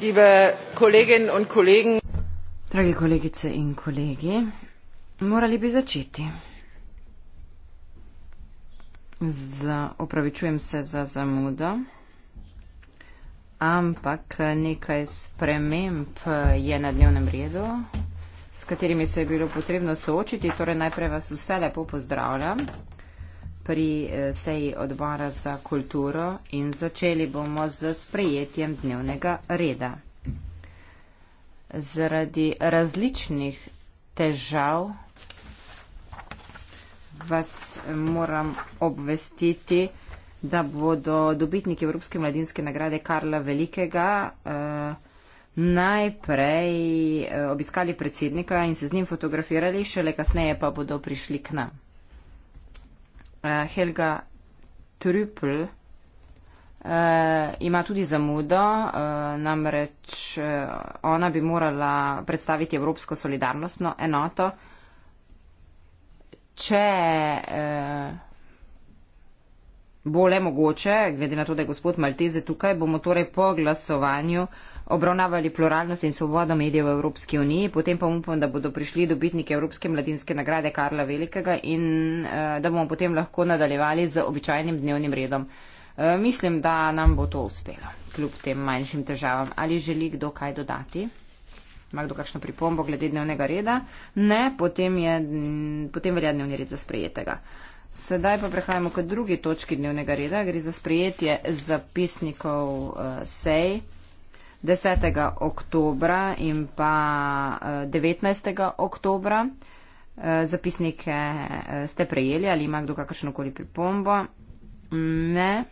liebe Kolleginnen und Kollegen. Dragi kolegice in kolegi, morali bi začeti. Z, opravičujem se za zamudo, ampak nekaj sprememb je na dnevnem redu, s katerimi se je bilo potrebno soočiti. Torej najprej vas vse lepo pozdravljam pri eh, seji odbora za kulturo in začeli bomo z sprejetjem dnevnega reda. Zaradi različnih težav vas moram obvestiti, da bodo dobitniki Evropske mladinske nagrade Karla Velikega eh, najprej eh, obiskali predsednika in se z njim fotografirali, šele kasneje pa bodo prišli k nam. Eh, Helga Trupl eh, ima tudi zamudo, eh, namreč ona bi morala predstaviti Evropsko solidarnostno enoto. Če bo le mogoče, glede na to, da je gospod Malteze tukaj, bomo torej po glasovanju obravnavali pluralnost in svobodo medijev v Evropski uniji, potem pa upam, da bodo prišli dobitniki Evropske mladinske nagrade Karla Velikega in eh, da bomo potem lahko nadaljevali z običajnim dnevnim redom. Eh, mislim, da nam bo to uspelo, kljub tem manjšim težavam. Ali želi kdo kaj dodati? Ima kdo kakšno pripombo glede dnevnega reda? Ne, potem, je, potem velja dnevni red za sprejetega. Sedaj pa prehajamo k drugi točki dnevnega reda. Gre za sprejetje zapisnikov uh, sej. 10. oktobra in pa 19. Eh, oktobra. Eh, zapisnike eh, ste prejeli ali ima kdo kakršnokoli pripombo? Ne.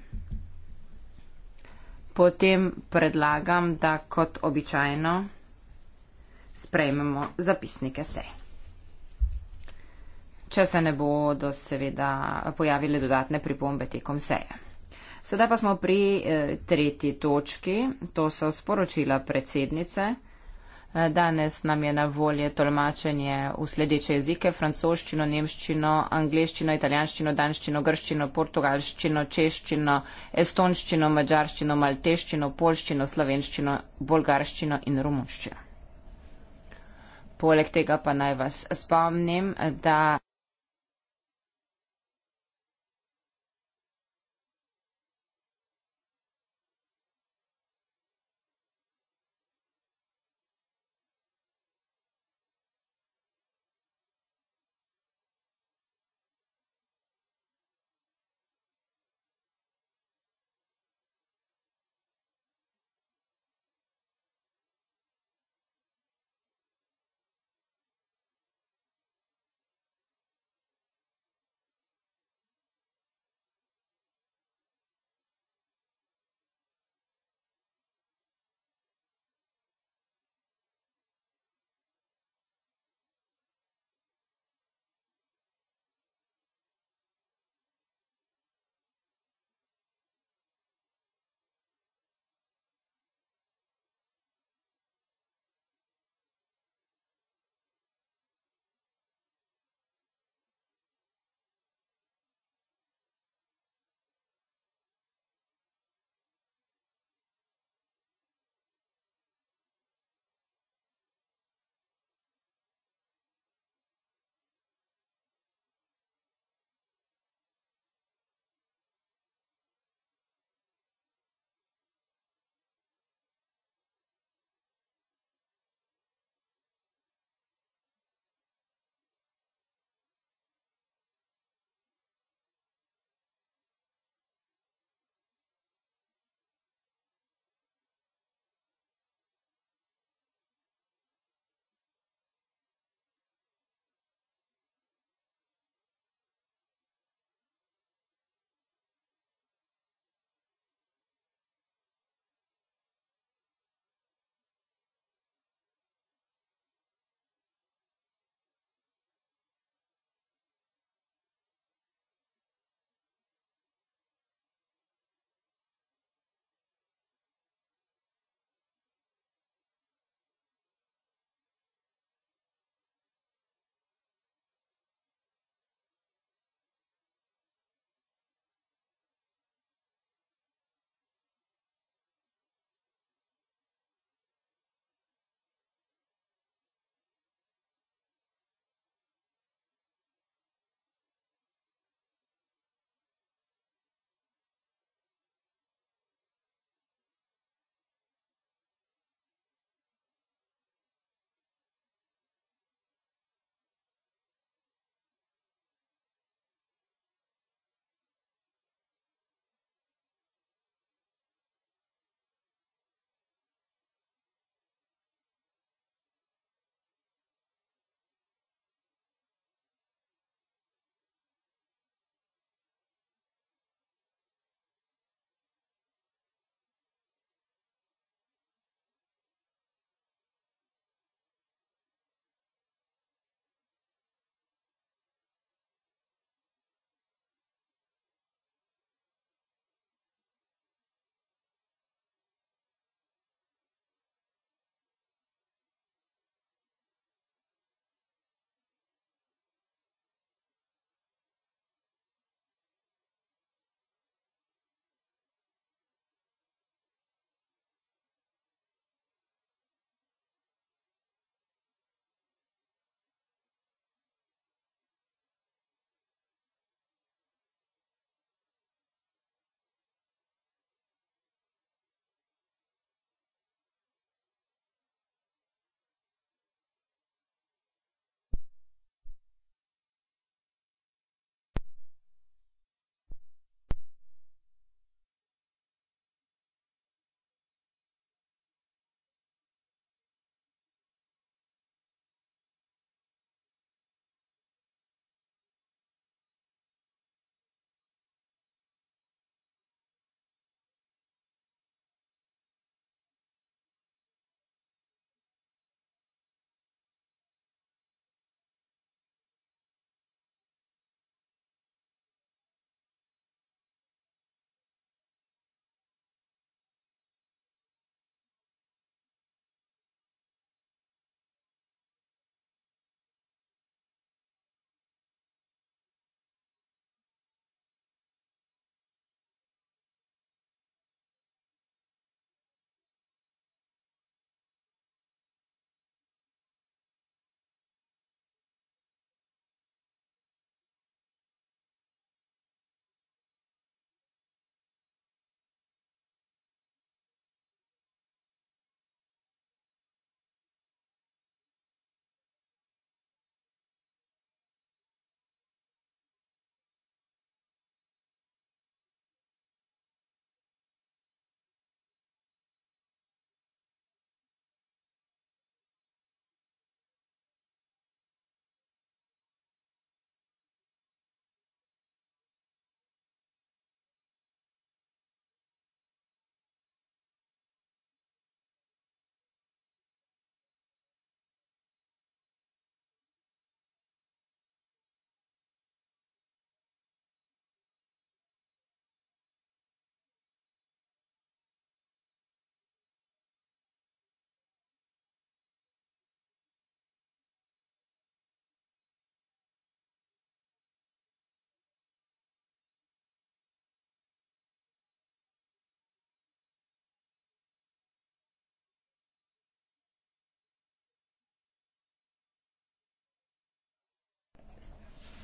Potem predlagam, da kot običajno sprejmemo zapisnike sej. Če se ne bodo seveda pojavile dodatne pripombe tekom seje. Sedaj pa smo pri eh, tretji točki, to so sporočila predsednice. Eh, danes nam je na volje tolmačenje v sledeče jezike, francoščino, nemščino, angliščino, italijanščino, danščino, grščino, portugalščino, češčino, estonščino, mađarščino, malteščino, polščino, slovenščino, bolgarščino in romunščino. Poleg tega pa naj vas spomnim, da.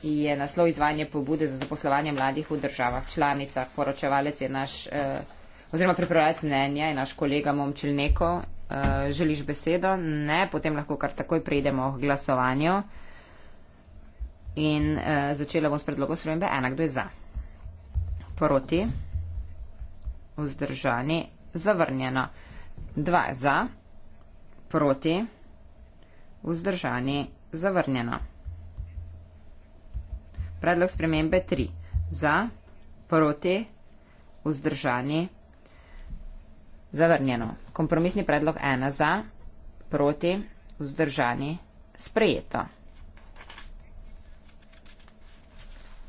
je naslov izvanje pobude za zaposlovanje mladih v državah članicah. Poročevalec je naš, eh, oziroma pripravljalec mnenja je naš kolega Momčilneko. Eh, želiš besedo? Ne, potem lahko kar takoj prejdemo k glasovanju. In eh, začela bom s predlogom spremembe. Enak je za. Proti. Vzdržani. Zavrnjeno. Dva za. Proti. Vzdržani. Zavrnjeno. Predlog spremembe 3. Za, proti, vzdržani, zavrnjeno. Kompromisni predlog 1. Za, proti, vzdržani, sprejeto.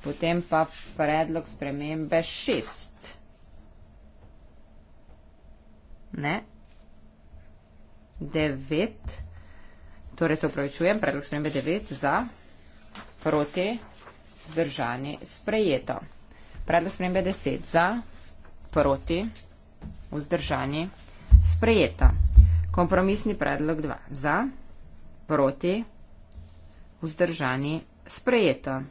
Potem pa predlog spremembe 6. Ne. 9. Torej se upravičujem, predlog spremembe 9. Za, proti, vzdržani vzdržani, sprejeto. Predlog spremembe 10 za, proti, vzdržani, sprejeto. Kompromisni predlog 2 za, proti, vzdržani, sprejeto.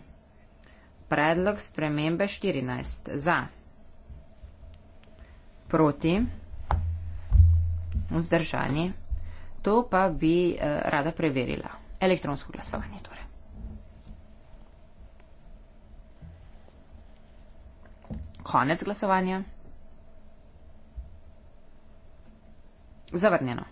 Predlog spremembe 14 za, proti, vzdržani, to pa bi uh, rada preverila. Elektronsko glasovanje torej. Konec glasovanja. Zavrnjeno.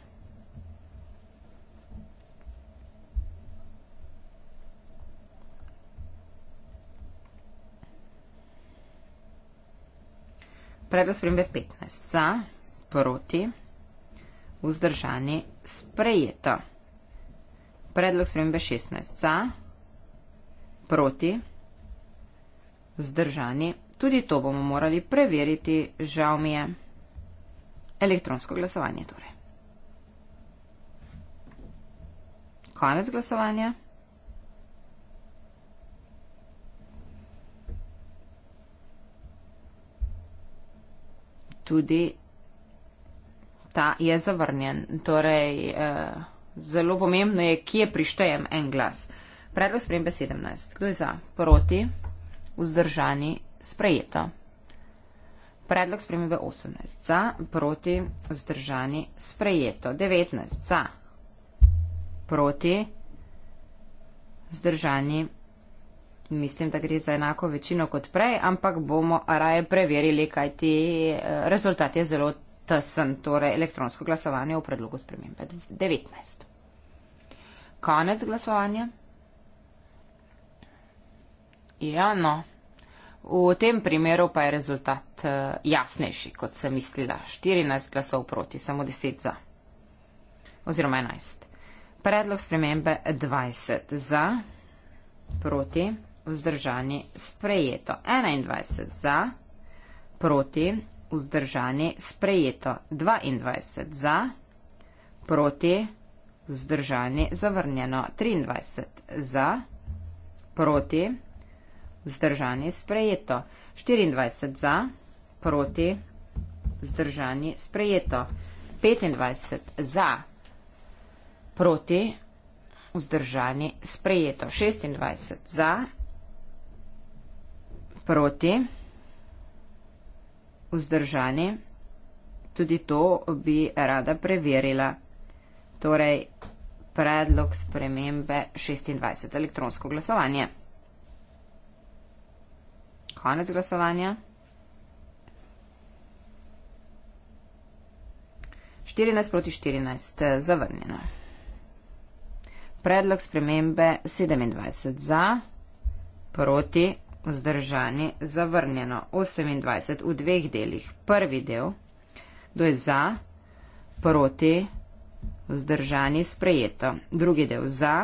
Predlog spremembe 15. Za, proti, vzdržani, sprejeto. Predlog spremembe 16. Za, proti, vzdržani, sprejeto. Tudi to bomo morali preveriti, žal mi je. Elektronsko glasovanje torej. Konec glasovanja. Tudi ta je zavrnjen. Torej, eh, zelo pomembno je, kje prištejem en glas. Predlog sprem B17. Kdo je za? Proti? Vzdržani? sprejeto. Predlog spremembe 18 za, proti, vzdržani, sprejeto. 19 za, proti, vzdržani. Mislim, da gre za enako večino kot prej, ampak bomo raje preverili, kaj ti eh, rezultat je zelo tesen, torej elektronsko glasovanje v predlogu spremembe 19. Konec glasovanja. Ja, no. V tem primeru pa je rezultat eh, jasnejši, kot sem mislila. 14 glasov proti, samo 10 za. Oziroma 11. Predlog spremembe 20 za, proti, vzdržani, sprejeto. 21 za, proti, vzdržani, sprejeto. 22 za, proti, vzdržani, zavrnjeno. 23 za, proti, vzdržani. Vzdržani sprejeto. 24 za, proti, vzdržani sprejeto. 25 za, proti, vzdržani sprejeto. 26 za, proti, vzdržani. Tudi to bi rada preverila. Torej, predlog spremembe 26. Elektronsko glasovanje konec glasovanja. 14 proti 14 zavrnjeno. Predlog spremembe 27 za, proti, vzdržani, zavrnjeno 28 v dveh delih. Prvi del, kdo je za, proti, vzdržani, sprejeto. Drugi del za,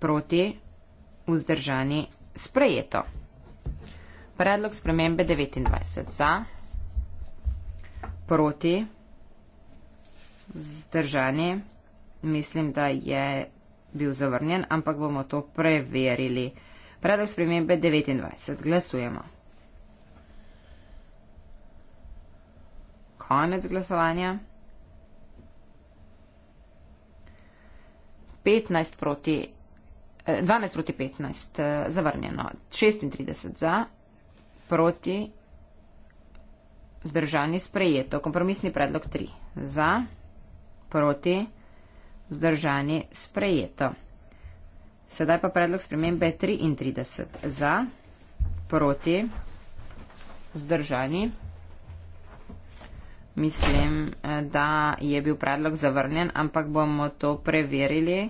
proti, vzdržani, sprejeto. Predlog spremembe 29 za, proti, zdržani, mislim, da je bil zavrnjen, ampak bomo to preverili. Predlog spremembe 29. Glasujemo. Konec glasovanja. 15 proti, 12 eh, proti 15 eh, zavrnjeno. 36 za proti vzdržani sprejeto. Kompromisni predlog 3. Za, proti vzdržani sprejeto. Sedaj pa predlog spremembe 33. Za, proti vzdržani. Mislim, eh, da je bil predlog zavrnjen, ampak bomo to preverili.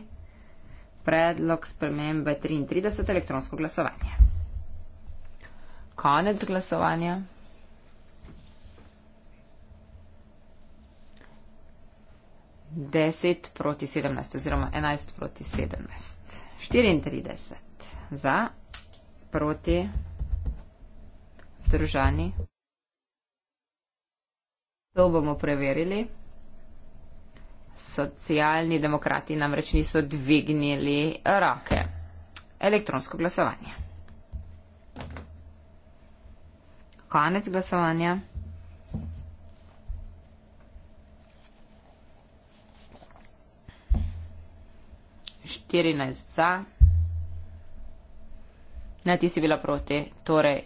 Predlog spremembe 33. Elektronsko glasovanje konec glasovanja. Deset proti sedemnaest oziroma enajst proti sedemnaest. Štiriintrideset za, proti, združani. To bomo preverili. Socialni demokrati namreč niso dvignili roke. Elektronsko glasovanje. Konec glasovanja. Štirinajst za. Ne, ti si bila proti. Torej,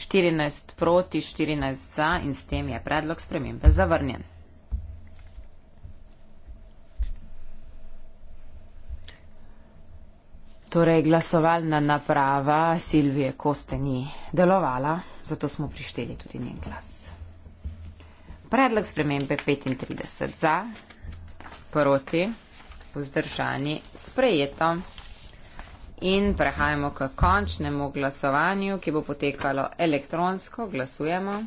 štirinajst proti, štirinajst za in s tem je predlog spremembe zavrnjen. Torej, glasovalna naprava Silvije Koste ni delovala, zato smo prišteli tudi njen glas. Predlog spremembe 35 za, proti, vzdržani, sprejeto. In prehajamo k končnemu glasovanju, ki bo potekalo elektronsko. Glasujemo.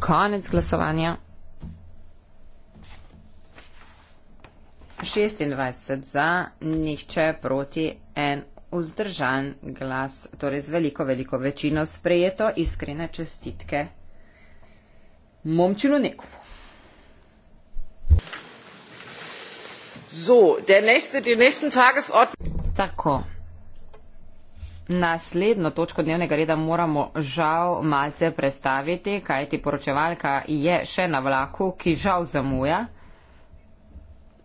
Konec glasovanja. 26 za, nihče proti, en vzdržan glas, torej z veliko, veliko večino sprejeto, iskrene čestitke Momčilu Nekovu. So, der nächste, den nächsten Tagesordnung. Tako. Naslednjo točko dnevnega reda moramo žal malce prestaviti, kajti poročevalka je še na vlaku, ki žal zamuja.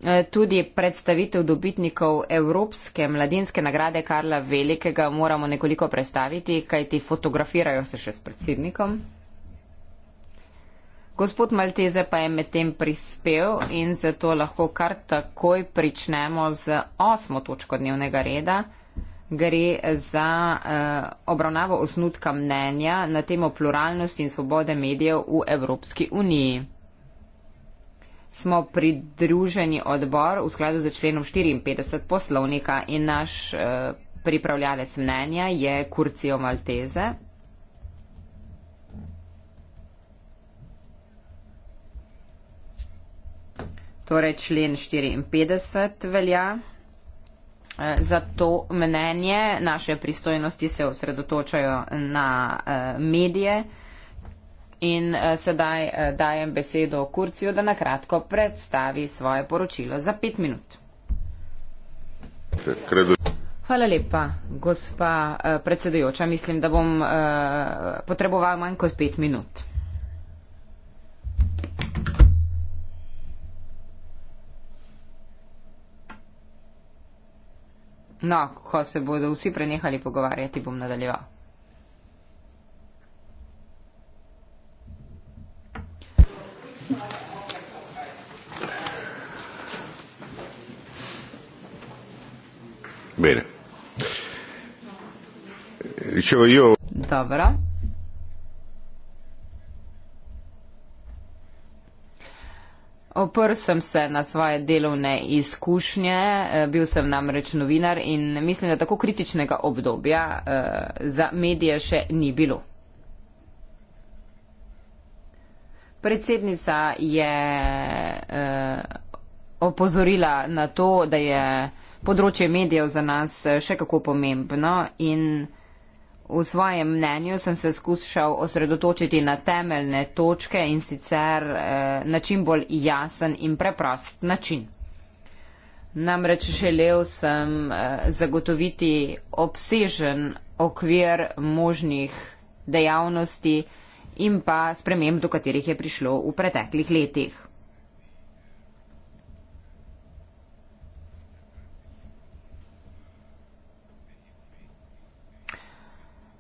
Eh, tudi predstavitev dobitnikov Evropske mladinske nagrade Karla Velikega moramo nekoliko predstaviti, kaj ti fotografirajo se še s predsednikom. Gospod Malteze pa je med tem prispel in zato lahko kar takoj pričnemo z osmo točko dnevnega reda. Gre za eh, obravnavo osnutka mnenja na temo pluralnosti in svobode medijev v Evropski uniji smo pridruženi odbor v skladu z členom 54 poslovnika in naš eh, pripravljalec mnenja je Kurcijo Malteze. Torej člen 54 velja eh, za to mnenje. Naše pristojnosti se osredotočajo na eh, medije. In uh, sedaj uh, dajem besedo Kurciju, da nakratko predstavi svoje poročilo za pet minut. Hvala lepa, gospa uh, predsedujoča. Mislim, da bom uh, potreboval manj kot pet minut. No, ko se bodo vsi prenehali pogovarjati, bom nadaljeval. Bene. Dicevo io. Dobro. Oprl sem se na svoje delovne izkušnje, eh, bil sem namreč novinar in mislim, da tako kritičnega obdobja eh, za medije še ni bilo. Predsednica je eh, opozorila na to, da je področje medijev za nas eh, še kako pomembno in v svojem mnenju sem se skušal osredotočiti na temeljne točke in sicer eh, na čim bolj jasen in preprost način. Namreč želel sem eh, zagotoviti obsežen okvir možnih dejavnosti, in pa sprememb, do katerih je prišlo v preteklih letih.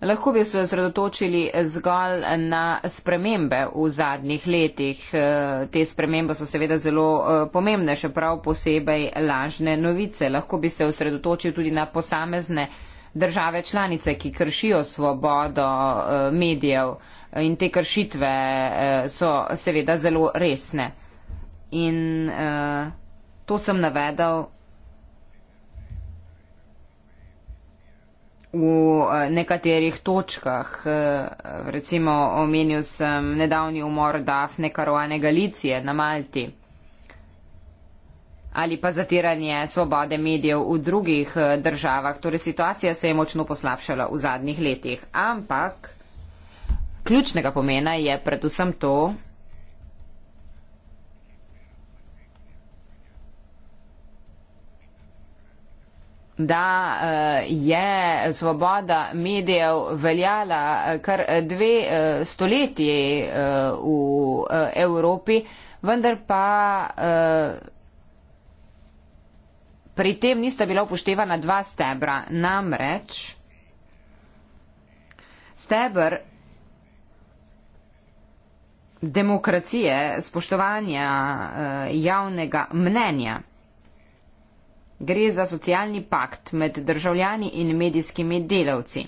Lahko bi se osredotočili zgolj na spremembe v zadnjih letih. Eh, te spremembe so seveda zelo eh, pomembne, še prav posebej lažne novice. Lahko bi se osredotočil tudi na posamezne države članice, ki kršijo svobodo eh, medijev in te kršitve eh, so seveda zelo resne. In uh, to sem navedal v eh, nekaterih točkah. Recimo omenil sem nedavni umor Dafne Karoane Galicije na Malti ali pa zatiranje svobode medijev v drugih državah. Torej situacija se je močno poslabšala v zadnjih letih. Ampak Ključnega pomena je predvsem to, da eh, je svoboda medijev veljala eh, kar eh, dve stoletji v Evropi, vendar pa pri tem nista bila upoštevana dva stebra. Namreč stebr demokracije, spoštovanja eh, javnega mnenja. Gre za socialni pakt med državljani in medijskimi delavci.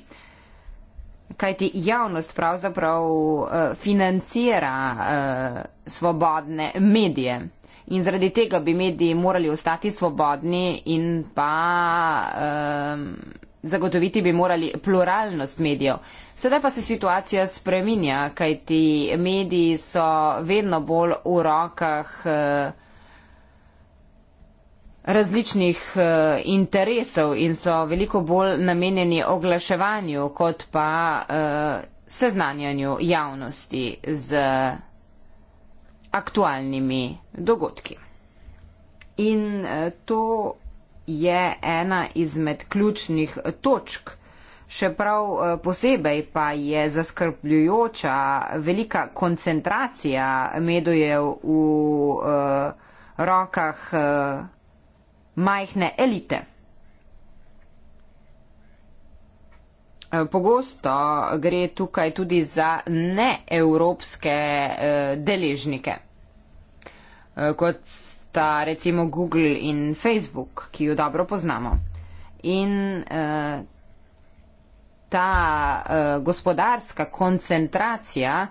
Kajti javnost pravzaprav eh, financira eh, svobodne medije. In zaradi tega bi mediji morali ostati svobodni in pa um, Zagotoviti bi morali pluralnost medijev. Sedaj pa se situacija spreminja, kajti mediji so vedno bolj v rokah eh, različnih eh, interesov in so veliko bolj namenjeni oglaševanju, kot pa eh, seznanjanju javnosti z aktualnimi dogodki. In to je ena izmed ključnih točk. Še prav eh, posebej pa je zaskrbljujoča velika koncentracija medijev v uh, rokah uh, majhne elite. Pogosto gre tukaj tudi za neevropske uh, deležnike. Uh, sta recimo Google in Facebook, ki jo dobro poznamo. In uh, ta uh, gospodarska koncentracija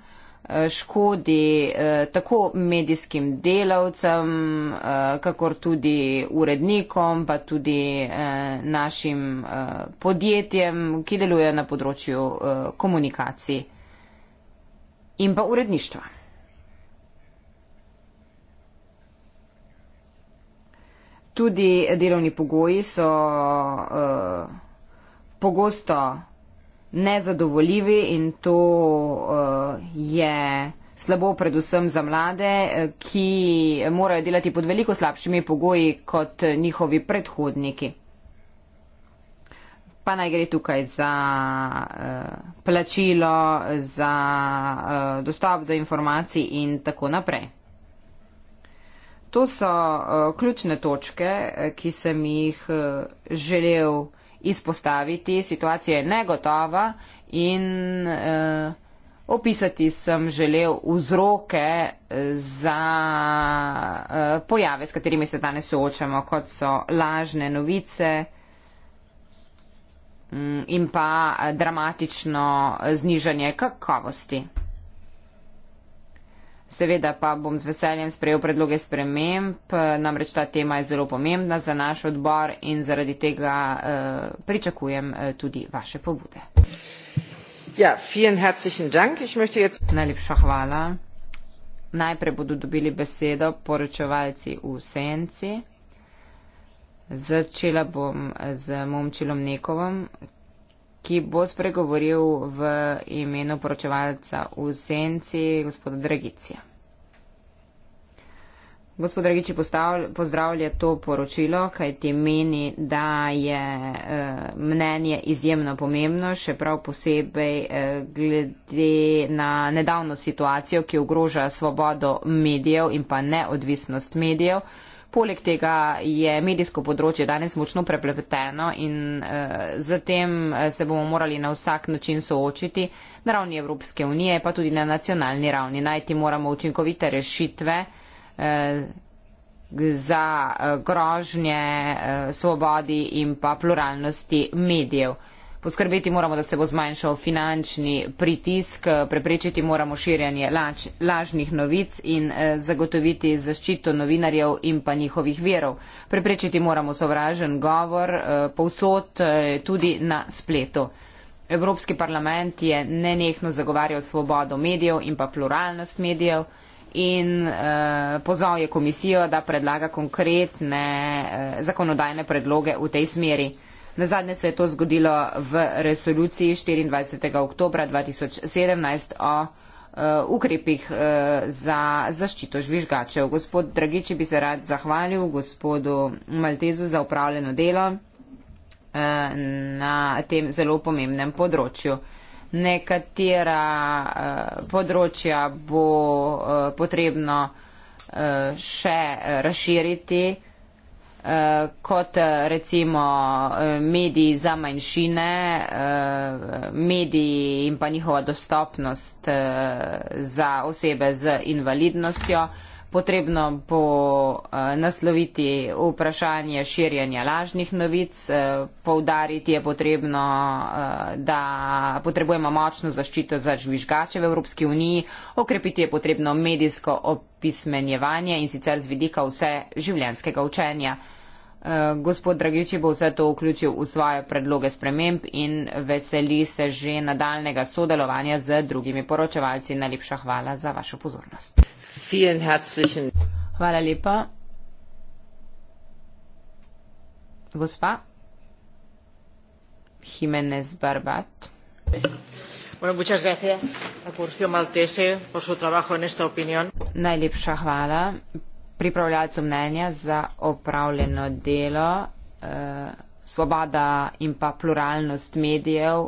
eh, škodi eh, tako medijskim delavcem, eh, kakor tudi urednikom, pa tudi eh, našim eh, podjetjem, ki delujejo na področju eh, komunikacij in pa uredništva. Tudi delovni pogoji so uh, pogosto nezadovoljivi in to uh, je slabo predvsem za mlade, eh, ki morajo delati pod veliko slabšimi pogoji kot njihovi predhodniki. Pa naj gre tukaj za uh, plačilo, za uh, dostop do informacij in tako naprej to so uh, ključne točke, eh, ki sem jih uh, želel izpostaviti. Situacija je negotova in uh, opisati sem želel vzroke za uh, pojave, s katerimi se danes soočamo, kot so lažne novice mm, in pa dramatično znižanje kakovosti. Seveda pa bom z veseljem sprejel predloge sprememb, eh, namreč ta tema je zelo pomembna za naš odbor in zaradi tega eh, pričakujem eh, tudi vaše pobude. Ja, dank. Ich jetzt... Najlepša hvala. Najprej bodo dobili besedo poročevalci v senci. Začela bom z Momčilom Nekovom, ki bo spregovoril v imenu poročevalca v senci gospoda Dragicija. Gospod Dragič pozdravlja to poročilo, kaj ti meni, da je eh, mnenje izjemno pomembno, še prav posebej eh, glede na nedavno situacijo, ki ogroža svobodo medijev in pa neodvisnost medijev. Poleg tega je medijsko področje danes močno preplepeteno in z eh, tem eh, se bomo morali na vsak način soočiti, na ravni Evropske unije, pa tudi na nacionalni ravni. Najti moramo učinkovite rešitve eh, za grožnje svobodi in pa pluralnosti medijev. Poskrbeti moramo, da se bo zmanjšal finančni pritisk, preprečiti moramo širjanje lač, lažnih novic in eh, zagotoviti zaščito novinarjev in pa njihovih verov. Preprečiti moramo sovražen govor eh, povsod, eh, tudi na spletu. Evropski parlament je nenehno zagovarjal svobodo medijev in pa pluralnost medijev in pozval je komisijo, da predlaga konkretne zakonodajne predloge v tej smeri. Na zadnje se je to zgodilo v resoluciji 24. oktobra 2017 o uh, ukrepih uh, za zaščito žvižgačev. Gospod Dragiči bi se rad zahvalil gospodu Maltezu za upravljeno delo uh, na tem zelo pomembnem področju. Nekatera uh, področja bo uh, potrebno uh, še razširiti. Uh, Eh, kot eh, recimo eh, mediji za manjšine, mediji in pa njihova dostopnost za osebe z invalidnostjo. Potrebno bo nasloviti vprašanje širjenja lažnih novic, povdariti je potrebno, da potrebujemo močno zaščito za žvižgače v Evropski uniji, okrepiti je potrebno medijsko opismenjevanje in sicer z vidika vse življenskega učenja. Eh, gospod Dragiči bo vse to vključil v svoje predloge sprememb in veseli se že nadaljnega sodelovanja z drugimi poročevalci. Najlepša hvala za vašo pozornost. Hvala lepa. Gospa Jimenez Barbat. Bueno, Najlepša hvala pripravljalcu mnenja za opravljeno delo. Eh, svoboda in pa pluralnost medijev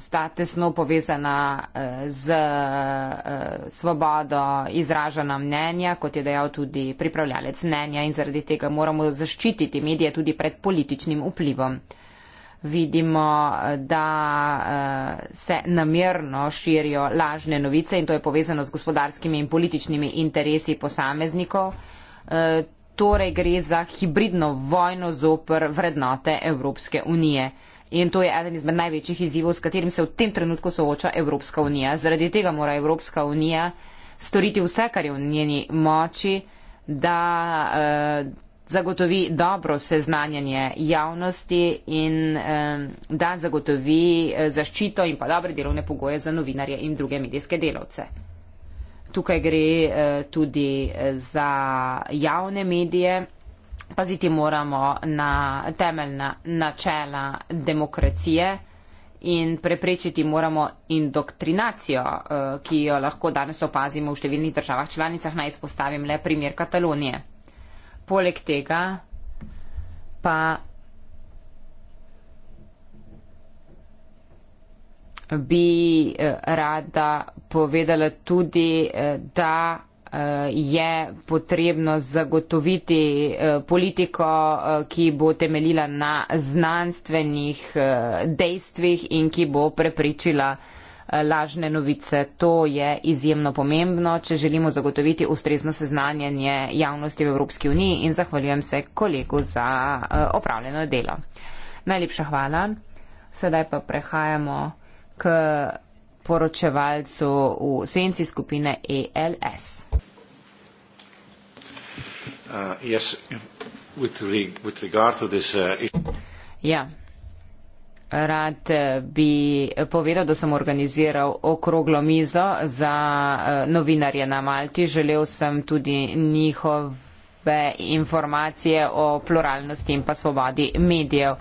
sta tesno povezana eh, z eh, svobodo izražena mnenja, kot je dejal tudi pripravljalec mnenja in zaradi tega moramo zaščititi medije tudi pred političnim vplivom vidimo, da eh, se namerno širijo lažne novice in to je povezano z gospodarskimi in političnimi interesi posameznikov. Eh, torej gre za hibridno vojno zoper vrednote Evropske unije. In to je eden izmed največjih izzivov, s katerim se v tem trenutku sooča Evropska unija. Zaradi tega mora Evropska unija storiti vse, kar je v njeni moči, da eh, zagotovi dobro seznanjanje javnosti in eh, da zagotovi eh, zaščito in pa dobre delovne pogoje za novinarje in druge medijske delavce. Tukaj gre eh, tudi eh, za javne medije. Paziti moramo na temeljna načela demokracije in preprečiti moramo indoktrinacijo, eh, ki jo lahko danes opazimo v številnih državah članicah. Naj izpostavim le primer Katalonije poleg tega pa bi eh, rada povedala tudi, eh, da eh, je potrebno zagotoviti politiko, ki bo temeljila na znanstvenih dejstvih in ki bo prepričila Eh, lažne novice. To je izjemno pomembno, če želimo zagotoviti ustrezno seznanjanje javnosti v Evropski uniji in zahvaljujem se kolegu za eh, opravljeno delo. Najlepša hvala. Sedaj pa prehajamo k poročevalcu v senci skupine ALS. E uh, yes. with reg with regard to this uh, ish- yeah ja rad bi povedal, da sem organiziral okroglo mizo za eh, novinarje na Malti. Želel sem tudi njihove informacije o pluralnosti in pa svobodi medijev.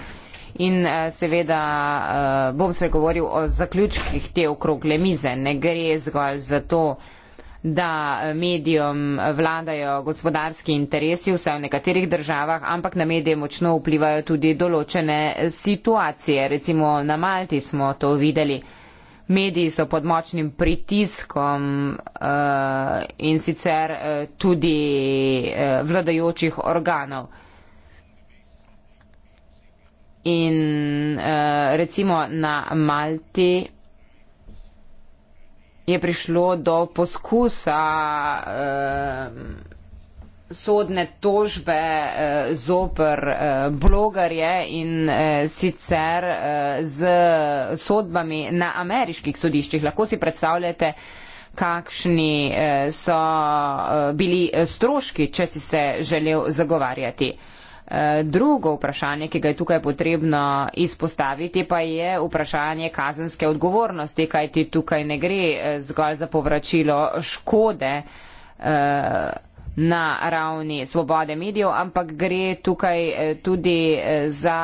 In eh, seveda eh, bom spregovoril o zaključkih te okrogle mize. Ne gre zgolj za to, da medijem vladajo gospodarski interesi, vsaj v nekaterih državah, ampak na medije močno vplivajo tudi določene situacije. Recimo na Malti smo to videli. Mediji so pod močnim pritiskom uh, in sicer uh, tudi uh, vladajočih organov. In uh, recimo na Malti je prišlo do poskusa eh, sodne tožbe eh, zoper eh, blogarje in eh, sicer eh, z sodbami na ameriških sodiščih. Lahko si predstavljate, kakšni eh, so eh, bili eh, stroški, če si se želel zagovarjati. Eh, Eh, drugo vprašanje, ki ga je tukaj potrebno izpostaviti, pa je vprašanje kazenske odgovornosti, kajti tukaj ne gre eh, zgolj za povračilo škode eh, na ravni svobode medijev, ampak gre tukaj tudi za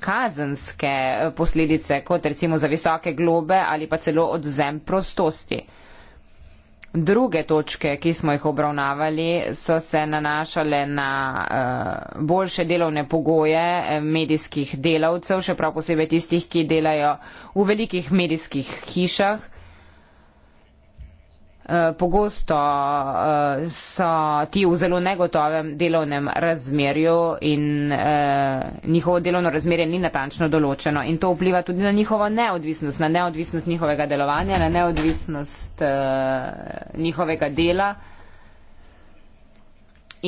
kazenske posledice, kot recimo za visoke globe ali pa celo odzem prostosti. Druge točke, ki smo jih obravnavali, so se nanašale na uh, boljše delovne pogoje eh, medijskih delavcev, še prav posebej tistih, ki delajo v velikih medijskih hišah. Eh, pogosto eh, so ti v zelo negotovem delovnem razmerju in eh, njihovo delovno razmerje ni natančno določeno in to vpliva tudi na njihovo neodvisnost, na neodvisnost njihovega delovanja, na neodvisnost njihovega dela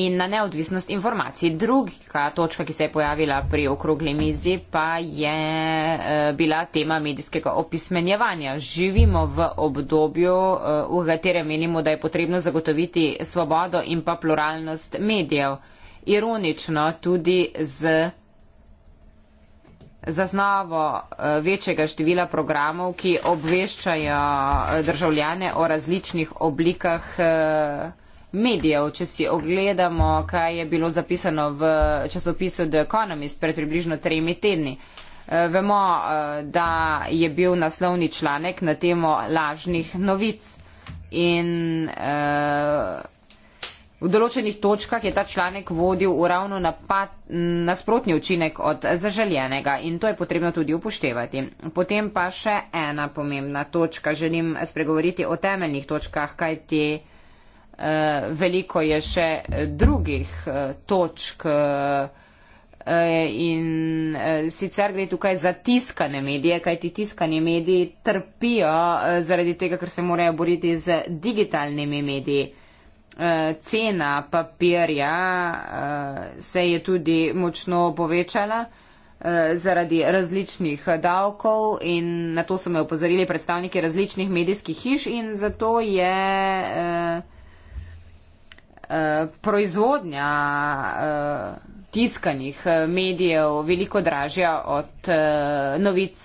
in na neodvisnost informacij. Druga točka, ki se je pojavila pri okrogli mizi, pa je eh, bila tema medijskega opismenjevanja. Živimo v obdobju, eh, v katerem menimo, da je potrebno zagotoviti svobodo in pa pluralnost medijev. Ironično tudi z zaznavo eh, večjega števila programov, ki obveščajo državljane o različnih oblikah medijev, če si ogledamo, kaj je bilo zapisano v časopisu The Economist pred približno tremi tedni. Eh, vemo, eh, da je bil naslovni članek na temo lažnih novic in eh, v določenih točkah je ta članek vodil v ravno napad, nasprotni učinek od zaželjenega in to je potrebno tudi upoštevati. Potem pa še ena pomembna točka. Želim spregovoriti o temeljnih točkah, kaj te. Eh, veliko je še eh, drugih eh, točk in sicer gre tukaj za tiskane medije, kajti tiskani mediji trpijo zaradi tega, ker se morajo boriti z digitalnimi mediji. Cena papirja se je tudi močno povečala zaradi različnih davkov in na to so me upozorili predstavniki različnih medijskih hiš in zato je eh, Eh, proizvodnja eh, tiskanih eh, medijev veliko dražja od novic,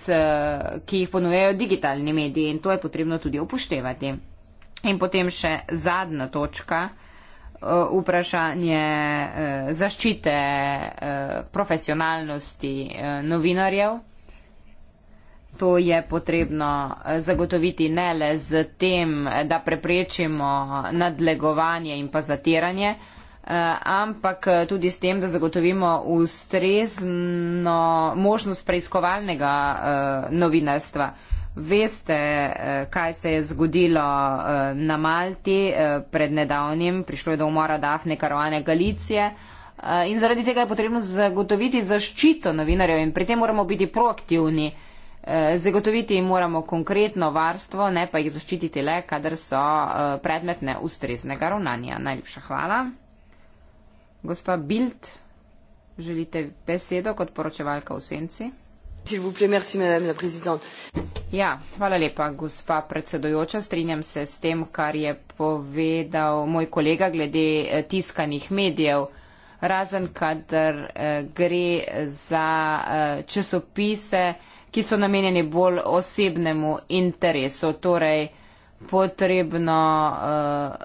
ki jih ponujejo digitalni mediji in to je potrebno tudi upoštevati. In potem še zadnja točka, vprašanje zaščite profesionalnosti novinarjev. To je potrebno eh, zagotoviti ne le z tem, da preprečimo nadlegovanje in pa zatiranje, eh, ampak eh, tudi s tem, da zagotovimo ustrezno možnost preiskovalnega novinarstva. Veste, kaj se je zgodilo na Malti pred nedavnim, prišlo je do umora Dafne Karoane Galicije in zaradi tega je potrebno zagotoviti zaščito novinarjev in pri tem moramo biti proaktivni. Eh, zagotoviti jim moramo konkretno varstvo, ne pa jih zaščititi le, kadar so eh, predmetne ustreznega ravnanja. Najlepša hvala. Gospa Bild, želite besedo kot poročevalka v senci? Ja, hvala lepa, gospa predsedojoča. Strinjam se s tem, kar je povedal moj kolega glede eh, tiskanih medijev. Razen, kadar gre za časopise, ki so namenjeni bolj osebnemu interesu. Torej, potrebno uh,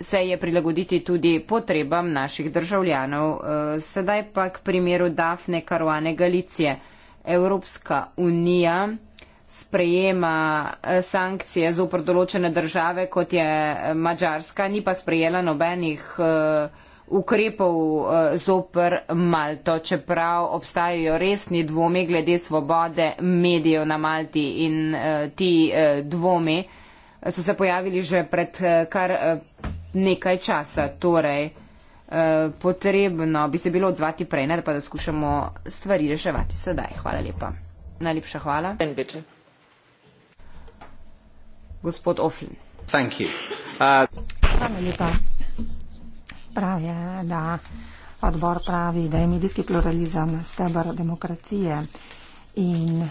se je prilagoditi tudi potrebam naših državljanov. Uh, sedaj pa k primeru Dafne Karuane Galicije. Evropska unija sprejema eh, sankcije zoprdoločene države, kot je Mačarska, ni pa sprejela nobenih. Uh, ukrepov eh, zopr Malto, čeprav obstajajo resni dvomi glede svobode medijev na Malti in eh, ti eh, dvomi so se pojavili že pred kar nekaj časa. Torej, potrebno bi se bilo odzvati prej, ne pa da skušamo stvari reševati sedaj. Hvala lepa. Najlepša hvala. Gospod Oflin. Uh, hvala lepa pravi, da odbor pravi, da je medijski pluralizem stebr demokracije in eh,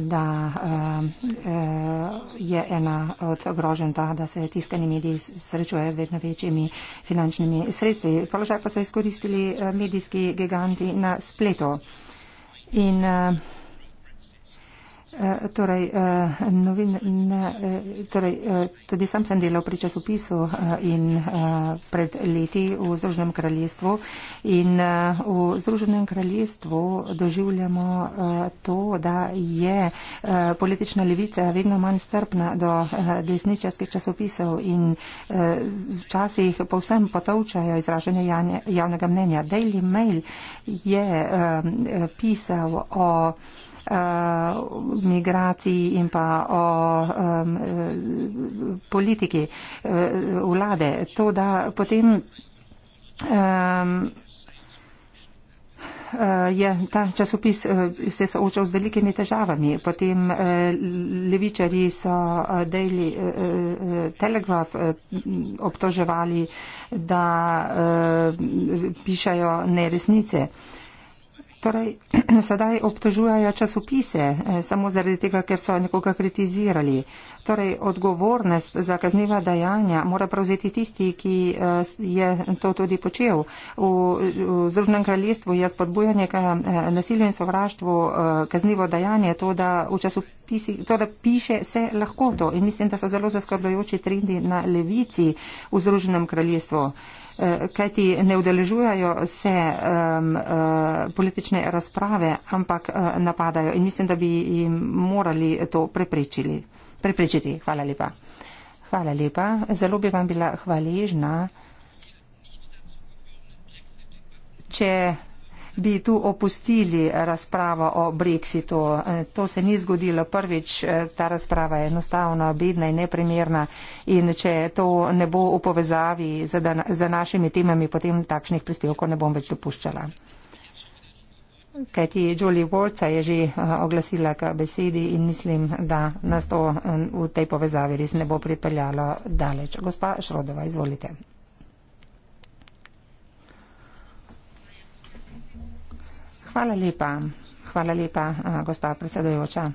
da eh, eh, je ena od grožen ta, da se tiskani mediji srečujejo z vedno večjimi finančnimi sredstvi. Položaj pa so izkoristili medijski giganti na spletu. In uh, Eh, torej, eh, novin, ne, eh, torej, tudi sam sem delal pri časopisu in pred leti v Združenem kraljestvu in v Združenem kraljestvu doživljamo to, da je politična levica vedno manj strpna do desničarskih časopisov in včasih povsem potovčajo izražene javnega mnenja. Daily Mail je pisal o uh, eh, migraciji in pa o um, politiki uh, vlade. To, da potem um, uh, je ta časopis uh, se soočal z velikimi težavami. Potem uh, levičari so uh, Daily uh, uh, Telegraph uh, obtoževali, da uh, pišajo neresnice. Uh, Torej, sedaj obtožujejo časopise eh, samo zaradi tega, ker so nekoga kritizirali. Torej, odgovornost za kazniva dejanja mora prevzeti tisti, ki eh, je to tudi počel. V, v Združenem kraljestvu je spodbujanje k eh, nasilju in sovraštvu eh, kaznivo dejanje, to da, časopisi, to, da piše se lahko to. In mislim, da so zelo zaskrbljujoči trendi na levici v Združenem kraljestvu. Kaj ti ne udeležujajo se um, uh, politične razprave, ampak uh, napadajo in mislim, da bi jim morali to preprečili prepričiti. Hvala lepa. Hvala lepa. Zelo bi vam bila hvaležna, če bi tu opustili razpravo o Brexitu. To se ni zgodilo prvič, ta razprava je enostavno bedna in neprimerna in če to ne bo v povezavi za, za našimi temami, potem takšnih prispevkov ne bom več dopuščala. Kajti Julie Ward se je že eh, oglasila k besedi in mislim, da nas to eh, v tej povezavi res ne bo pripeljalo daleč. Gospa Šrodova, izvolite. Hvala lepa. Hvala lepa, eh, gospa predsedojoča.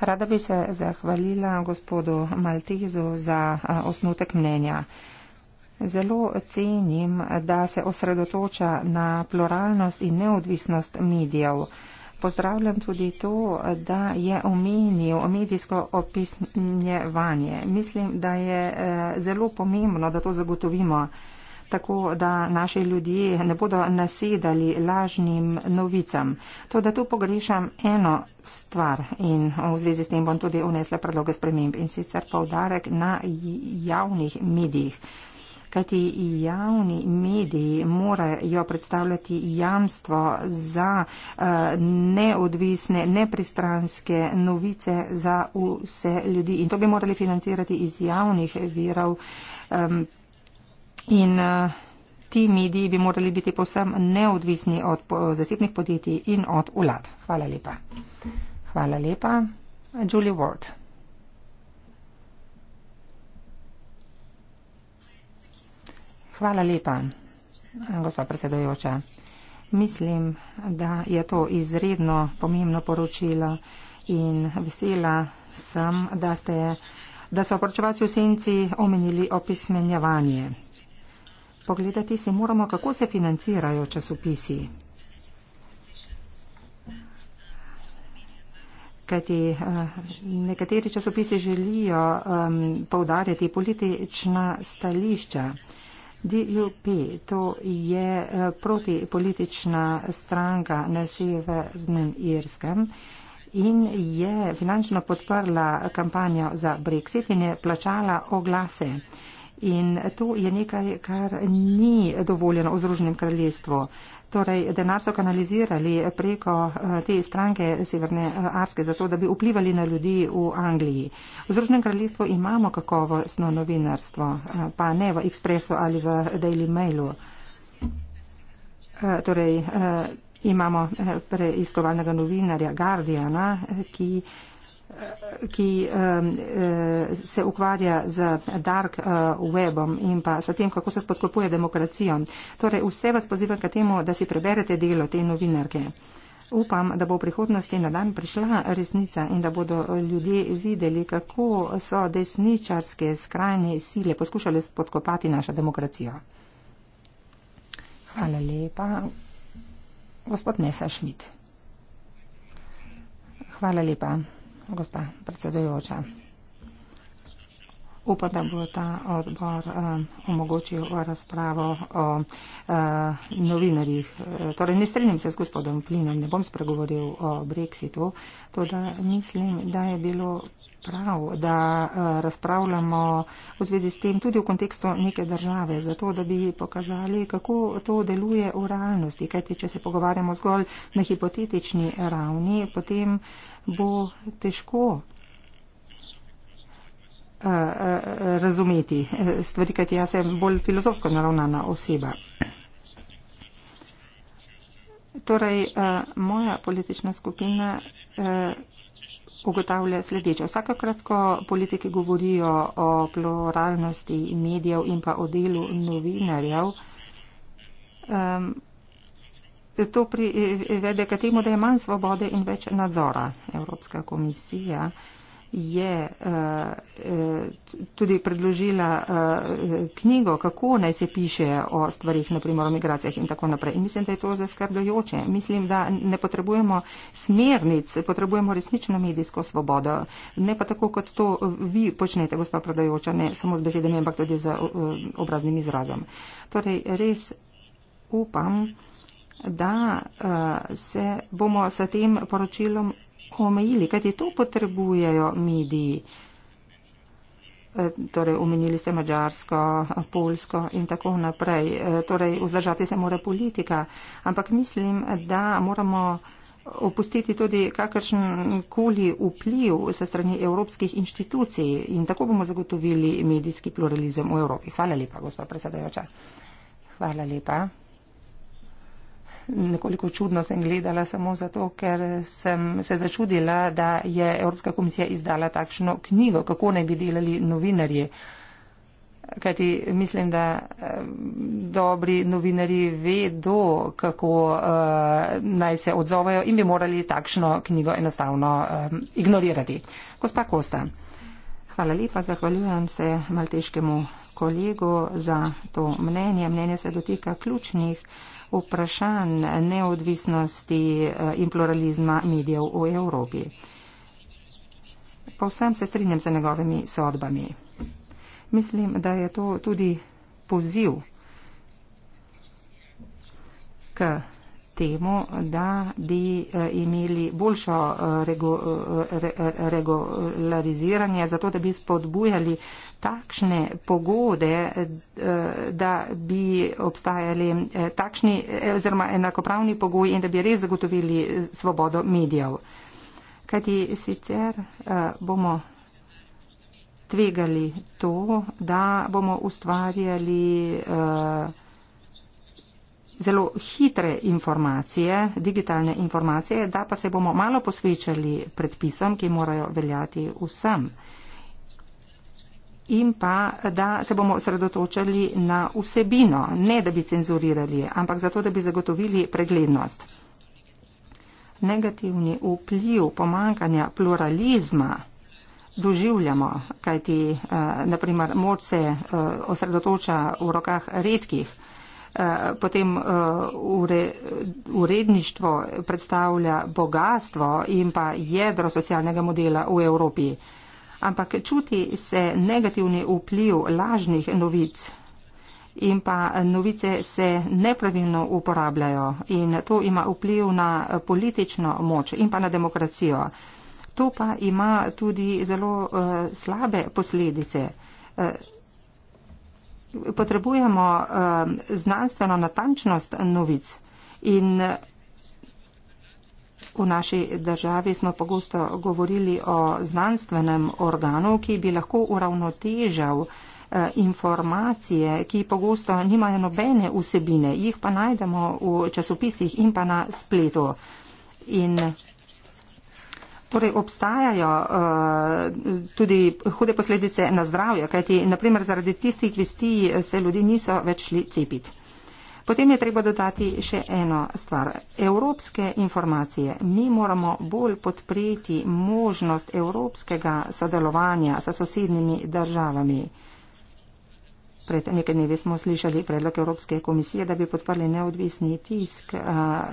Rada bi se zahvalila gospodu Maltizu za osnutek mnenja. Zelo cenim, da se osredotoča na pluralnost in neodvisnost medijev. Pozdravljam tudi to, da je omenil medijsko opisnjevanje. Mislim, da je eh, zelo pomembno, da to zagotovimo, tako da naši ljudje ne bodo nasedali lažnim novicam. To, da tu pogrešam eno stvar in v zvezi s tem bom tudi unesla predloge sprememb in sicer povdarek na javnih medijih kajti javni mediji morajo predstavljati jamstvo za eh, neodvisne, nepristranske novice za vse ljudi. In to bi morali financirati iz javnih virov. In eh, ti mediji bi morali biti posem neodvisni od zasebnih podjetij in od vlad. Hvala lepa. Hvala lepa. Julie Ward. Hvala lepa, gospod predsedojoča. Mislim, da je to izredno pomembno poročilo in vesela sem, da, ste, da so poročevalci v senci omenili opismenjevanje. Pogledati si moramo, kako se financirajo časopisi. Kajti eh, nekateri časopisi želijo um, povdarjati politična stališča. DUP, to je eh, protipolitična stranka na severnem Irskem in je finančno podprla kampanjo za Brexit in je plačala oglase. In to je nekaj, kar ni dovoljeno v Združenem kraljestvu. Torej, denar so kanalizirali preko eh, te stranke Severne eh, Arske, zato da bi vplivali na ljudi v Angliji. V Združenem kraljestvu imamo kakovostno novinarstvo, eh, pa ne v Expressu ali v Daily Mailu. Torej, imamo preiskovalnega novinarja Guardiana, ki ki um, eh, se ukvarja z dark eh, webom in pa s tem, kako se spodkopuje demokracijo. Torej, vse vas pozivam k temu, da si preberete delo te novinarke. Upam, da bo v prihodnosti na dan prišla resnica in da bodo ljudje videli, kako so desničarske skrajne sile poskušale spodkopati našo demokracijo. Hvala lepa. Gospod Mesa Šmit. Hvala lepa gospa predsedujoča. Upam, da bo ta odbor eh, omogočil razpravo o eh, novinarjih. Eh, torej, ne strinjam se s gospodom Plinom, ne bom spregovoril o Brexitu, to da mislim, da je bilo prav, da razpravljamo v zvezi s tem tudi v kontekstu neke države, zato da bi pokazali, kako to deluje v realnosti. Kajti, če se pogovarjamo zgolj na hipotetični ravni, potem. Uh, bo težko eh, eh, razumeti eh, stvari, kajti jaz sem bolj filozofsko naravnana oseba. Torej, moja politična skupina ugotavlja sledeče. Vsakokrat, ko politiki govorijo o pluralnosti medijev in pa o delu novinarjev, to privede k temu, da je manj svobode in več nadzora. Evropska komisija je eh, eh, tudi predložila eh, knjigo, kako naj se piše o stvarih, naprimer o migracijah in tako naprej. In mislim, da je to zaskrbljujoče. Mislim, da ne potrebujemo smernic, potrebujemo resnično medijsko svobodo. Ne pa tako, kot to vi počnete, gospa predajoča, ne samo z besedami, ampak tudi z obraznim izrazom. Torej, res upam, da eh, se bomo s tem poročilom omejili, kajti to potrebujejo mediji. Eh, torej, omenili ste Mačarsko, Polsko in tako naprej. Eh, torej, vzdržati se mora politika. Ampak mislim, da moramo opustiti tudi kakršen koli vpliv se strani evropskih inštitucij in tako bomo zagotovili medijski pluralizem v Evropi. Hvala lepa, gospod predsedajoča. Hvala lepa nekoliko čudno sem gledala samo zato, ker sem se začudila, da je Evropska komisija izdala takšno knjigo, kako naj bi delali novinarji. Kajti mislim, da eh, dobri novinari vedo, kako uh, naj se odzovejo in bi morali takšno knjigo enostavno um, ignorirati. Gospa Kosta, hvala lepa, zahvaljujem se malteškemu kolegu za to mnenje. Mnenje se dotika ključnih vprašanj neodvisnosti eh, in pluralizma medijev v Evropi. Povsem se strinjam z njegovimi sodbami. Mislim, da je to tudi poziv k temu, da bi eh, imeli boljšo eh, rego, eh, re, regulariziranje, zato da bi spodbujali takšne pogode, da bi obstajali takšni oziroma enakopravni pogoji in da bi res zagotovili svobodo medijev. Kajti sicer bomo tvegali to, da bomo ustvarjali uh, zelo hitre informacije, digitalne informacije, da pa se bomo malo posvečali predpisom, ki morajo veljati vsem. In pa, da se bomo sredotočali na vsebino, ne da bi cenzurirali, ampak zato, da bi zagotovili preglednost. Negativni vpliv pomankanja pluralizma doživljamo, kajti, eh, naprimer, moč se eh, osredotoča v rokah redkih. Eh, potem eh, uredništvo predstavlja bogatstvo in pa jedro socialnega modela v Evropi. Ampak čuti se negativni vpliv lažnih novic in pa novice se nepravilno uporabljajo in to ima vpliv na politično moč in pa na demokracijo. To pa ima tudi zelo uh, slabe posledice. Uh, potrebujemo um, znanstveno natančnost novic in v naši državi smo pogosto govorili o znanstvenem organu, ki bi lahko uravnotežal uh, informacije, ki pogosto nimajo nobene vsebine, jih pa najdemo v časopisih in pa na spletu. In Torej obstajajo uh, tudi hude posledice na zdravje, kajti naprimer zaradi tistih vesti eh, se ljudi niso več šli cepiti. Potem je treba dodati še eno stvar. Evropske informacije. Mi moramo bolj podpreti možnost evropskega sodelovanja sa sosednjimi državami. Pred nekaj dnevi smo slišali predlog Evropske komisije, da bi podprli neodvisni tisk eh,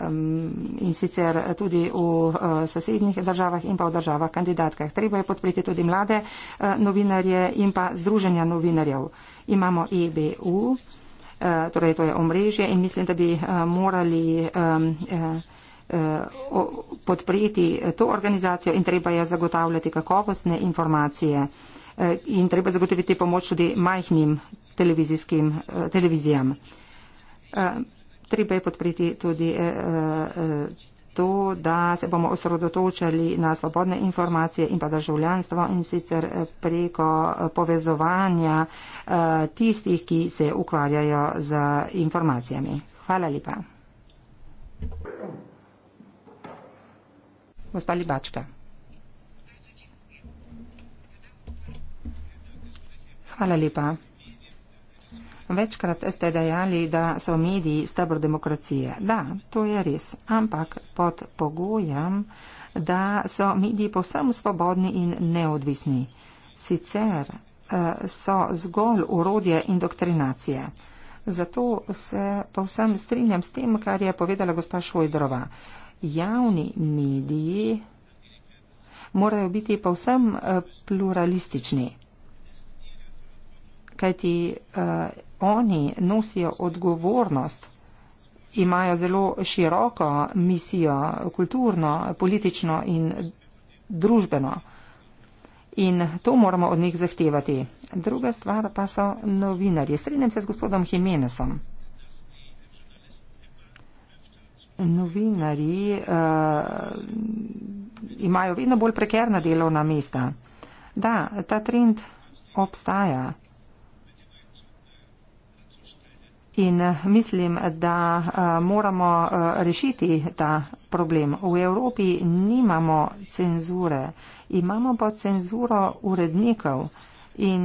mm, in sicer tudi v eh, sosednjih državah in pa v državah kandidatkah. Treba je podpreti tudi mlade eh, novinarje in pa združenja novinarjev. Imamo EBU, torej to je omrežje in mislim, da bi morali podpreti to organizacijo in treba je zagotavljati kakovostne informacije. In treba zagotoviti pomoč tudi majhnim televizijskim eh, televizijam. Eh, treba je podpreti tudi eh, to, da se bomo osredotočali na svobodne informacije in pa državljanstvo in sicer preko povezovanja tistih, ki se ukvarjajo z informacijami. Hvala lepa. Gospa Libačka. Hvala lepa. Večkrat ste dejali, da so mediji stebr demokracije. Da, to je res, ampak pod pogojem, da so mediji povsem svobodni in neodvisni. Sicer eh, so zgolj urodje indoktrinacije. Zato se povsem strinjam s tem, kar je povedala gospa Šojdrova. Javni mediji morajo biti povsem eh, pluralistični, kajti eh, oni nosijo odgovornost, imajo zelo široko misijo, kulturno, politično in družbeno. In to moramo od njih zahtevati. Druga stvar pa so novinarji. Srednjem se z gospodom Jimenezom. Novinarji uh, imajo vedno bolj prekerna delovna mesta. Da, ta trend obstaja. In eh, mislim, da eh, moramo eh, rešiti ta problem. V Evropi nimamo cenzure, imamo pa cenzuro urednikov. In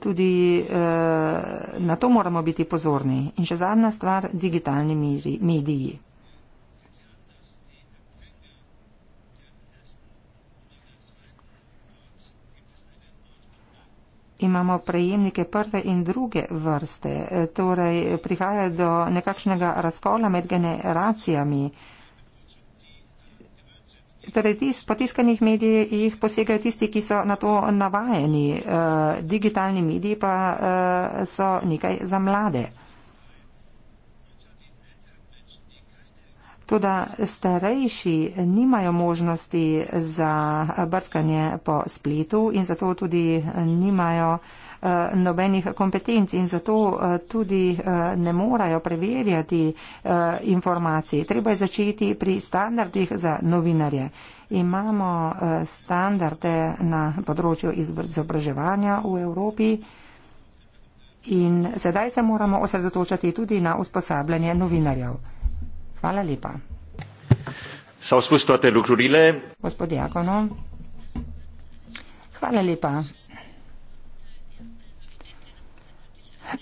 tudi eh, na to moramo biti pozorni. In še zadnja stvar, digitalni mediji. imamo prejemnike prve in druge vrste, e, torej prihaja do nekakšnega razkola med generacijami. Torej, tis, po tiskanih medijih posegajo tisti, ki so na to navajeni, e, digitalni mediji pa e, so nekaj za mlade. Tudi starejši nimajo možnosti za brskanje po spletu in zato tudi eh, nimajo eh, nobenih kompetenc in zato eh, tudi ne morajo preverjati informacij. Treba je začeti pri standardih za novinarje. Imamo standarde na področju izobraževanja v Evropi in sedaj se moramo osredotočati tudi na usposabljanje novinarjev. Hvala lepa. S-au spus toate lucrurile? Gospod Iacono. Hvala lepa.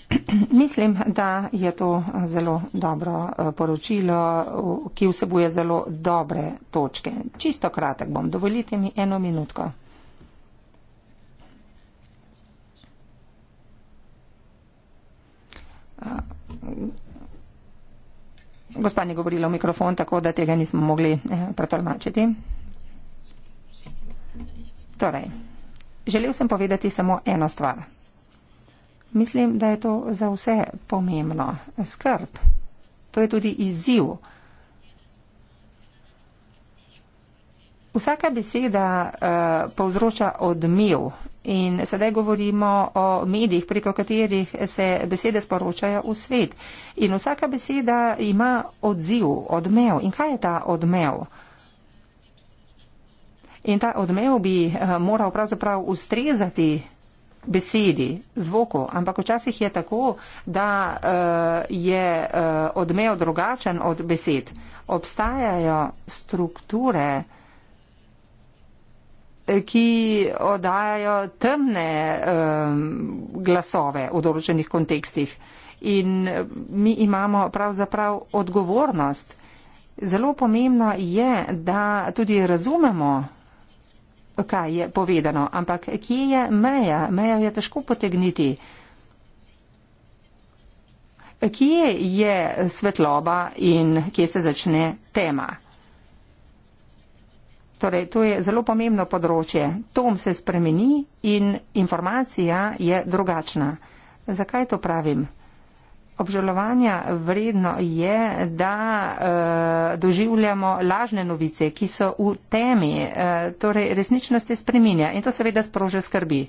Mislim, da je to zelo dobro eh, poročilo, ki vsebuje zelo dobre točke. Čisto kratek bom, dovolite mi eno minutko. Uh, Gospa ni govorila v mikrofon, tako da tega nismo mogli eh, pretolmačiti. Torej, želel sem povedati samo eno stvar. Mislim, da je to za vse pomembno. Skrb. To je tudi izziv. Vsaka beseda uh, povzroča odmev in sedaj govorimo o medijih, preko katerih se besede sporočajo v svet. In vsaka beseda ima odziv, odmev. In kaj je ta odmev? In ta odmev bi uh, moral pravzaprav ustrezati besedi, zvoku, ampak včasih je tako, da uh, je uh, odmev drugačen od besed. Obstajajo strukture, ki oddajajo temne um, glasove v določenih kontekstih. In mi imamo pravzaprav odgovornost. Zelo pomembno je, da tudi razumemo, kaj je povedano, ampak kje je meja? Meja je težko potegniti. Kje je svetloba in kje se začne tema? Torej, to je zelo pomembno področje. Tom se spremeni in informacija je drugačna. Zakaj to pravim? Obžalovanja vredno je, da e, doživljamo lažne novice, ki so v temi, e, torej resničnost se spreminja in to seveda sprožja skrbi.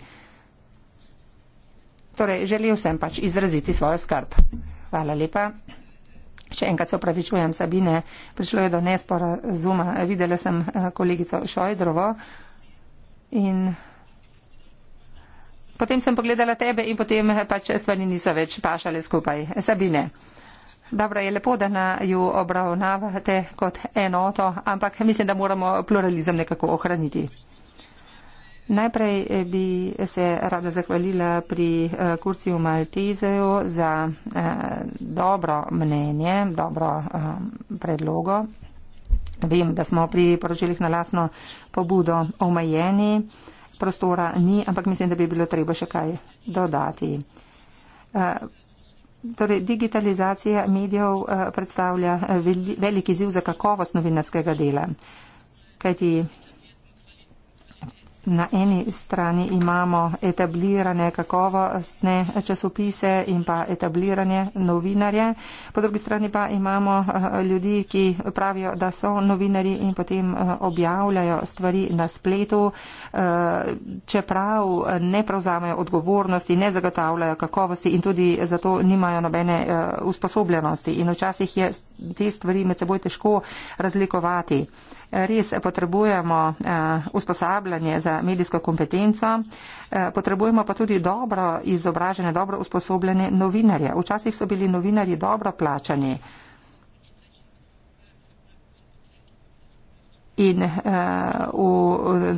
Torej, želel sem pač izraziti svojo skrb. Hvala lepa. Še enkrat se opravičujem, Sabine, prišlo je do nesporazuma. Videla sem eh, kolegico Šojdrovo in potem sem pogledala tebe in potem eh, pač stvari niso več pašale skupaj. Sabine. Dobro je lepo, da na jo obravnavate kot enoto, ampak mislim, da moramo pluralizem nekako ohraniti. Najprej eh, bi se rada zahvalila pri eh, kurciju Maltezeju za eh, dobro mnenje, dobro predlogo. Vem, da smo pri poročilih na lasno pobudo omejeni, prostora ni, ampak mislim, da bi bilo treba še kaj dodati. Torej, digitalizacija medijev predstavlja veliki ziv za kakovost novinarskega dela. Kajti Na eni strani imamo etablirane kakovostne časopise in pa etablirane novinarje, po drugi strani pa imamo eh, ljudi, ki pravijo, da so novinari in potem eh, objavljajo stvari na spletu, eh, čeprav ne prevzamejo odgovornosti, ne zagotavljajo kakovosti in tudi zato nimajo nobene usposobljenosti. In včasih je te stvari med seboj težko razlikovati. Res potrebujemo eh, usposabljanje za medijsko kompetenco, eh, potrebujemo pa tudi dobro izobražene, dobro usposobljene novinarje. Včasih so bili novinarji dobro plačani. In uh, v,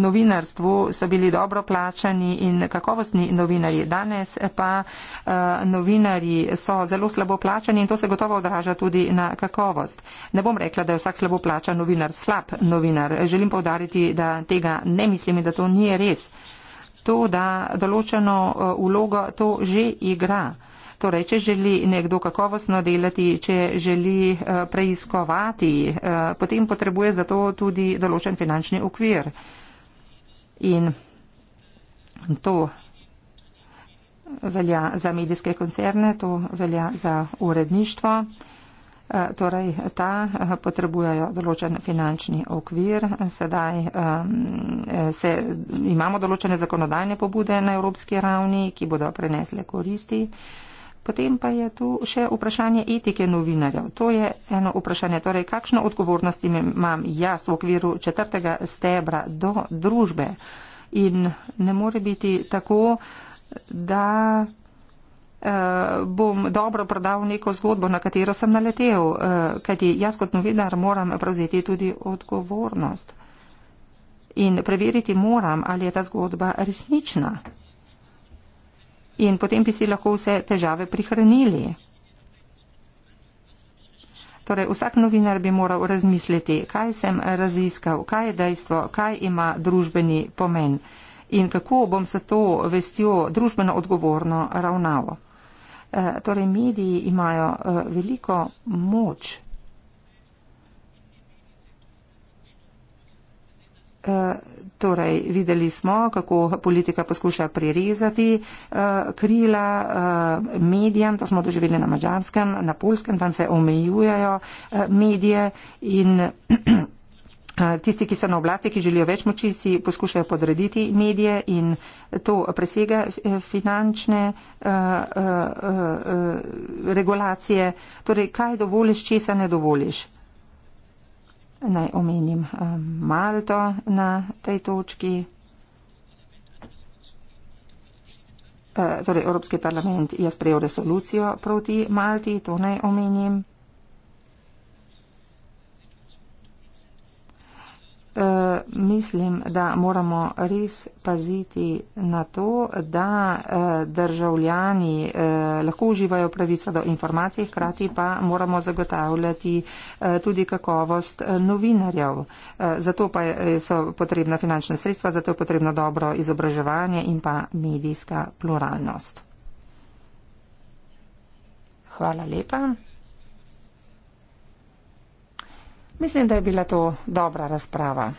novinarstvu so bili dobro plačani in kakovostni novinarji. Danes pa eh, novinarji so zelo slabo plačani in to se gotovo odraža tudi na kakovost. Ne bom rekla, da je vsak slabo plačan novinar slab novinar. Želim povdariti, da tega ne mislim in da to ni res. To, da določeno eh, vlogo to že igra. Torej, če želi nekdo kakovostno delati, če želi eh, preiskovati, potem potrebuje za to tudi določen finančni ukvir. In to velja za medijske koncerne, to velja za uredništvo. Eh, torej, ta eh, potrebujejo določen finančni okvir. Sedaj ehm, eh, se, imamo določene zakonodajne pobude na evropski ravni, ki bodo prenesle koristi. Potem pa je tu še vprašanje etike novinarjev. To je eno vprašanje. Torej, kakšno odgovornost imam jaz v okviru četrtega stebra do družbe? In ne more biti tako, da eh, bom dobro prodal neko zgodbo, na katero sem naletel, eh, kajti jaz kot novinar moram prevzeti tudi odgovornost in preveriti moram, ali je ta zgodba resnična in potem bi si lahko vse težave prihranili. Torej, vsak novinar bi moral razmisliti, kaj sem raziskal, kaj je dejstvo, kaj ima družbeni pomen in kako bom se to vestjo družbeno odgovorno ravnal. E, torej, mediji imajo e, veliko moč. E, Torej, videli smo, kako politika poskuša prirezati uh, eh, krila uh, medijem, to smo doživeli na mačarskem, na polskem, tam se omejujajo uh, eh, medije in uh, tisti, ki so na oblasti, ki želijo več moči, si poskušajo podrediti medije in to presega finančne uh, uh, uh, regulacije. Torej, kaj dovoliš, česa ne dovoliš? Naj omenim eh, Malto na tej točki. Eh, torej, Evropski parlament je sprejel resolucijo proti Malti, to naj omenim. Eh, mislim, da moramo res paziti na to, da eh, državljani eh, lahko uživajo pravico do informacij, hkrati pa moramo zagotavljati tudi kakovost novinarjev. Zato pa so potrebna finančna sredstva, zato je potrebno dobro izobraževanje in pa medijska pluralnost. Hvala lepa. Mislim, da je bila to dobra razprava.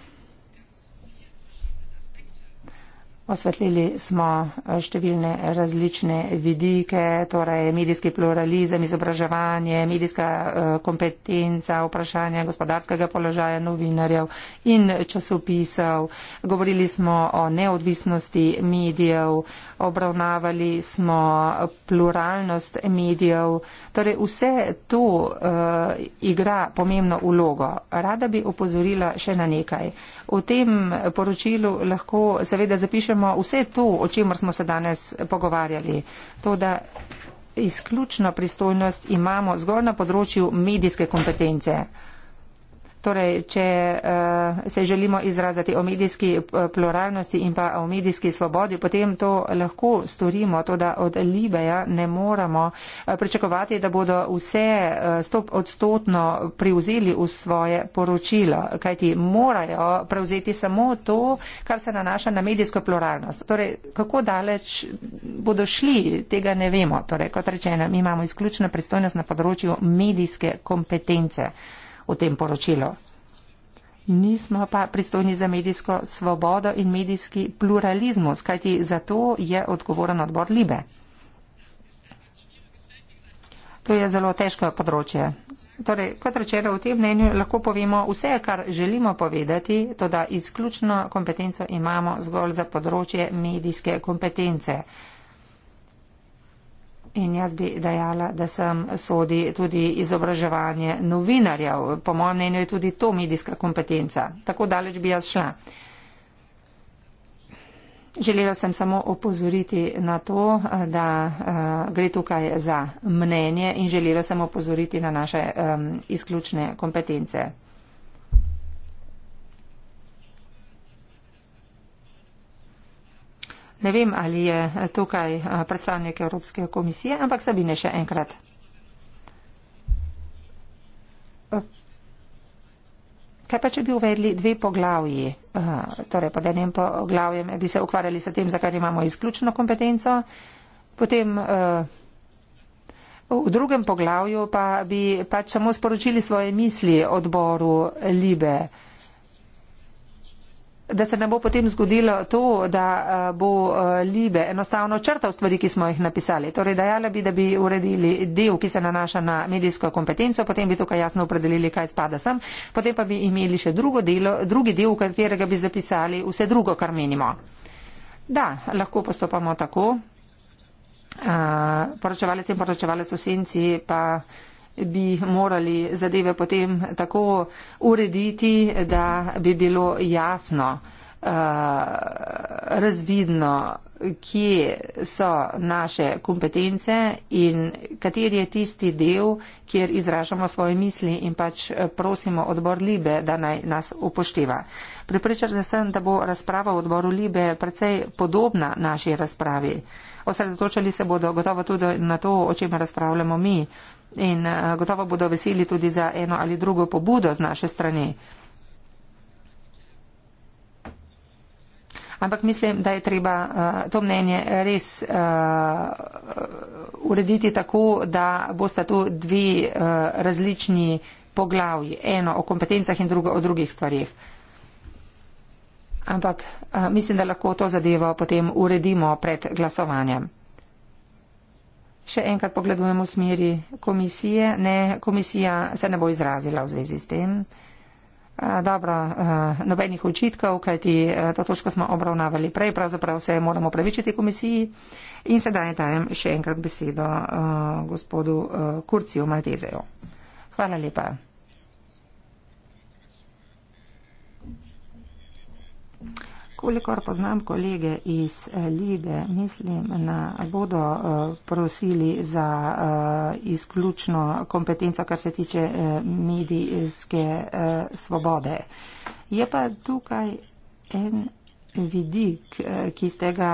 Osvetlili smo eh, številne različne vidike, torej medijski pluralizem, izobraževanje, medijska eh, kompetenca, vprašanje gospodarskega položaja novinarjev in časopisov. Govorili smo o neodvisnosti medijev, obravnavali smo pluralnost medijev. Torej vse to uh, igra pomembno ulogo. Rada bi opozorila še na nekaj. V tem poročilu lahko seveda zapišemo, izključujemo vse to, o čemer smo se danes pogovarjali. To, da izključno pristojnost imamo zgolj na področju medijske kompetence. Torej, če uh, se želimo izraziti o medijski eh, pluralnosti in pa o medijski svobodi, potem to lahko storimo, to da od Libeja ne moramo eh, pričakovati, da bodo vse odstotno privzeli v svoje poročilo, kajti morajo prevzeti samo to, kar se nanaša na medijsko pluralnost. Torej, kako daleč bodo šli, tega ne vemo. Torej, kot rečeno, mi imamo izključno pristojnost na področju medijske kompetence v tem poročilu. Nismo pa pristojni za medijsko svobodo in medijski pluralizmus, kajti za to je odgovoren odbor Libe. To je zelo težko področje. Torej, kot rečeno, v tem mnenju lahko povemo vse, kar želimo povedati, to da izključno kompetenco imamo zgolj za področje medijske kompetence. In jaz bi dejala, da sem sodi tudi izobraževanje novinarjev. Po mojem mnenju je tudi to medijska kompetenca. Tako daleč bi jaz šla. Želela sem samo opozoriti na to, da uh, gre tukaj za mnenje in želela sem opozoriti na naše um, izključne kompetence. Ne vem, ali je eh, tukaj eh, predstavnik Evropske komisije, ampak Sabine še enkrat. Eh, kaj pa, če bi uvedli dve poglavji? Torej, pod enim poglavjem bi se ukvarjali s tem, za kar imamo izključno kompetenco, potem v drugem poglavju pa bi pač samo sporočili svoje misli odboru Libe da se ne bo potem zgodilo to, da eh, bo eh, Libe enostavno črtal stvari, ki smo jih napisali. Torej, dajala bi, da bi uredili del, ki se nanaša na medijsko kompetenco, potem bi tukaj jasno opredelili, kaj spada sem, potem pa bi imeli še delo, drugi del, v katerega bi zapisali vse drugo, kar menimo. Da, lahko postopamo tako. Eh, poročevalec in poročevalec v senci pa bi morali zadeve potem tako urediti, da bi bilo jasno, eh, razvidno, kje so naše kompetence in kater je tisti del, kjer izražamo svoje misli in pač eh, prosimo odbor Libe, da naj nas upošteva. Pripričana sem, da bo razprava v odboru Libe precej podobna naši razpravi. Osredotočali se bodo gotovo tudi na to, o čem razpravljamo mi, in eh, gotovo bodo veseli tudi za eno ali drugo pobudo z naše strani. Ampak mislim, da je treba eh, to mnenje res eh, urediti tako, da bosta tu dve različni poglavji, eno o kompetencah in drugo o drugih stvarih. Ampak mislim, da lahko to zadevo potem uredimo pred glasovanjem še enkrat pogledujem v smeri komisije. Ne, komisija se ne bo izrazila v zvezi s tem. Dobro, nobenih očitkov, kajti to točko smo obravnavali prej, pravzaprav se moramo prevečiti komisiji. In sedaj dajem še enkrat besedo gospodu Kurciju Maltezeju. Hvala lepa kolikor poznam kolege iz eh, Libe, mislim, da bodo eh, prosili za eh, izključno kompetenco, kar se tiče medijske svobode. Je pa tukaj en vidik, ki ste ga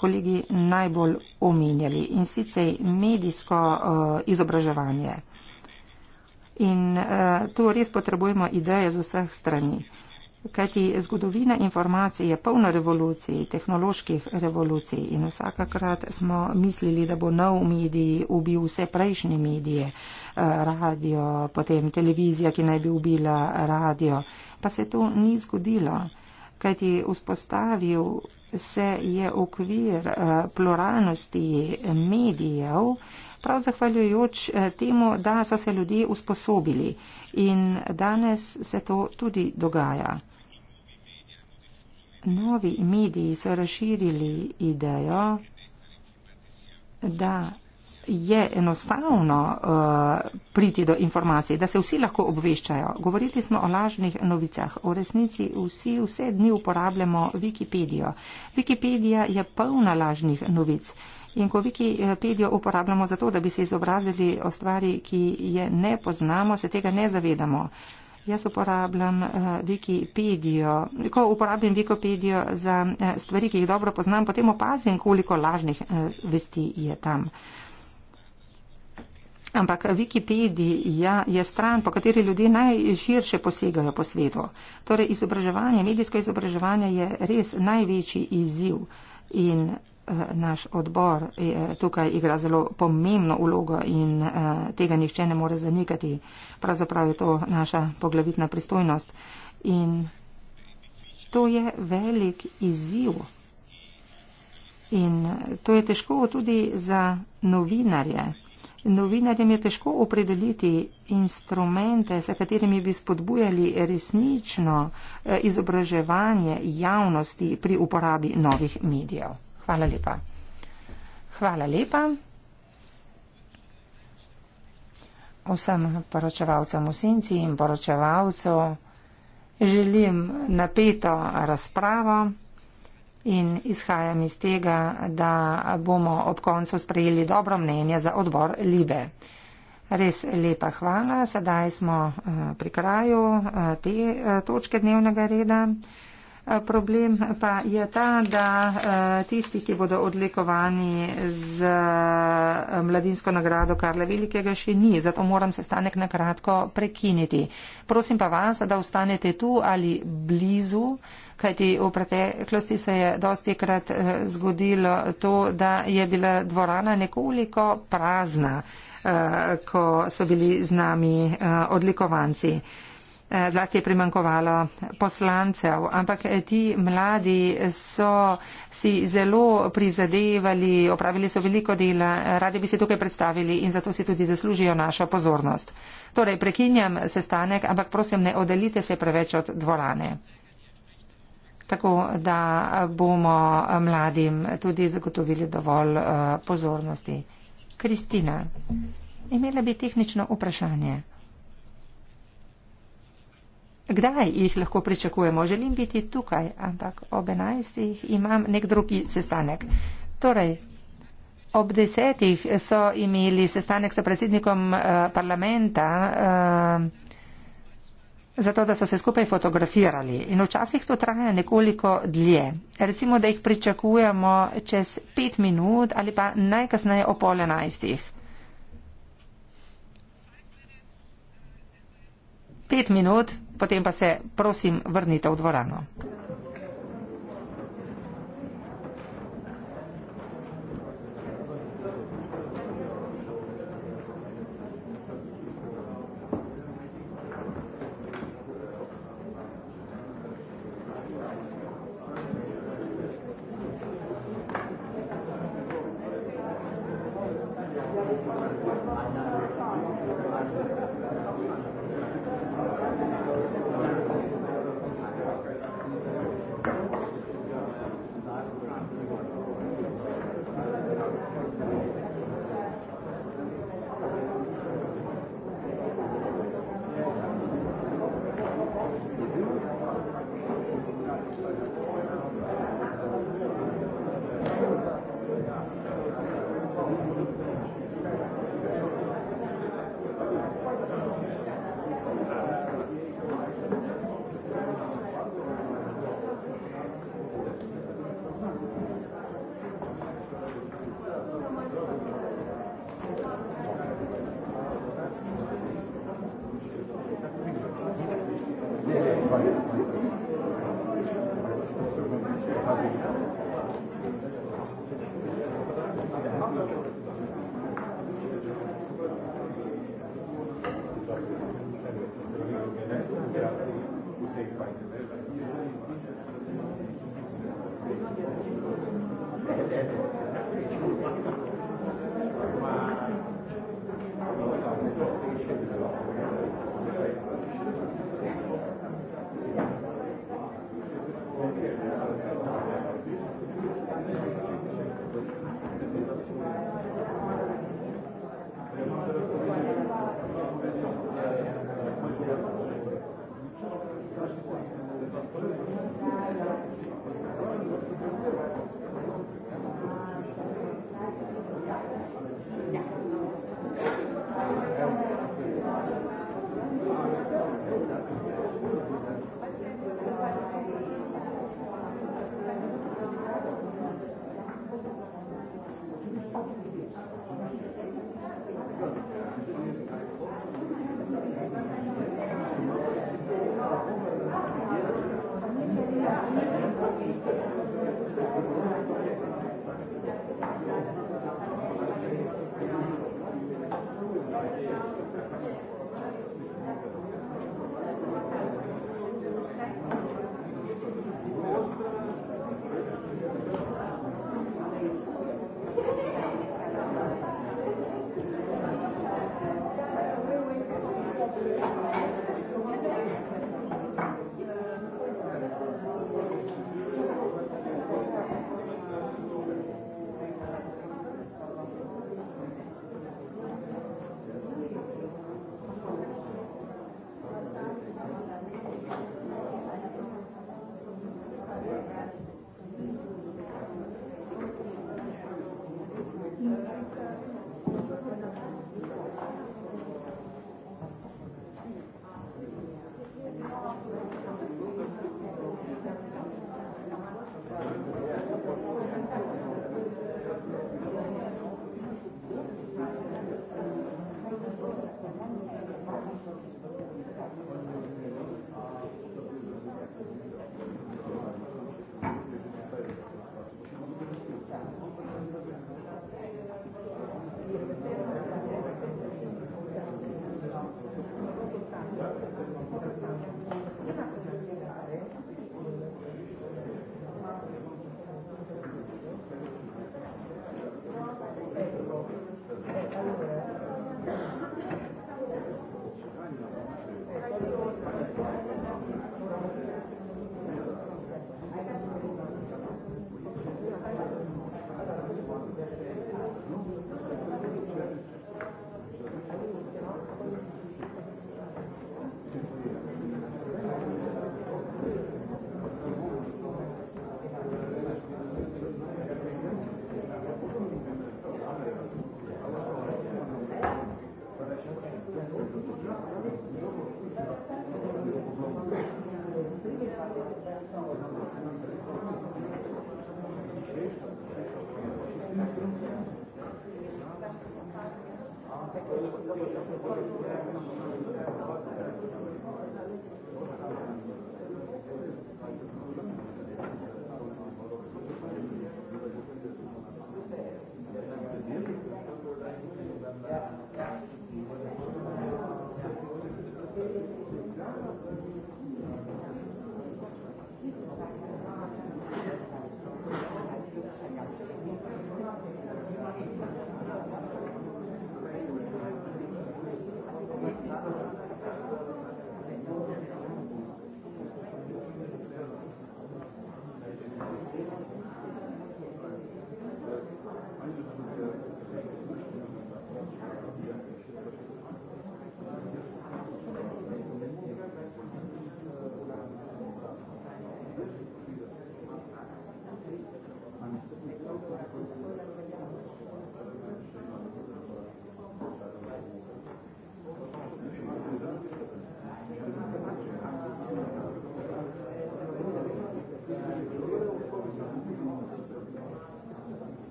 kolegi najbolj omenjali in sicer medijsko izobraževanje. In tu res potrebujemo ideje z vseh strani. Kajti zgodovina informacij je polna revolucij, tehnoloških revolucij in vsakakrat smo mislili, da bo nov medij ubil vse prejšnje medije, eh, radio, potem televizija, ki naj bi ubila radio, pa se to ni zgodilo. Kajti vzpostavil se je okvir eh, pluralnosti medijev. Prav zahvaljujoč eh, temu, da so se ljudje usposobili in danes se to tudi dogaja novi mediji so razširili idejo, da je enostavno uh, priti do informacij, da se vsi lahko obveščajo. Govorili smo o lažnih novicah. V resnici vsi vse dni uporabljamo Wikipedijo. Wikipedija je polna lažnih novic. In ko Wikipedijo uporabljamo za to, da bi se izobrazili o stvari, ki je ne poznamo, se tega ne zavedamo. Uh, Jaz uporabljam uh, eh, Wikipedijo. Ko uporabljam Wikipedijo za uh, stvari, ki jih dobro poznam, potem opazim, koliko lažnih uh, vesti je tam. Ampak Wikipedija je stran, po kateri ljudje najširše posegajo po svetu. Torej, izobraževanje, medijsko izobraževanje je res največji izziv. In Eh, naš odbor eh, tukaj igra zelo pomembno ulogo in eh, tega nihče ne more zanikati. Pravzaprav je to naša poglavitna pristojnost. In to je velik izziv. In to je težko tudi za novinarje. Novinarjem je težko opredeliti instrumente, s katerimi bi spodbujali resnično izobraževanje javnosti pri uporabi novih medijev. Hvala lepa. Hvala lepa. Vsem poročevalcem v senci in poročevalcu želim napeto razpravo in izhajam iz tega, da bomo ob koncu sprejeli dobro mnenje za odbor Libe. Res lepa hvala. Sedaj smo eh, pri kraju eh, te eh, točke dnevnega reda. Eh, problem pa je ta, da eh, tisti, ki bodo odlikovani z eh, mladinsko nagrado Karla Velikega, še ni. Zato moram sestanek na kratko prekiniti. Prosim pa vas, da ostanete tu ali blizu, kajti v preteklosti se je dosti krat zgodilo to, da je bila dvorana nekoliko prazna, ko so bili z nami odlikovanci. Eh, zlasti je primankovalo poslancev, ampak eh, ti mladi so si zelo prizadevali, opravili so veliko dela, eh, radi bi se tukaj predstavili in zato si tudi zaslužijo našo pozornost. Torej, prekinjam sestanek, ampak prosim, ne oddalite se preveč od dvorane. Tako da bomo mladim tudi zagotovili dovolj pozornosti. Kristina, imela bi tehnično vprašanje kdaj jih lahko pričakujemo. Želim biti tukaj, ampak ob enajstih imam nek drugi sestanek. Torej, ob desetih so imeli sestanek s predsednikom eh, parlamenta, eh, zato da so se skupaj fotografirali. In včasih to traja nekoliko dlje. Recimo, da jih pričakujemo čez pet minut ali pa najkasneje ob pol enajstih. Pet minut, potem pa se prosim vrnite v dvorano.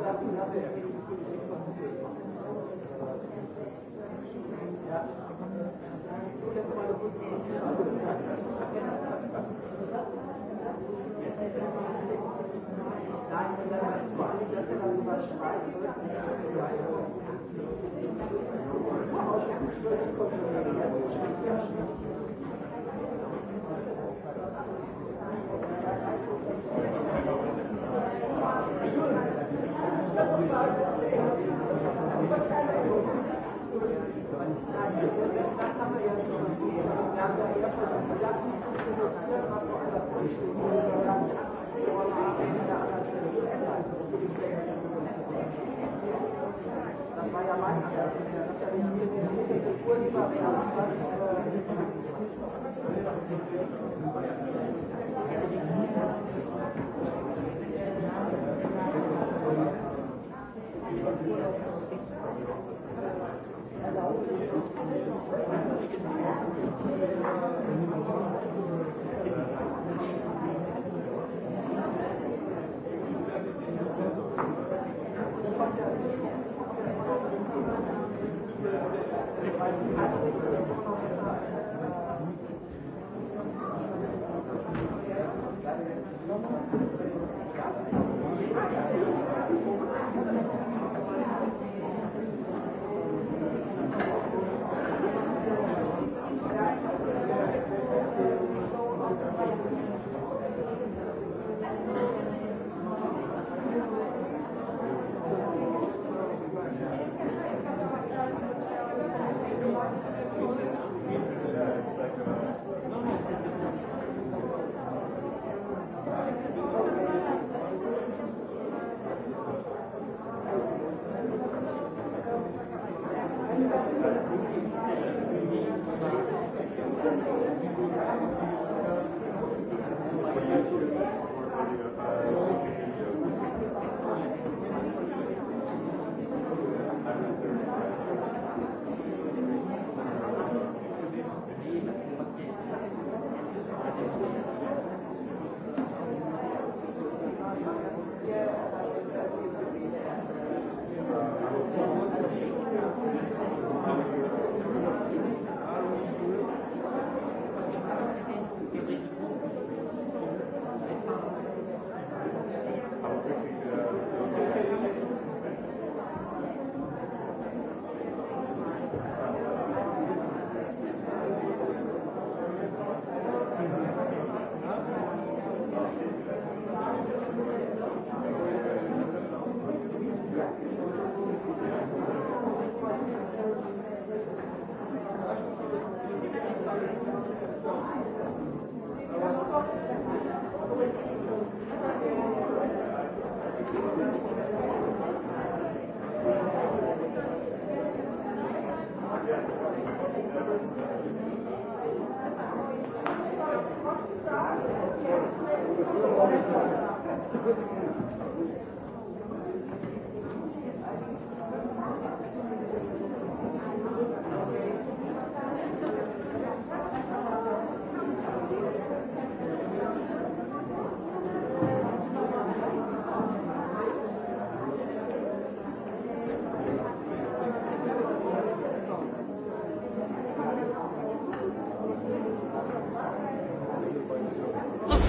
Gracias.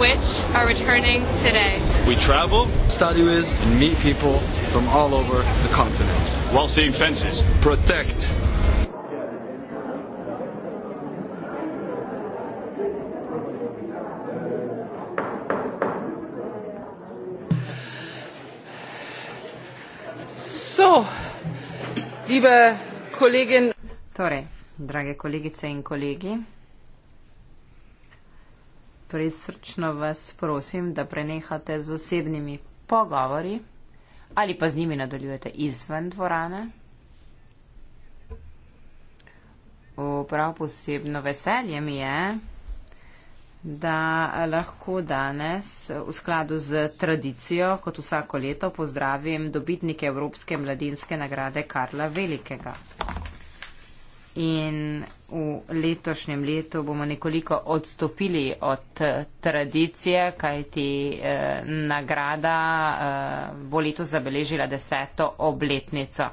which are returning today. We travel, study with, and meet people from all over the continent. While seeing fences, protect. So, liebe Kolleginnen. Torej, drage kolegice in kolegi naprej srčno vas prosim, da prenehate z osebnimi pogovori ali pa z njimi nadaljujete izven dvorane. Prav posebno veselje mi je, da lahko danes v skladu z tradicijo, kot vsako leto, pozdravim dobitnike Evropske mladinske nagrade Karla Velikega in v letošnjem letu bomo nekoliko odstopili od eh, tradicije, kajti eh, nagrada eh, bo letos zabeležila deseto obletnico.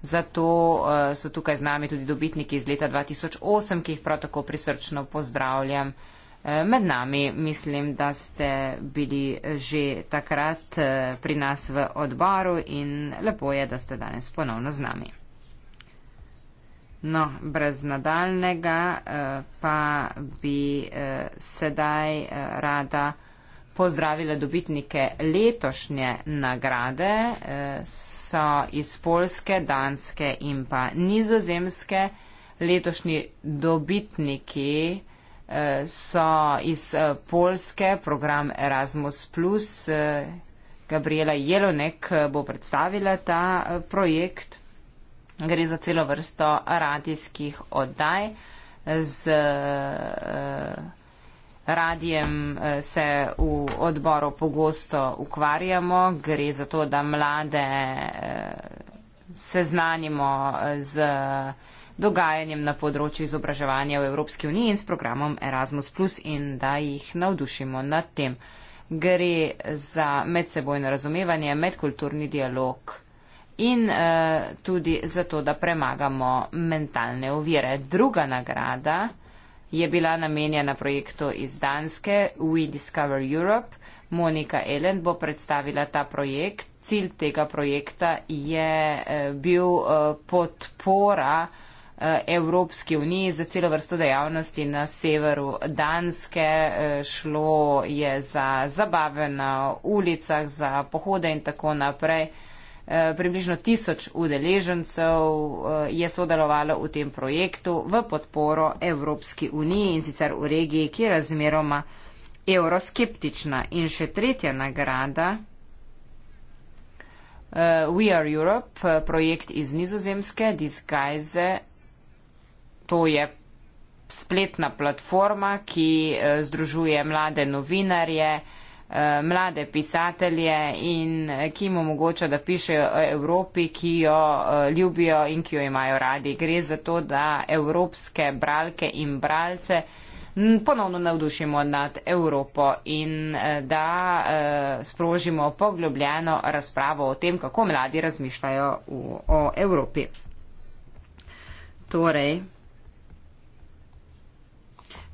Zato eh, so tukaj z nami tudi dobitniki iz leta 2008, ki jih prav tako prisrčno pozdravljam. Eh, med nami mislim, da ste bili že takrat eh, pri nas v odboru in lepo je, da ste danes ponovno z nami. No, brez nadaljnega eh, pa bi eh, sedaj eh, rada pozdravila dobitnike letošnje nagrade. So iz Polske, Danske in pa Nizozemske. Letošnji dobitniki so iz Polske program Erasmus Plus. Gabriela Jelonek bo predstavila ta projekt. Gre za celo vrsto radijskih oddaj. Z uh, radijem eh, se v odboru pogosto ukvarjamo. Gre za to, da mlade uh, seznanimo z dogajanjem na področju izobraževanja v Evropski uniji in s programom Erasmus, in da jih navdušimo nad tem. Gre za medsebojno razumevanje, medkulturni dialog in uh, tudi zato, da premagamo mentalne ovire. Druga nagrada je bila namenjena projektu iz Danske We Discover Europe. Monika Ellen bo predstavila ta projekt. Cilj tega projekta je uh, bil uh, podpora Evropski uniji za celo vrsto dejavnosti na severu Danske. Šlo je za zabave na ulicah, za pohode in tako naprej. Uh, Eh, približno tisoč udeležencev eh, je sodelovalo v tem projektu v podporo Evropski uniji in sicer v regiji, ki je razmeroma euroskeptična. In še tretja nagrada. Eh, We are Europe, projekt iz nizozemske, Disguise, to je spletna platforma, ki združuje mlade novinarje, Eh, mlade pisatelje in eh, ki jim omogoča, da pišejo o Evropi, ki jo eh, ljubijo in ki jo imajo radi. Gre za to, da evropske bralke in bralce ponovno navdušimo nad Evropo in da sprožimo poglobljeno razpravo o tem, kako mladi razmišljajo o Evropi. Torej,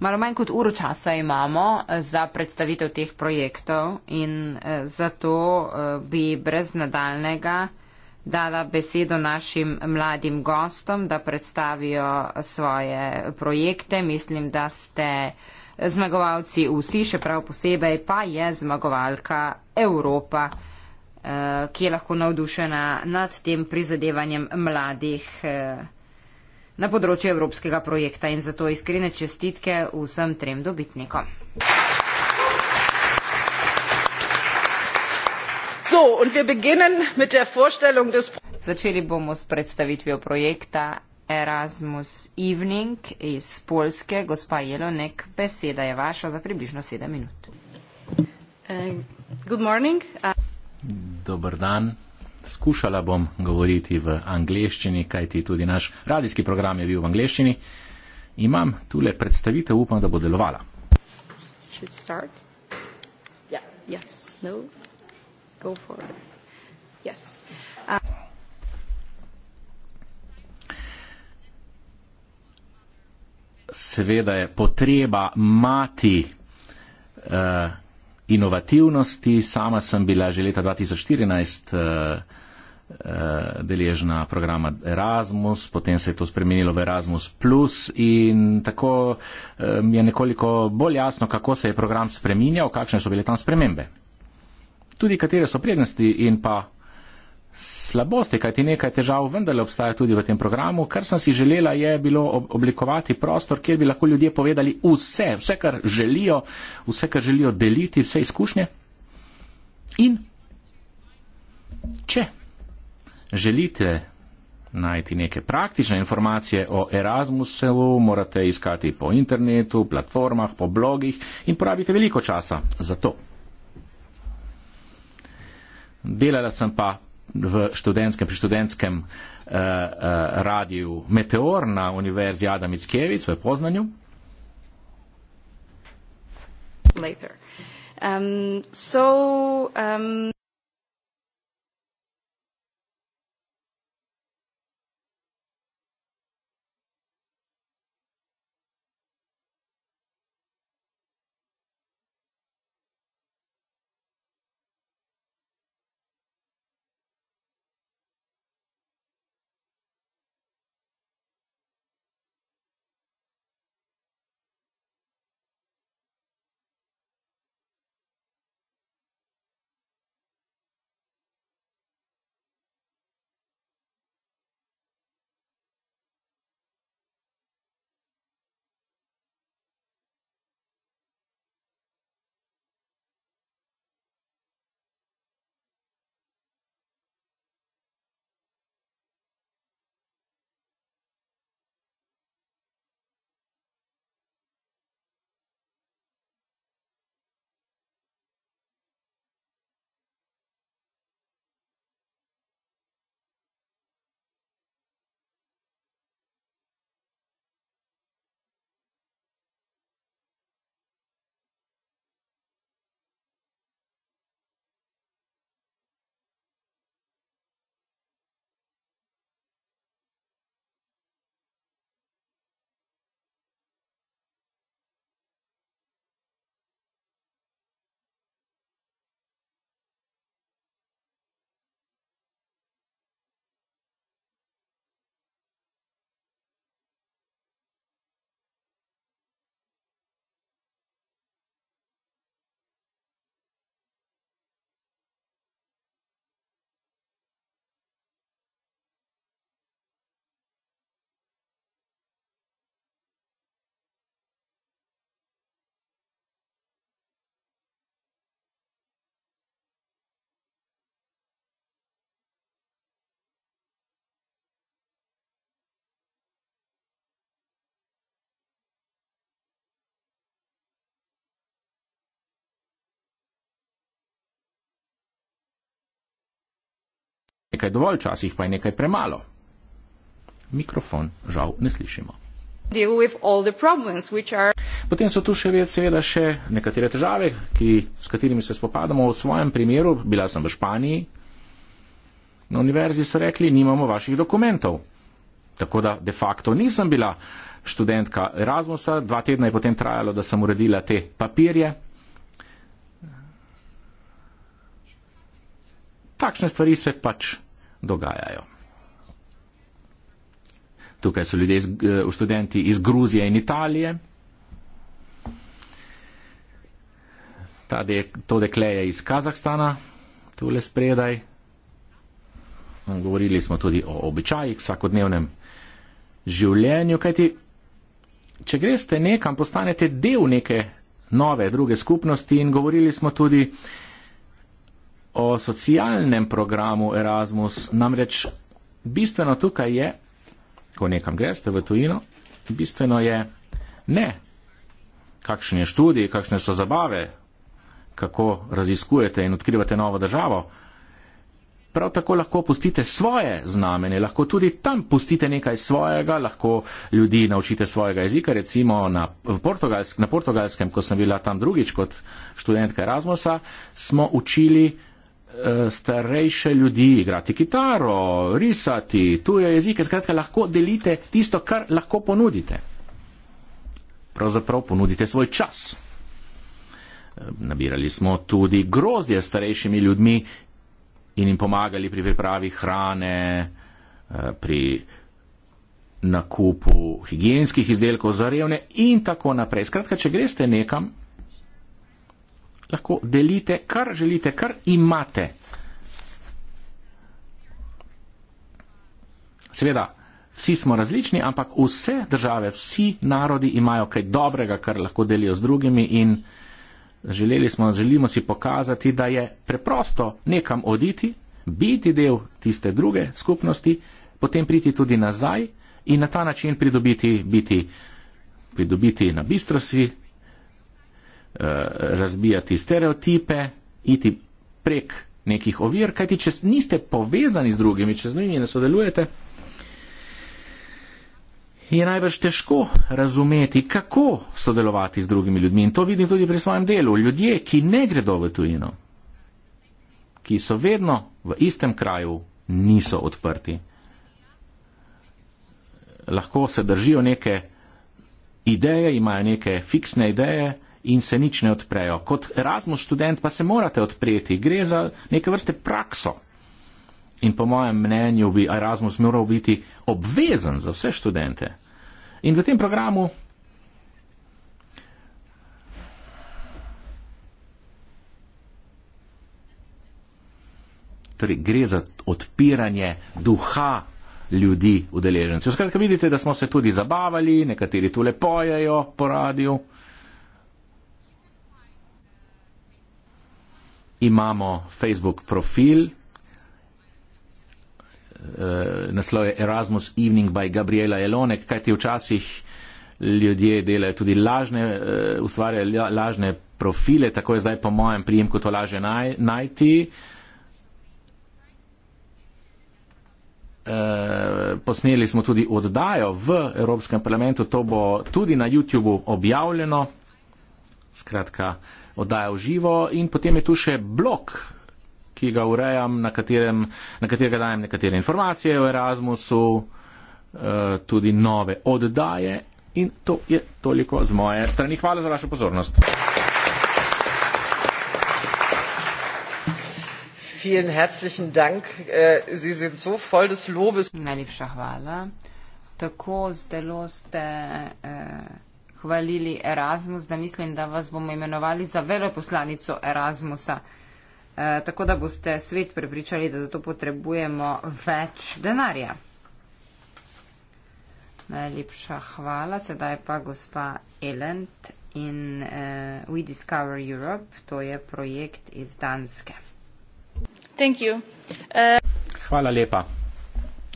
Malo manj kot uro časa imamo eh, za predstavitev teh projektov in eh, zato eh, bi brez nadaljnega dala besedo našim mladim gostom, da predstavijo svoje projekte. Mislim, da ste zmagovalci vsi, še prav posebej pa je zmagovalka Evropa, ki je lahko navdušena nad tem prizadevanjem mladih na področju evropskega projekta in zato iskrene čestitke vsem trem dobitnikom. So, des... Začeli bomo s predstavitvijo projekta Erasmus Evening iz Polske. Gospa Jelonek, beseda je vaša za približno sedem minut. Uh, good morning. Uh... Dobar dan skušala bom govoriti v angleščini, kajti tudi naš radijski program je bil v angleščini. Imam tule predstavitev, upam, da bo delovala. No? Seveda je potreba mati uh, inovativnosti. Sama sem bila že leta 2014 eh, eh, deležna programa Erasmus, potem se je to spremenilo v Erasmus Plus in tako eh, mi je nekoliko bolj jasno, kako se je program spreminjal, kakšne so bile tam spremembe. Tudi katere so prednosti in pa slabosti, kajti nekaj težav vendarle obstaja tudi v tem programu. Kar sem si želela, je bilo oblikovati prostor, kjer bi lahko ljudje povedali vse, vse, kar želijo, vse, kar želijo deliti, vse izkušnje. In če želite najti neke praktične informacije o Erasmusu, morate iskati po internetu, platformah, po blogih in porabite veliko časa za to. Delala sem pa v študentskem, pri študentskem eh, eh, radiju Meteor na Univerzi Adam Ickevic v Poznanju. Later. Um, so, um nekaj dovolj, včasih pa je nekaj premalo. Mikrofon žal ne slišimo. Are... Potem so tu še seveda še nekatere težave, ki, s katerimi se spopadamo. V svojem primeru, bila sem v Španiji, na univerzi so rekli, nimamo vaših dokumentov. Tako da de facto nisem bila študentka Erasmusa, dva tedna je potem trajalo, da sem uredila te papirje. Takšne stvari se pač dogajajo. Tukaj so ljudje, eh, študenti iz Gruzije in Italije. De, to dekle je iz Kazahstana, tole spredaj. No, govorili smo tudi o običajih, vsakodnevnem življenju, kajti če greste nekam, postanete del neke nove, druge skupnosti in govorili smo tudi, o socialnem programu Erasmus. Namreč bistveno tukaj je, ko nekam greste v tujino, bistveno je ne, kakšen je študij, kakšne so zabave, kako raziskujete in odkrivate novo državo. Prav tako lahko pustite svoje znamene, lahko tudi tam pustite nekaj svojega, lahko ljudi naučite svojega jezika, recimo na, portugalsk, na portugalskem, ko sem bila tam drugič kot študentka Erasmusa, smo učili starejše ljudi, igrati kitaro, risati, tuje jezike, skratka lahko delite tisto, kar lahko ponudite. Pravzaprav ponudite svoj čas. Nabirali smo tudi grozdje s starejšimi ljudmi in jim pomagali pri pripravi hrane, pri nakupu higijenskih izdelkov za revne in tako naprej. Skratka, če greste nekam, lahko delite, kar želite, kar imate. Seveda, vsi smo različni, ampak vse države, vsi narodi imajo kaj dobrega, kar lahko delijo z drugimi in želeli smo, želimo si pokazati, da je preprosto nekam oditi, biti del tiste druge skupnosti, potem priti tudi nazaj in na ta način pridobiti biti. Pridobiti na bistrosti Eh, razbijati stereotipe, iti prek nekih ovir, kajti če niste povezani z drugimi, če z njimi ne sodelujete, je najbrž težko razumeti, kako sodelovati z drugimi ljudmi. In to vidim tudi pri svojem delu. Ljudje, ki ne gredo v tujino, ki so vedno v istem kraju, niso odprti. Lahko se držijo neke ideje, imajo neke fiksne ideje, in se nič ne odprejo. Kot Erasmus študent pa se morate odpreti, gre za neke vrste prakso. In po mojem mnenju bi Erasmus moral biti obvezen za vse študente. In v tem programu torej gre za odpiranje duha ljudi, udeležencev. Skratka, vidite, da smo se tudi zabavali, nekateri tu lepojejo po radiju. imamo Facebook profil, eh, naslov je Erasmus Evening by Gabriela Elonek, kajti včasih ljudje delajo tudi lažne, eh, ustvarjajo lažne profile, tako je zdaj po mojem prijemku to lažje naj, najti. Eh, posneli smo tudi oddajo v Evropskem parlamentu, to bo tudi na YouTubeu objavljeno. Skratka, oddaja v živo in potem je tu še blok, ki ga urejam, na, katerem, na katerega dajem nekatere informacije o Erasmusu, eh, tudi nove oddaje. In to je toliko z moje strani. Hvala za vašo pozornost. Vielen herzlichen Dank. Äh, Sie sind so voll des Lobes. Najlepša hvala. Tako zdelo ste. Uh hvalili Erasmus, da mislim, da vas bomo imenovali za veleposlanico Erasmusa. E, tako da boste svet prepričali, da zato potrebujemo več denarja. Najlepša hvala. Sedaj pa gospa Elend in uh, We Discover Europe. To je projekt iz Danske. Thank you. Uh... Hvala lepa.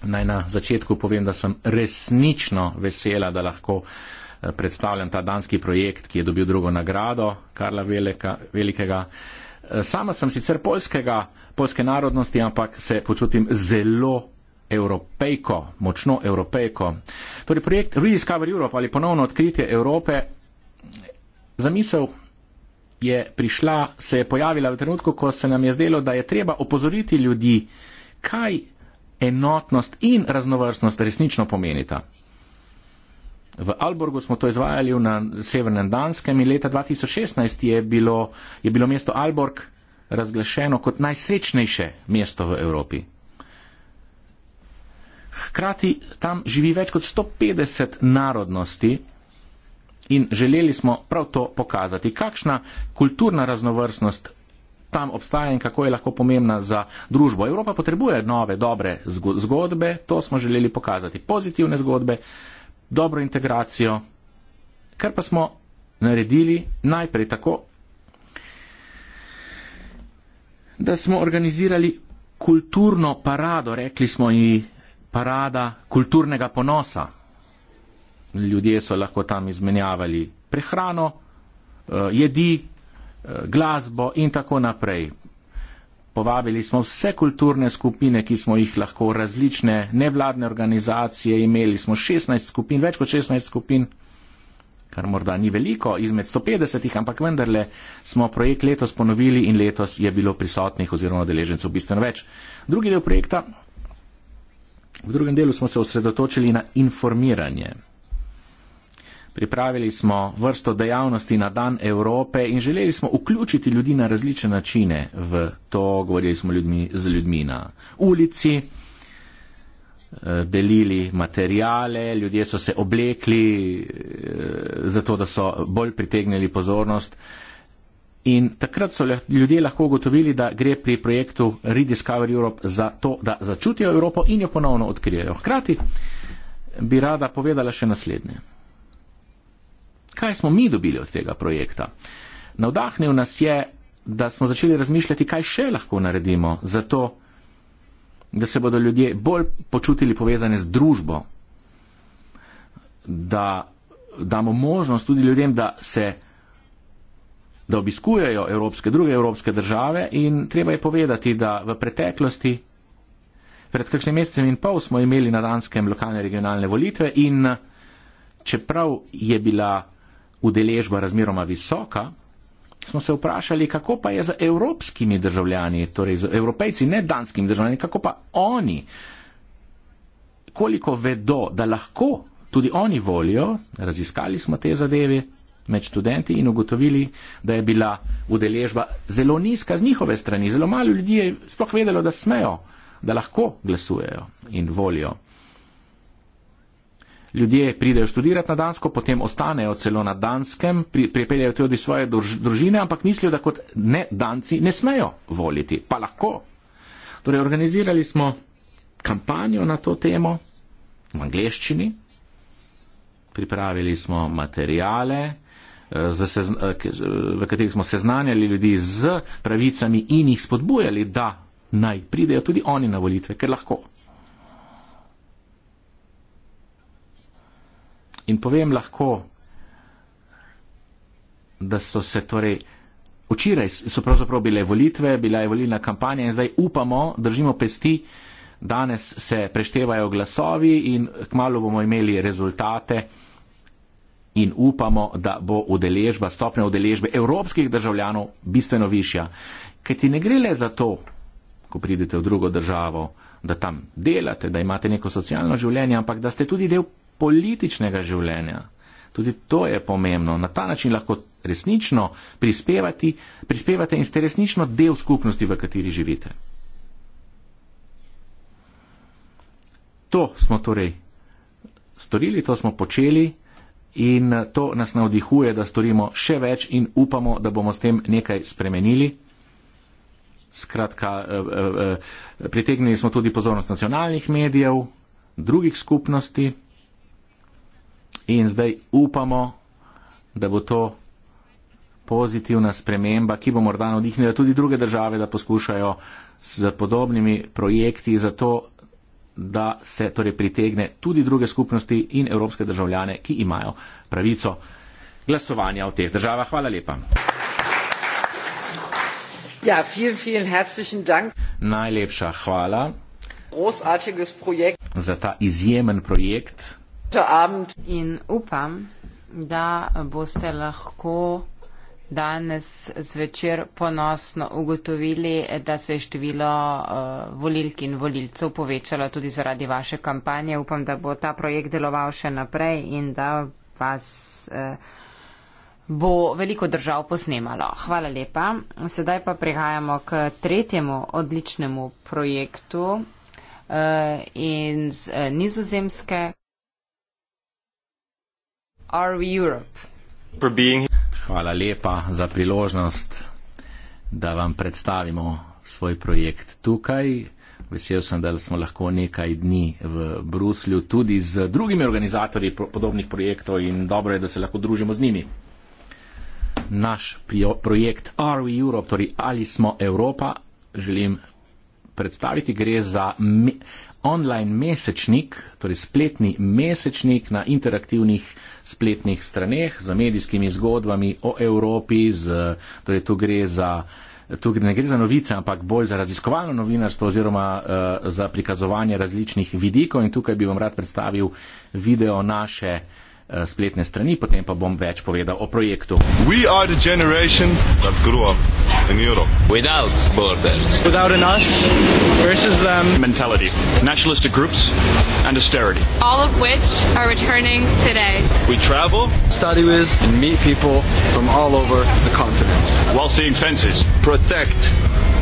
Naj na začetku povem, da sem resnično vesela, da lahko uh, predstavljam ta danski projekt, ki je dobil drugo nagrado Karla Veleka, Velikega. E, sama sem sicer polskega, polske narodnosti, ampak se počutim zelo evropejko, močno evropejko. Torej projekt Rediscover Europe ali ponovno odkritje Evrope, zamisel je prišla, se je pojavila v trenutku, ko se nam je zdelo, da je treba opozoriti ljudi, kaj enotnost in raznovrstnost resnično pomenita. V Alborgu smo to izvajali na severnem Danskem in leta 2016 je bilo, je bilo mesto Alborg razglašeno kot najsrečnejše mesto v Evropi. Hkrati tam živi več kot 150 narodnosti in želeli smo prav to pokazati, kakšna kulturna raznovrstnost tam obstaja in kako je lahko pomembna za družbo. Evropa potrebuje nove, dobre zgodbe, to smo želeli pokazati, pozitivne zgodbe dobro integracijo, kar pa smo naredili najprej tako, da smo organizirali kulturno parado, rekli smo ji parada kulturnega ponosa. Ljudje so lahko tam izmenjavali prehrano, eh, jedi, eh, glasbo in tako naprej. Povabili smo vse kulturne skupine, ki smo jih lahko, različne nevladne organizacije, imeli smo 16 skupin, več kot 16 skupin, kar morda ni veliko, izmed 150, ampak vendarle smo projekt letos ponovili in letos je bilo prisotnih oziroma deležencev bistveno več. Drugi del projekta, v drugem delu smo se osredotočili na informiranje. Pripravili smo vrsto dejavnosti na dan Evrope in želeli smo vključiti ljudi na različne načine v to. Govorili smo ljudmi, z ljudmi na ulici, eh, delili materijale, ljudje so se oblekli, eh, zato da so bolj pritegnili pozornost. In takrat so ljudje lahko ugotovili, da gre pri projektu Rediscover Europe za to, da začutijo Evropo in jo ponovno odkrijejo. Hkrati bi rada povedala še naslednje kaj smo mi dobili od tega projekta. Navdahnil nas je, da smo začeli razmišljati, kaj še lahko naredimo za to, da se bodo ljudje bolj počutili povezane z družbo, da damo možnost tudi ljudem, da se da obiskujejo evropske, druge evropske države in treba je povedati, da v preteklosti, pred kakšnim mesecem in pol smo imeli na danskem lokalne regionalne volitve in čeprav je bila udeležba razmeroma visoka, smo se vprašali, kako pa je z evropskimi državljani, torej z evropejci, ne danskimi državljani, kako pa oni, koliko vedo, da lahko tudi oni volijo, raziskali smo te zadeve med študenti in ugotovili, da je bila udeležba zelo nizka z njihove strani, zelo malo ljudi je sploh vedelo, da smejo, da lahko glasujejo in volijo ljudje pridejo študirati na Dansko, potem ostanejo celo na Danskem, pri, pripeljajo tudi svoje druž, družine, ampak mislijo, da kot ne Danci ne smejo voliti, pa lahko. Torej, organizirali smo kampanjo na to temo v angleščini, pripravili smo materijale, eh, eh, v katerih smo seznanjali ljudi z pravicami in jih spodbujali, da naj pridejo tudi oni na volitve, ker lahko. In povem lahko, da so se torej. Včeraj so pravzaprav bile volitve, bila je volilna kampanja in zdaj upamo, držimo pesti, danes se preštevajo glasovi in kmalo bomo imeli rezultate in upamo, da bo udeležba, stopnja udeležbe evropskih državljanov bistveno višja. Ker ti ne gre le za to, ko pridete v drugo državo, da tam delate, da imate neko socialno življenje, ampak da ste tudi del političnega življenja. Tudi to je pomembno. Na ta način lahko resnično prispevate in ste resnično del skupnosti, v kateri živite. To smo torej storili, to smo počeli in to nas navdihuje, da storimo še več in upamo, da bomo s tem nekaj spremenili. Skratka, eh, eh, eh, pritegnili smo tudi pozornost nacionalnih medijev, drugih skupnosti. In zdaj upamo, da bo to pozitivna sprememba, ki bo morda navdihnila tudi druge države, da poskušajo z podobnimi projekti za to, da se torej pritegne tudi druge skupnosti in evropske državljane, ki imajo pravico glasovanja v teh državah. Hvala lepa. Ja, vielen, vielen herzlichen Dank. Najlepša hvala za ta izjemen projekt. In upam, da boste lahko danes zvečer ponosno ugotovili, da se je število uh, volilk in volilcev povečalo tudi zaradi vaše kampanje. Upam, da bo ta projekt deloval še naprej in da vas uh, bo veliko držav posnemalo. Hvala lepa. Sedaj pa prihajamo k tretjemu odličnemu projektu uh, eh, in z uh, nizozemske are we Europe? For being here. Hvala lepa za priložnost, da vam predstavimo svoj projekt tukaj. Vesel sem, da smo lahko nekaj dni v Bruslju tudi z drugimi organizatorji podobnih projektov in dobro je, da se lahko družimo z njimi. Naš projekt Are We Europe, torej ali smo Evropa, želim predstaviti. Gre za me online mesečnik, torej spletni mesečnik na interaktivnih spletnih straneh, z medijskimi zgodbami o Evropi, z, torej tu gre za. Tu ne gre za novice, ampak bolj za raziskovalno novinarstvo oziroma uh, za prikazovanje različnih vidikov in tukaj bi vam rad predstavil video naše uh, Eh, spletne strani, potem pa bom več povedal o projektu. We are the generation that grew up in Europe without borders. Without an us versus them mentality. Nationalistic groups and austerity. All of which are returning today. We travel, study with and meet people from all over the continent. While seeing fences, protect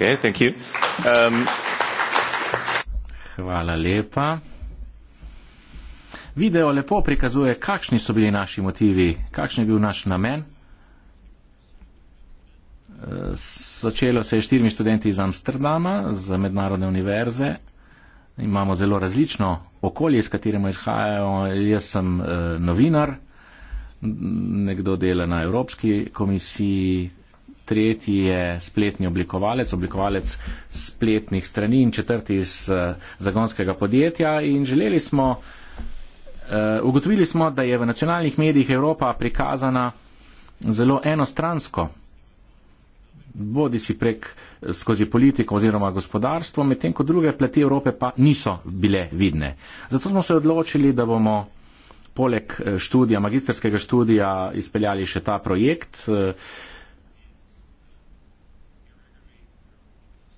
Okay, thank you. Um, Hvala lepa. Video lepo prikazuje, kakšni so bili naši motivi, kakšen je bil naš namen. Začelo se je s štirimi študenti iz Amsterdama, z mednarodne univerze. Imamo zelo različno okolje, iz katerega izhajajo. Jaz sem eh, novinar, nekdo dela na Evropski komisiji, tretji je spletni oblikovalec, oblikovalec spletnih strani in četrti iz eh, zagonskega podjetja. In želeli smo, eh, ugotovili smo, da je v nacionalnih medijih Evropa prikazana zelo enostransko, bodi si prek eh, skozi politiko oziroma gospodarstvo, medtem ko druge plati Evrope pa niso bile vidne. Zato smo se odločili, da bomo poleg študija, magisterskega študija, izpeljali še ta projekt,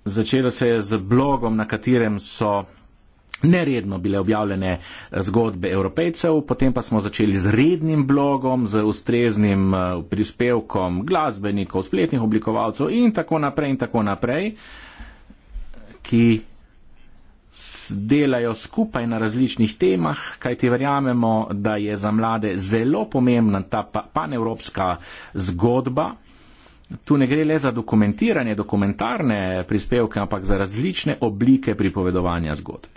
Začelo se je z blogom, na katerem so neredno bile objavljene eh, zgodbe evropejcev, potem pa smo začeli z rednim blogom, z ustreznim eh, prispevkom glasbenikov, spletnih oblikovalcev in tako naprej in tako naprej, ki delajo skupaj na različnih temah, kajti verjamemo, da je za mlade zelo pomembna ta panevropska zgodba tu ne gre le za dokumentiranje, dokumentarne prispevke, ampak za različne oblike pripovedovanja zgodb.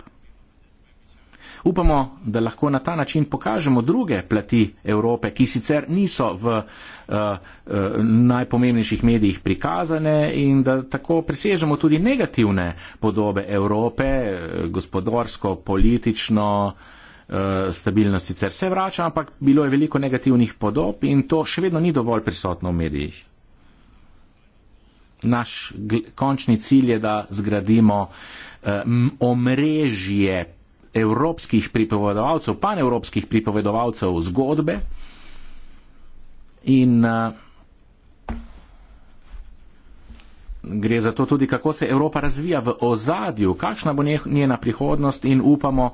Upamo, da lahko na ta način pokažemo druge plati Evrope, ki sicer niso v uh, uh, najpomembnejših medijih prikazane in da tako presežemo tudi negativne podobe Evrope, eh, gospodarsko, politično, uh, stabilnost sicer se vrača, ampak bilo je veliko negativnih podob in to še vedno ni dovolj prisotno v medijih naš končni cilj je, da zgradimo eh, omrežje evropskih pripovedovalcev, panevropskih pripovedovalcev zgodbe in eh, gre za to tudi, kako se Evropa razvija v ozadju, kakšna bo njena prihodnost in upamo,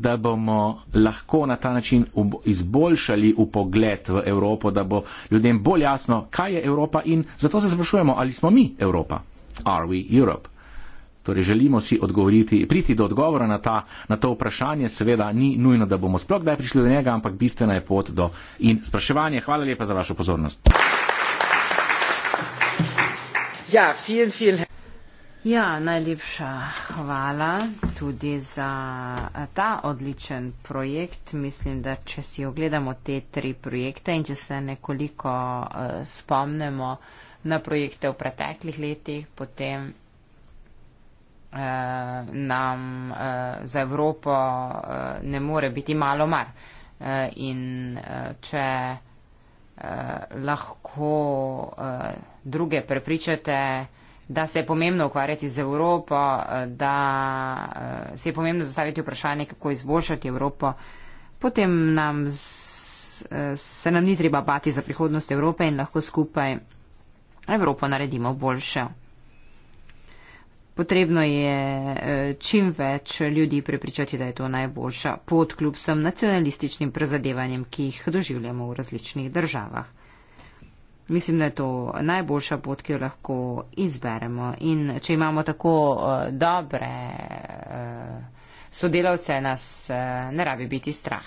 da bomo lahko na ta način izboljšali upogled v Evropo, da bo ljudem bolj jasno, kaj je Evropa in zato se sprašujemo, ali smo mi Evropa. Are we Europe? Torej želimo si odgovoriti, priti do odgovora na, ta, na to vprašanje, seveda ni nujno, da bomo sploh kdaj prišli do njega, ampak bistvena je pot do in spraševanje. Hvala lepa za vašo pozornost. Ja, vielen, vielen. Ja, najlepša hvala tudi za ta odličen projekt. Mislim, da če si ogledamo te tri projekte in če se nekoliko eh, spomnimo na projekte v preteklih letih, potem eh, nam eh, za Evropo eh, ne more biti malo mar. Eh, in eh, če eh, lahko eh, druge prepričate, eh, da se je pomembno ukvarjati z Evropo, da eh, se je pomembno zastaviti vprašanje, kako izboljšati Evropo, potem nam eh, se nam ni treba bati za prihodnost Evrope in lahko skupaj Evropo naredimo boljše. Potrebno je eh, čim več ljudi prepričati, da je to najboljša pot kljub vsem nacionalističnim prezadevanjem, ki jih doživljamo v različnih državah. Mislim, da je to najboljša pot, ki jo lahko izberemo. In če imamo tako uh, dobre uh, sodelavce, nas uh, ne rabi biti strah.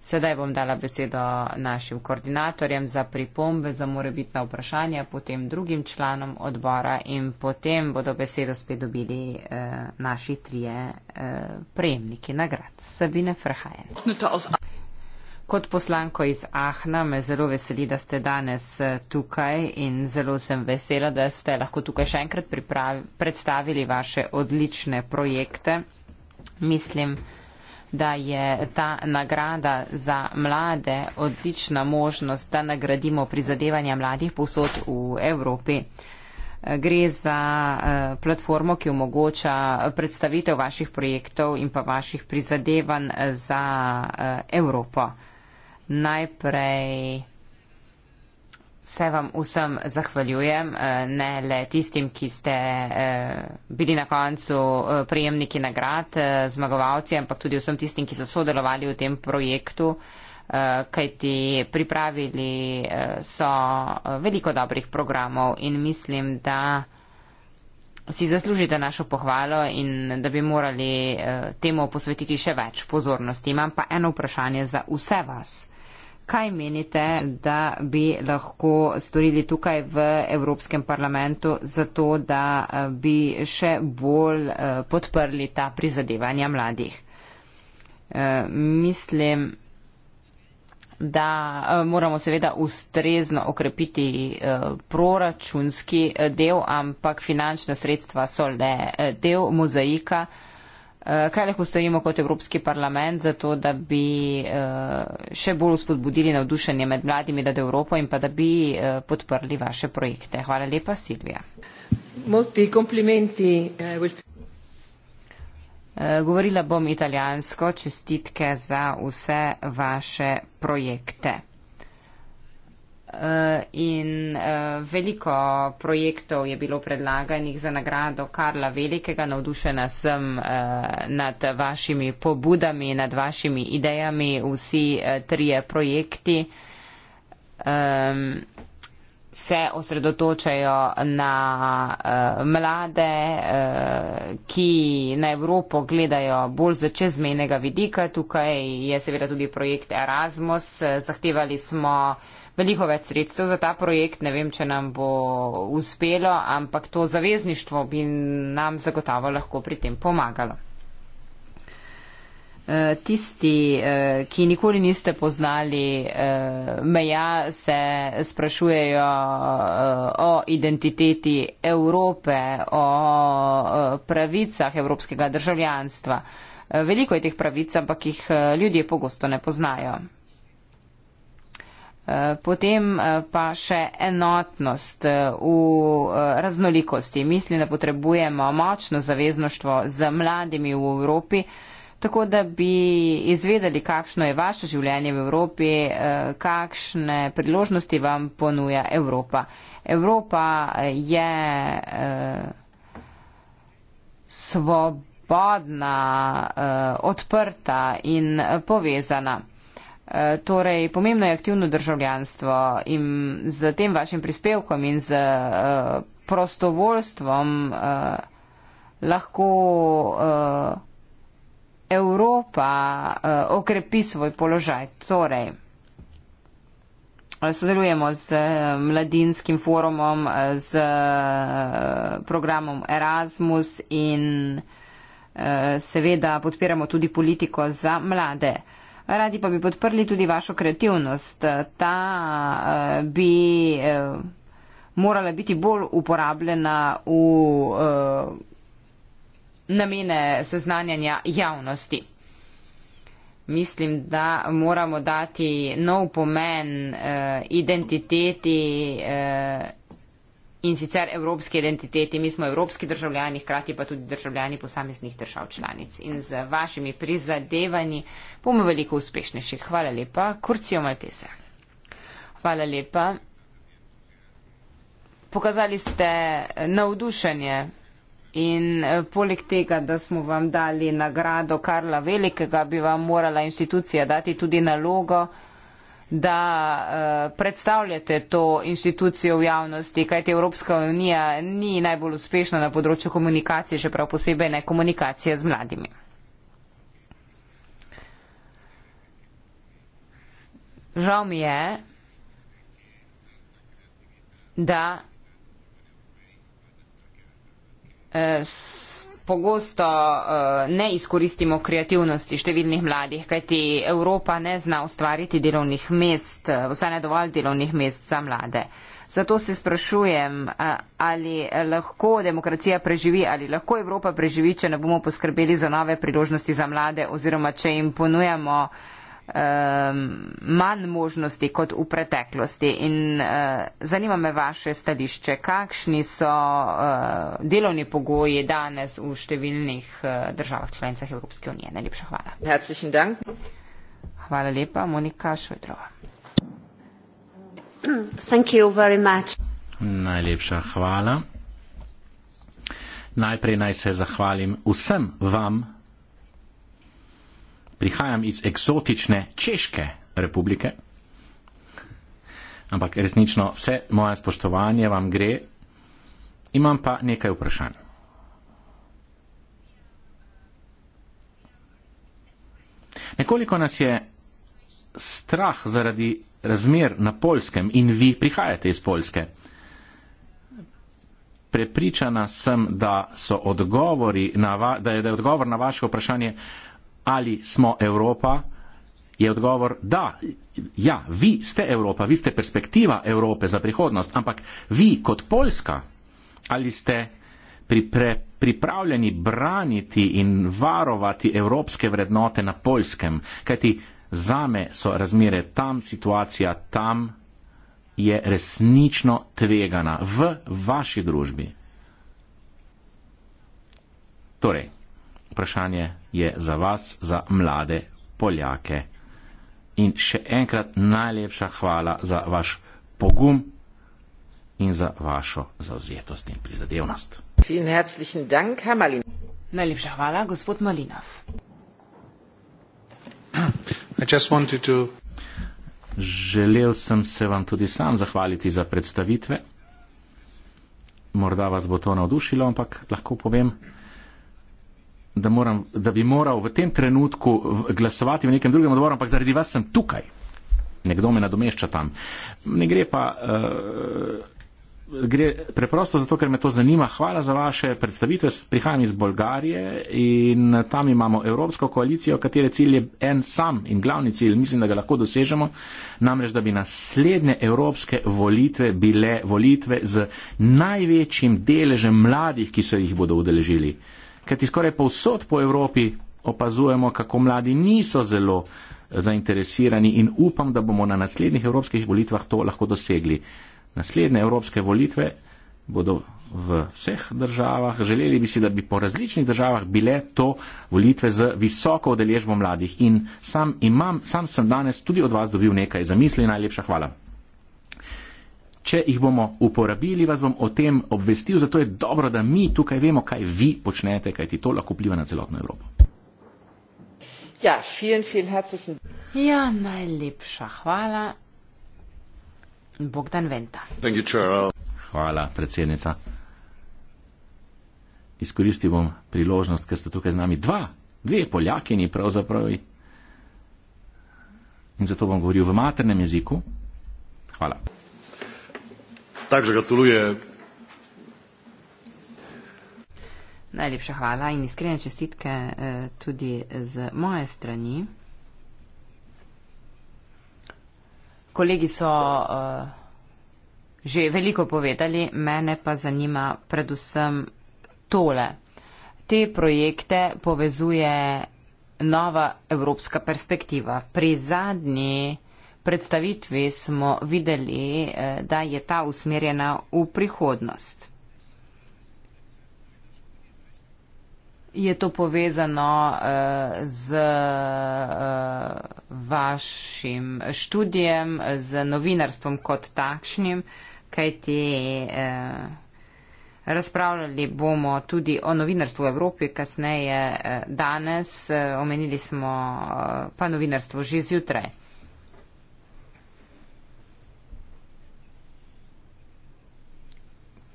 Sedaj bom dala besedo našim koordinatorjem za pripombe, za morebitna vprašanja, potem drugim članom odbora in potem bodo besedo spet dobili eh, naši trije eh, prejemniki nagrad. Sabine Frhajen. Kot poslanko iz Ahna me zelo veseli, da ste danes eh, tukaj in zelo sem vesela, da ste lahko tukaj še enkrat predstavili vaše odlične projekte. Mislim, da je ta nagrada za mlade odlična možnost, da nagradimo prizadevanja mladih povsod v Evropi. Gre za eh, platformo, ki omogoča eh, predstavitev vaših projektov in pa vaših prizadevanj za Evropo najprej se vam vsem zahvaljujem, eh, ne le tistim, ki ste eh, bili na koncu eh, prijemniki nagrad, zmagovalci, ampak tudi vsem tistim, ki so sodelovali v tem projektu, kajti pripravili so veliko dobrih programov in mislim, da si zaslužite našo pohvalo in da bi morali temu posvetiti še več pozornosti. Imam pa eno vprašanje za vse vas. Kaj menite, da bi lahko storili tukaj v Evropskem parlamentu za to, da eh, bi še bolj eh, podprli ta prizadevanja mladih? Eh, mislim, da moramo seveda ustrezno okrepiti proračunski del, ampak finančna sredstva so le del mozaika Eh, kaj lahko stojimo kot Evropski parlament za to, da bi eh, še bolj spodbudili navdušenje med mladimi nad Evropo in pa da bi eh, podprli vaše projekte? Hvala lepa, Silvija. Molti komplimenti. Govorila bom italijansko, čestitke za vse vaše projekte. Eh, in uh, veliko projektov je bilo predlaganih za nagrado Karla Velikega. Navdušena sem uh, nad vašimi pobudami, nad vašimi idejami, vsi uh, trije projekti. Um, se osredotočajo na uh, mlade, uh, ki na Evropo gledajo bolj z čezmenega vidika. Tukaj je seveda tudi projekt Erasmus. Zahtevali smo veliko več sredstev za ta projekt, ne vem, če nam bo uspelo, ampak to zavezništvo bi nam zagotovo lahko pri tem pomagalo. E, tisti, e, ki nikoli niste poznali e, meja, se sprašujejo o identiteti Evrope, o pravicah evropskega državljanstva. Veliko je teh pravic, ampak jih ljudje pogosto ne poznajo. Eh, potem eh, pa še enotnost eh, v raznolikosti. Mislim, da potrebujemo močno zavezništvo z mladimi v Evropi, tako da bi izvedeli, kakšno je vaše življenje v Evropi, kakšne priložnosti vam ponuja Evropa. Evropa je svobodna, odprta in povezana. Eh, torej, pomembno je aktivno državljanstvo in z tem vašim prispevkom in z eh, prostovoljstvom eh, lahko Evropa okrepi svoj položaj. Torej, sodelujemo z Mladinskim forumom, z programom Erasmus in seveda podpiramo tudi politiko za mlade radi pa bi podprli tudi vašo kreativnost. Ta eh, bi eh, morala biti bolj uporabljena v eh, namene seznanjanja javnosti. Mislim, da moramo dati nov pomen identiteti in sicer evropski identiteti. Mi smo evropski državljani, hkrati pa tudi državljani posameznih držav članic. In z vašimi prizadevanji bomo veliko uspešnejši. Hvala lepa, Kurcijo Maltese. Hvala lepa. Pokazali ste navdušenje in eh, poleg tega, da smo vam dali nagrado Karla Velikega, bi vam morala institucija dati tudi nalogo da eh, predstavljate to inštitucijo v javnosti, kajti Evropska unija ni najbolj uspešna na področju komunikacije, še prav posebej ne komunikacije z mladimi. Žal mi je, da eh, pogosto eh, ne izkoristimo kreativnosti številnih mladih, kajti Evropa ne zna ustvariti delovnih mest, eh, vsaj ne dovolj delovnih mest za mlade. Zato se sprašujem, eh, ali lahko demokracija preživi, ali lahko Evropa preživi, če ne bomo poskrbeli za nove priložnosti za mlade oziroma če jim ponujamo Um, manj možnosti kot v preteklosti. In uh, zanima me vaše stališče, kakšni so uh, delovni pogoji danes v številnih uh, državah članicah Evropske unije. Najlepša hvala. Hvala lepa, Monika Šojdrova. Najlepša hvala. Najprej naj se zahvalim vsem vam prihajam iz eksotične Češke republike. Ampak resnično vse moje spoštovanje vam gre. Imam pa nekaj vprašanj. Nekoliko nas je strah zaradi razmer na polskem in vi prihajate iz Polske. Prepričana sem, da, so odgovori na, da je odgovor na vaše vprašanje ali smo Evropa, je odgovor da. Ja, vi ste Evropa, vi ste perspektiva Evrope za prihodnost, ampak vi kot Poljska, ali ste pripre, pripravljeni braniti in varovati evropske vrednote na Poljskem, kajti zame so razmere tam, situacija tam je resnično tvegana v vaši družbi. Torej, vprašanje je za vas, za mlade Poljake. In še enkrat najlepša hvala za vaš pogum in za vašo zauzetost in prizadevnost. Najlepša hvala, gospod Malinov. To... Želel sem se vam tudi sam zahvaliti za predstavitve. Morda vas bo to navdušilo, ampak lahko povem, da, moram, da bi moral v tem trenutku glasovati v nekem drugem odboru, ampak zaradi vas sem tukaj. Nekdo me nadomešča tam. Ne gre pa. Uh, Gre preprosto zato, ker me to zanima. Hvala za vaše predstavitve. Prihajam iz Bolgarije in tam imamo Evropsko koalicijo, katere cilj je en sam in glavni cilj, mislim, da ga lahko dosežemo, namreč, da bi naslednje evropske volitve bile volitve z največjim deležem mladih, ki se jih bodo udeležili. Uh, kajti skoraj povsod po Evropi opazujemo, kako mladi niso zelo zainteresirani in upam, da bomo na naslednjih evropskih volitvah to lahko dosegli. Naslednje evropske volitve bodo v vseh državah. Želeli bi si, da bi po različnih državah bile to volitve z visoko odeležbo mladih. In sam, imam, sam sem danes tudi od vas dobil nekaj zamisli. Najlepša hvala. Če jih bomo uporabili, vas bom o tem obvestil, zato je dobro, da mi tukaj vemo, kaj vi počnete, kajti to lahko pliva na celotno Evropo. Ja, vielen, vielen herzlichen... ja najlepša hvala. Bogdan Venta. You, hvala, predsednica. Izkoristil bom priložnost, ker ste tukaj z nami dva, dve poljakini pravzaprav. In zato bom govoril v maternem jeziku. Hvala. Takže gratuluje. Najlepša hvala in iskrene čestitke eh, tudi z moje strani. Kolegi so eh, že veliko povedali, mene pa zanima predvsem tole. Te projekte povezuje nova evropska perspektiva. Pri zadnji predstavitvi smo videli, eh, da je ta usmerjena v prihodnost. Je to povezano eh, z eh, vašim študijem, z novinarstvom kot takšnim, kajti razpravljali bomo tudi o novinarstvu v Evropi kasneje danes, omenili smo pa novinarstvo že zjutraj.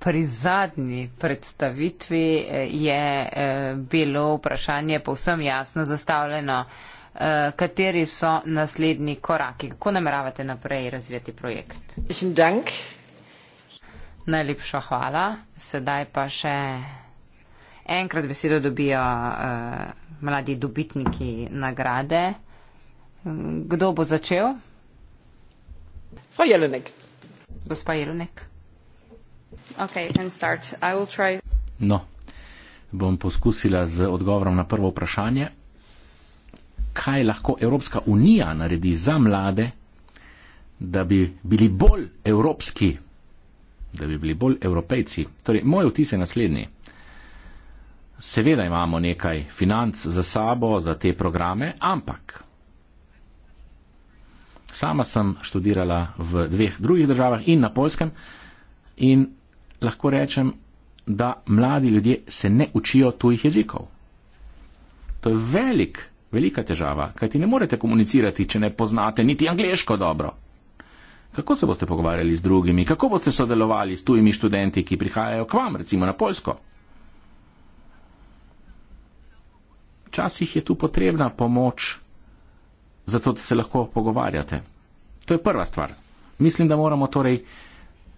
pri zadnji predstavitvi eh, je eh, bilo vprašanje povsem jasno zastavljeno, eh, kateri so naslednji koraki, kako nameravate naprej razvijati projekt. Najlepša hvala. Sedaj pa še enkrat besedo dobijo uh, mladi dobitniki nagrade. Kdo bo začel? Frau Jelenek. Gospa Jelenek. Okay, no, bom poskusila z odgovorom na prvo vprašanje. Kaj lahko Evropska unija naredi za mlade, da bi bili bolj evropski, da bi bili bolj evropejci? Torej, moj vtis je naslednji. Seveda imamo nekaj financ za sabo, za te programe, ampak sama sem študirala v dveh drugih državah in na Poljskem in lahko rečem, da mladi ljudje se ne učijo tujih jezikov. To je velik, velika težava, kajti ne morete komunicirati, če ne poznate niti angliško dobro. Kako se boste pogovarjali z drugimi, kako boste sodelovali s tujimi študenti, ki prihajajo k vam, recimo na Poljsko? Včasih je tu potrebna pomoč, zato da se lahko pogovarjate. To je prva stvar. Mislim, da moramo torej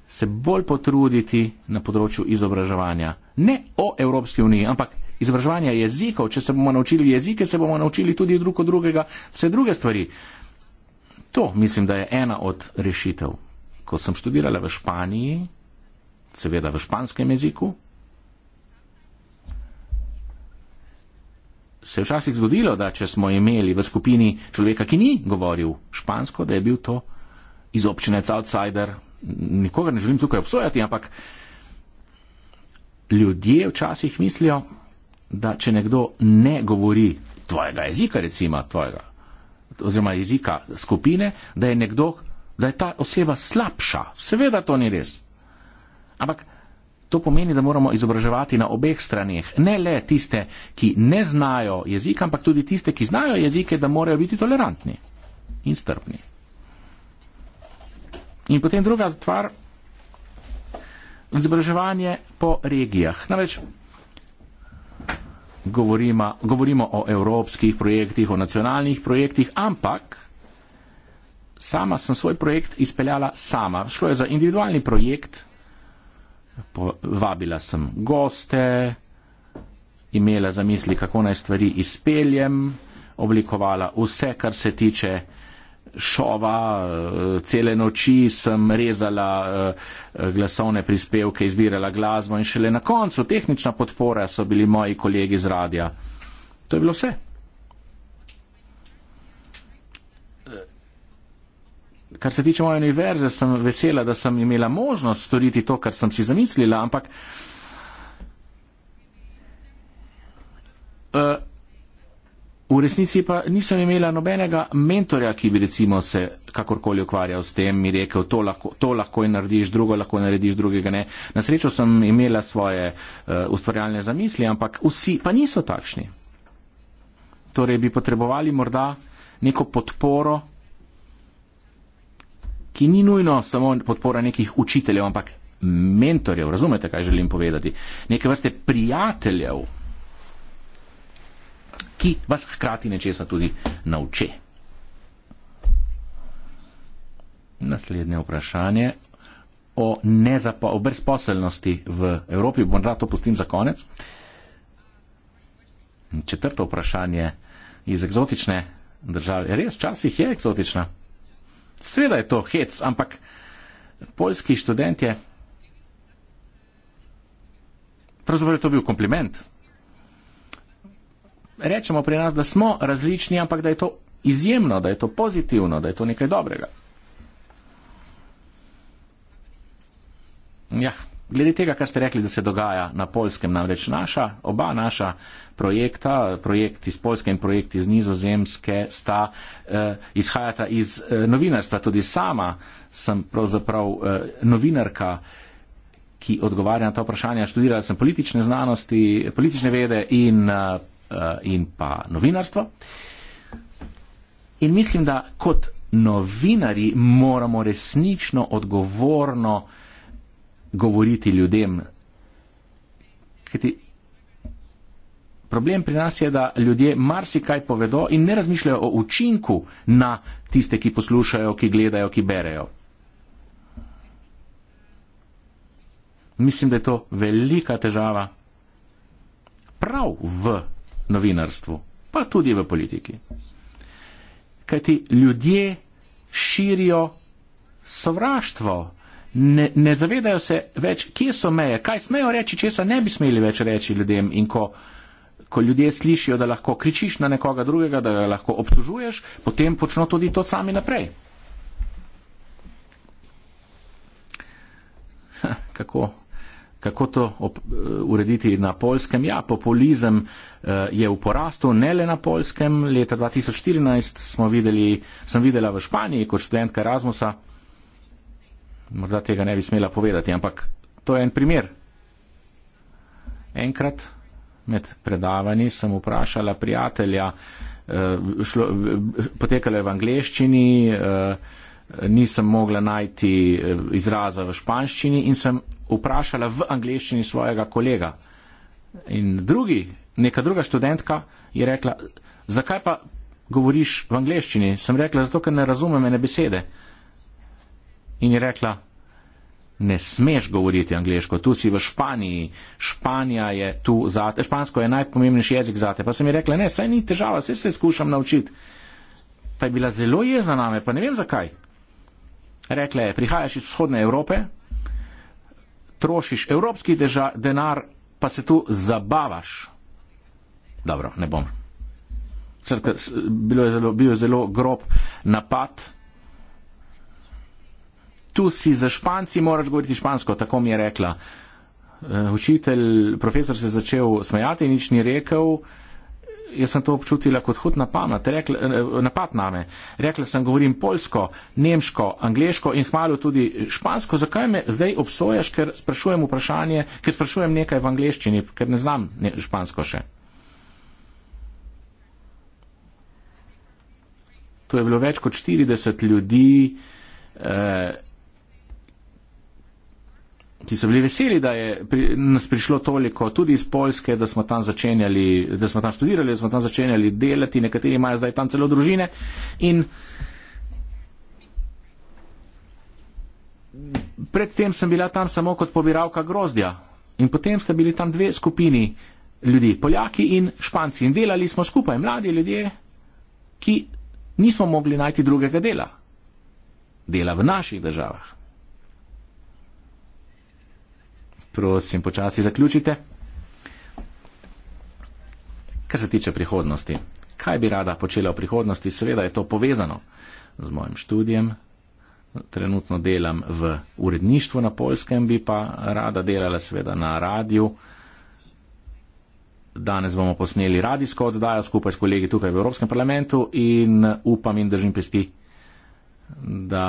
se bolj potruditi na področju izobraževanja. Ne o Evropski uniji, ampak izobraževanja jezikov. Če se bomo naučili jezike, se bomo naučili tudi drug od drugega, vse druge stvari. To mislim, da je ena od rešitev. Ko sem študirala v Španiji, seveda v španskem jeziku, se je včasih zgodilo, da če smo imeli v skupini človeka, ki ni govoril špansko, da je bil to izobčenec outsider, nikogar ne želim tukaj obsojati, ampak ljudje včasih mislijo, da če nekdo ne govori tvojega jezika, recimo tvojega, oziroma jezika skupine, da je nekdo, da je ta oseba slabša. Seveda to ni res. Ampak to pomeni, da moramo izobraževati na obeh stranih, ne le tiste, ki ne znajo jezika, ampak tudi tiste, ki znajo jezike, da morajo biti tolerantni in strpni. In potem druga stvar, izobraževanje po regijah. Namreč govorima, govorimo o evropskih projektih, o nacionalnih projektih, ampak sama sem svoj projekt izpeljala sama. Šlo je za individualni projekt, vabila sem goste, imela za misli, kako naj stvari izpeljem, oblikovala vse, kar se tiče šova, eh, cele noči sem rezala eh, glasovne prispevke, izbirala glasbo in šele na koncu tehnična podpora so bili moji kolegi z radija. To je bilo vse. Eh, kar se tiče moje univerze, sem vesela, da sem imela možnost storiti to, kar sem si zamislila, ampak. Uh, V resnici pa nisem imela nobenega mentorja, ki bi recimo se kakorkoli ukvarjal s tem, mi rekel, to lahko, to lahko in narediš, drugo lahko narediš, drugega ne. Na srečo sem imela svoje uh, ustvarjalne zamisli, ampak vsi pa niso takšni. Torej bi potrebovali morda neko podporo, ki ni nujno samo podpora nekih učiteljev, ampak mentorjev, razumete, kaj želim povedati, neke vrste prijateljev ki vas hkrati nečesa tudi nauče. Naslednje vprašanje o, o brezposelnosti v Evropi. Morda to pustim za konec. Četrto vprašanje iz eksotične države. Res, včasih je eksotična. Sveda je to hec, ampak poljski študent je. Pravzaprav je to bil kompliment, rečemo pri nas, da smo različni, ampak da je to izjemno, da je to pozitivno, da je to nekaj dobrega. Ja, glede tega, kar ste rekli, da se dogaja na polskem, namreč naša, oba naša projekta, projekt iz Polske in projekt iz Nizozemske, sta, eh, izhajata iz eh, novinarstva. Tudi sama sem pravzaprav eh, novinarka, ki odgovarja na ta vprašanja. Študirala sem politične znanosti, politične vede in eh, Eh, in pa novinarstvo. In mislim, da kot novinari moramo resnično odgovorno govoriti ljudem. Problem pri nas je, da ljudje marsikaj povedo in ne razmišljajo o učinku na tiste, ki poslušajo, ki gledajo, ki berejo. Mislim, da je to velika težava prav v novinarstvu, pa tudi v politiki. Kaj ti ljudje širijo sovraštvo, ne, ne zavedajo se več, kje so meje, kaj smejo reči, česa ne bi smeli več reči ljudem. In ko, ko ljudje slišijo, da lahko kričiš na nekoga drugega, da ga lahko obtužuješ, potem počno tudi to sami naprej. Ha, kako? kako to op, eh, urediti na polskem. Ja, populizem eh, je v porastu, ne le na polskem. Leta 2014 videli, sem videla v Španiji kot študentka Erasmusa, morda tega ne bi smela povedati, ampak to je en primer. Enkrat med predavanji sem vprašala prijatelja, eh, šlo, eh, potekalo je v angleščini, eh, nisem mogla najti eh, izraza v španščini in sem vprašala v angleščini svojega kolega. In drugi, neka druga študentka je rekla, zakaj pa govoriš v angleščini? Sem rekla, zato ker ne razumem ene besede. In je rekla, ne smeš govoriti angliško, tu si v Španiji, Španija je tu zate, špansko je najpomembnejši jezik zate. Pa sem ji rekla, ne, saj ni težava, saj se skušam naučiti. Pa je bila zelo jezna name, pa ne vem zakaj rekle, prihajaš iz vzhodne Evrope, trošiš evropski deža, denar, pa se tu zabavaš. Dobro, ne bom. Srka, bilo je zelo, bil je zelo grob napad. Tu si za španci, moraš govoriti špansko, tako mi je rekla. Eh, učitelj, profesor se je začel smejati, nič ni rekel jaz sem to občutila kot hud eh, napad na, rekla, napad na me. Rekla sem, govorim polsko, nemško, angliško in hmalo tudi špansko. Zakaj me zdaj obsojaš, ker sprašujem vprašanje, ker sprašujem nekaj v angliščini, ker ne znam ne, špansko še? To je bilo več kot 40 ljudi. Eh, ki so bili veseli, da je pri, nas prišlo toliko tudi iz Poljske, da smo tam začenjali, da smo tam študirali, da smo tam začenjali delati, nekateri imajo zdaj tam celo družine. In predtem sem bila tam samo kot pobiralka grozdja. In potem sta bili tam dve skupini ljudi, Poljaki in Španci. In delali smo skupaj, mladi ljudje, ki nismo mogli najti drugega dela. Dela v naših državah. prosim, počasi zaključite. Kar se tiče prihodnosti, kaj bi rada počela v prihodnosti, seveda je to povezano z mojim študijem. Trenutno delam v uredništvu na polskem, bi pa rada delala seveda na radiju. Danes bomo posneli radijsko oddajo skupaj s kolegi tukaj v Evropskem parlamentu in upam in držim pesti, da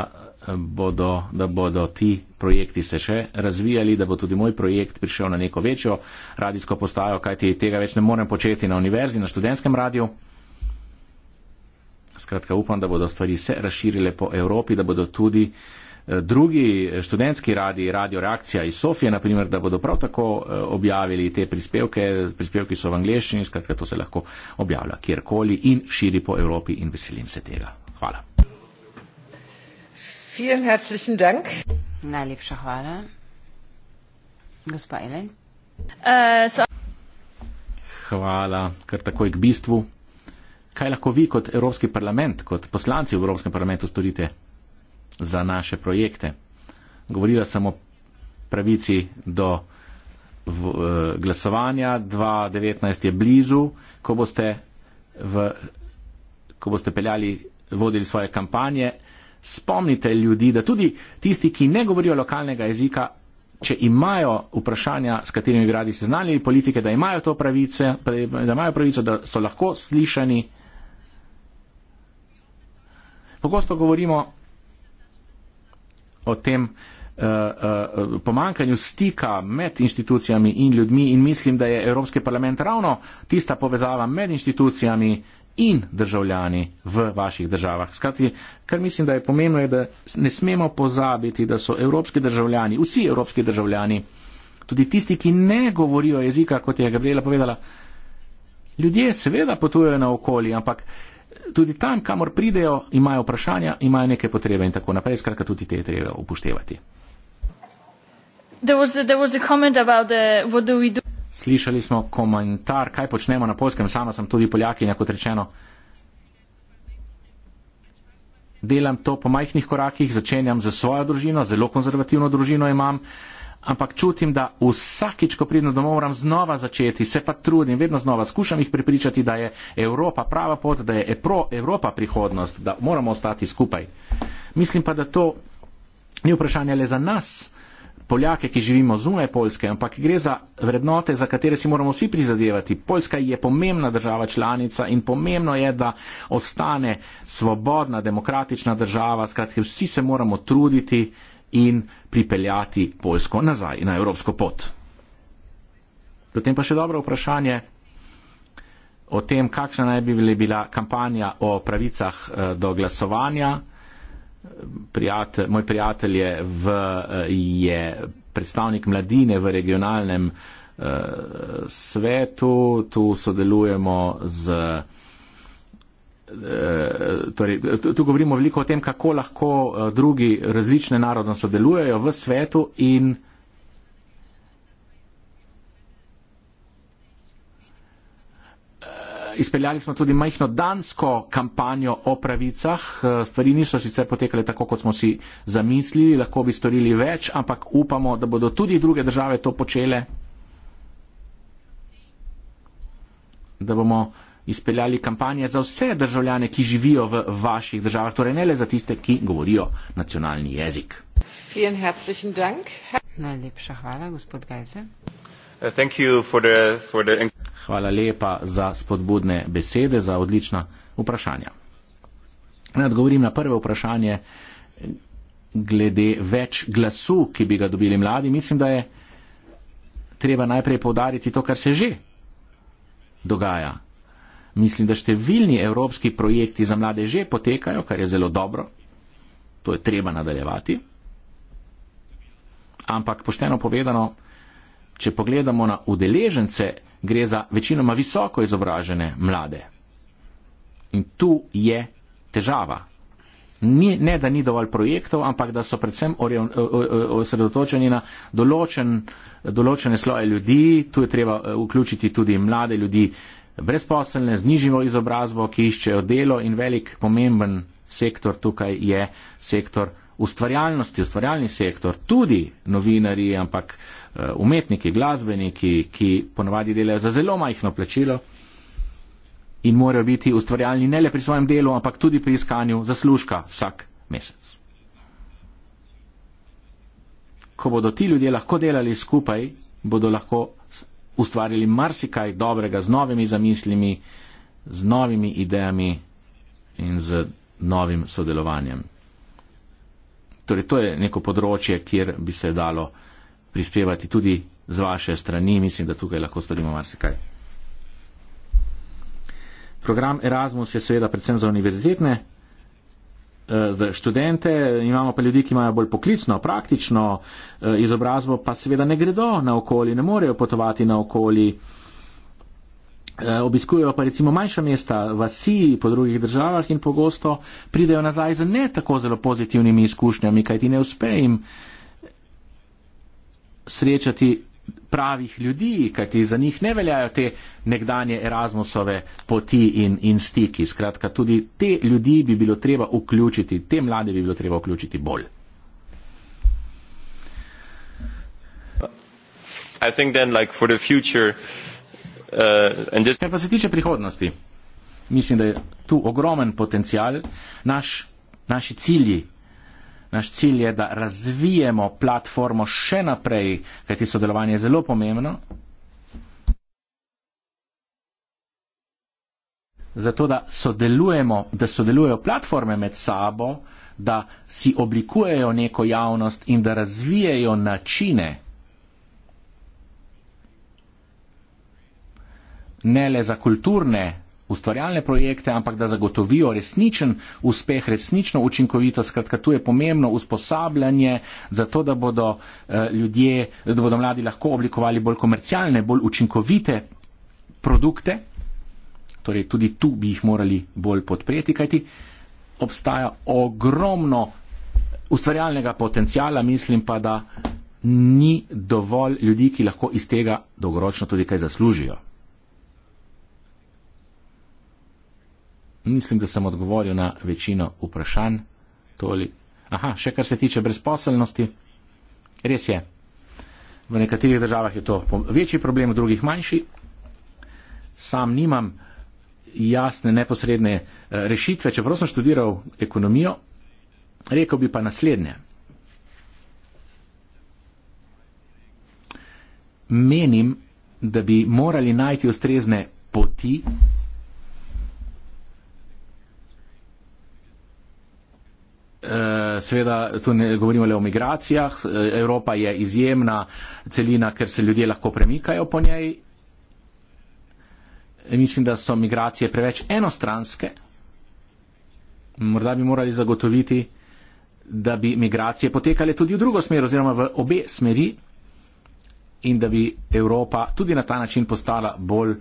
bodo, da bodo ti projekti se še razvijali, da bo tudi moj projekt prišel na neko večjo radijsko postajo, kajti tega več ne morem početi na univerzi, na študentskem radiju. Skratka, upam, da bodo stvari se razširile po Evropi, da bodo tudi eh, drugi študentski radi, Radio Reakcija iz Sofije, naprimer, da bodo prav tako eh, objavili te prispevke. Prispevki so v angleščini, skratka, to se lahko objavlja kjerkoli in širi po Evropi in veselim se tega. Hvala. Vielen herzlichen Dank. Najlepša hvala. Gospa Elen. Uh, so... Hvala, ker takoj k bistvu. Kaj lahko vi kot Evropski parlament, kot poslanci v Evropskem parlamentu storite za naše projekte? Govorila sem o pravici do v, eh, glasovanja. 2019 je blizu, ko boste, v, ko boste peljali, vodili svoje kampanje spomnite ljudi, da tudi tisti, ki ne govorijo lokalnega jezika, če imajo vprašanja, s katerimi bi radi seznanili politike, da imajo to pravice, da imajo pravico, da so lahko slišani. Pogosto govorimo o tem uh, uh, pomankanju stika med institucijami in ljudmi in mislim, da je Evropski parlament ravno tista povezava med institucijami in državljani v vaših državah. Skratki, kar mislim, da je pomembno, je, da ne smemo pozabiti, da so evropski državljani, vsi evropski državljani, tudi tisti, ki ne govorijo jezika, kot je Gabriela povedala, ljudje seveda potujejo na okolje, ampak tudi tam, kamor pridejo, imajo vprašanja, imajo neke potrebe in tako naprej. Skratka, tudi te je treba upoštevati. There was a, there was a slišali smo komentar, kaj počnemo na polskem, sama sem tudi poljakinja, kot rečeno. Delam to po majhnih korakih, začenjam za svojo družino, zelo konzervativno družino imam, ampak čutim, da vsakič, ko pridem domov, moram znova začeti, se pa trudim, vedno znova skušam jih prepričati, da je Evropa prava pot, da je Evropa prihodnost, da moramo ostati skupaj. Mislim pa, da to ni vprašanje le za nas, Poljake, ki živimo zunaj Poljske, ampak gre za vrednote, za katere si moramo vsi prizadevati. Poljska je pomembna država članica in pomembno je, da ostane svobodna, demokratična država. Skratke, vsi se moramo truditi in pripeljati Poljsko nazaj na evropsko pot. Potem pa še dobro vprašanje o tem, kakšna naj bi bila kampanja o pravicah eh, do glasovanja prijatelj, moj prijatelj je, v, je predstavnik mladine v regionalnem eh, svetu, tu sodelujemo z. Eh, torej, tu govorimo veliko o tem, kako lahko eh, drugi različne narodnosti sodelujejo v svetu in Izpeljali smo tudi majhno dansko kampanjo o pravicah. E, stvari niso sicer potekale tako, kot smo si zamislili, lahko bi storili več, ampak upamo, da bodo tudi druge države to počele. Da bomo izpeljali kampanje za vse državljane, ki živijo v vaših državah, torej ne le za tiste, ki govorijo nacionalni jezik. Najlepša hvala, gospod Gajzer. Uh, for the, for the... Hvala lepa za spodbudne besede, za odlična vprašanja. Nadgovorim na prvo vprašanje glede več glasu, ki bi ga dobili mladi. Mislim, da je treba najprej povdariti to, kar se že dogaja. Mislim, da številni evropski projekti za mlade že potekajo, kar je zelo dobro. To je treba nadaljevati. Ampak pošteno povedano, če pogledamo na udeležence, gre za večinoma visoko izobražene mlade. In tu je težava. Ni, ne, da ni dovolj projektov, ampak da so predvsem osredotočeni na določen, določene sloje ljudi, tu je treba eh, vključiti tudi mlade ljudi brezposelne, z nižjo izobrazbo, ki iščejo delo in velik pomemben sektor tukaj je sektor ustvarjalnosti, ustvarjalni sektor, tudi novinari, ampak uh, Eh, umetniki, glasbeniki, ki ponavadi delajo za zelo majhno plačilo in morajo biti ustvarjalni ne le pri svojem delu, ampak tudi pri iskanju zaslužka vsak mesec. Ko bodo ti ljudje lahko delali skupaj, bodo lahko ustvarili marsikaj dobrega z novimi zamislimi, z novimi idejami in z novim sodelovanjem. Torej, to je neko področje, kjer bi se dalo prispevati tudi z vaše strani. Mislim, da tukaj lahko storimo marsikaj. Program Erasmus je seveda predvsem za univerzitetne eh, za študente, imamo pa ljudi, ki imajo bolj poklicno, praktično eh, izobrazbo, pa seveda ne gredo na okoli, ne morejo potovati na okoli. Eh, obiskujejo pa recimo manjša mesta, vasi po drugih državah in pogosto pridejo nazaj z ne tako zelo pozitivnimi izkušnjami, kajti ne uspe jim srečati pravih ljudi, kajti za njih ne veljajo te nekdanje Erasmusove poti in, in stiki. Skratka, tudi te ljudi bi bilo treba vključiti, te mlade bi bilo treba vključiti bolj. Then, like, future, uh, this... Kar pa se tiče prihodnosti, mislim, da je tu ogromen potencial. Naš, naši cilji Naš cilj je, da razvijemo platformo še naprej, kajti sodelovanje je zelo pomembno. Zato, da, da sodelujejo platforme med sabo, da si oblikujejo neko javnost in da razvijajo načine, ne le za kulturne ustvarjalne projekte, ampak da zagotovijo resničen uspeh, resnično učinkovitost. Skratka, tu je pomembno usposabljanje za to, da bodo eh, ljudje, da bodo mladi lahko oblikovali bolj komercialne, bolj učinkovite produkte. Torej, tudi tu bi jih morali bolj podpreti, kajti obstaja ogromno ustvarjalnega potencijala, mislim pa, da ni dovolj ljudi, ki lahko iz tega dolgoročno tudi kaj zaslužijo. Mislim, da sem odgovoril na večino vprašanj. Toli. Aha, še kar se tiče brezposelnosti. Res je. V nekaterih državah je to večji problem, v drugih manjši. Sam nimam jasne, neposredne eh, rešitve, čeprav sem študiral ekonomijo. Rekl bi pa naslednje. Menim, da bi morali najti ustrezne poti Eh, seveda, tu ne govorimo le o migracijah. Eh, Evropa je izjemna celina, ker se ljudje lahko premikajo po njej. Mislim, da so migracije preveč enostranske. Morda bi morali zagotoviti, da bi migracije potekale tudi v drugo smer oziroma v obe smeri in da bi Evropa tudi na ta način postala bolj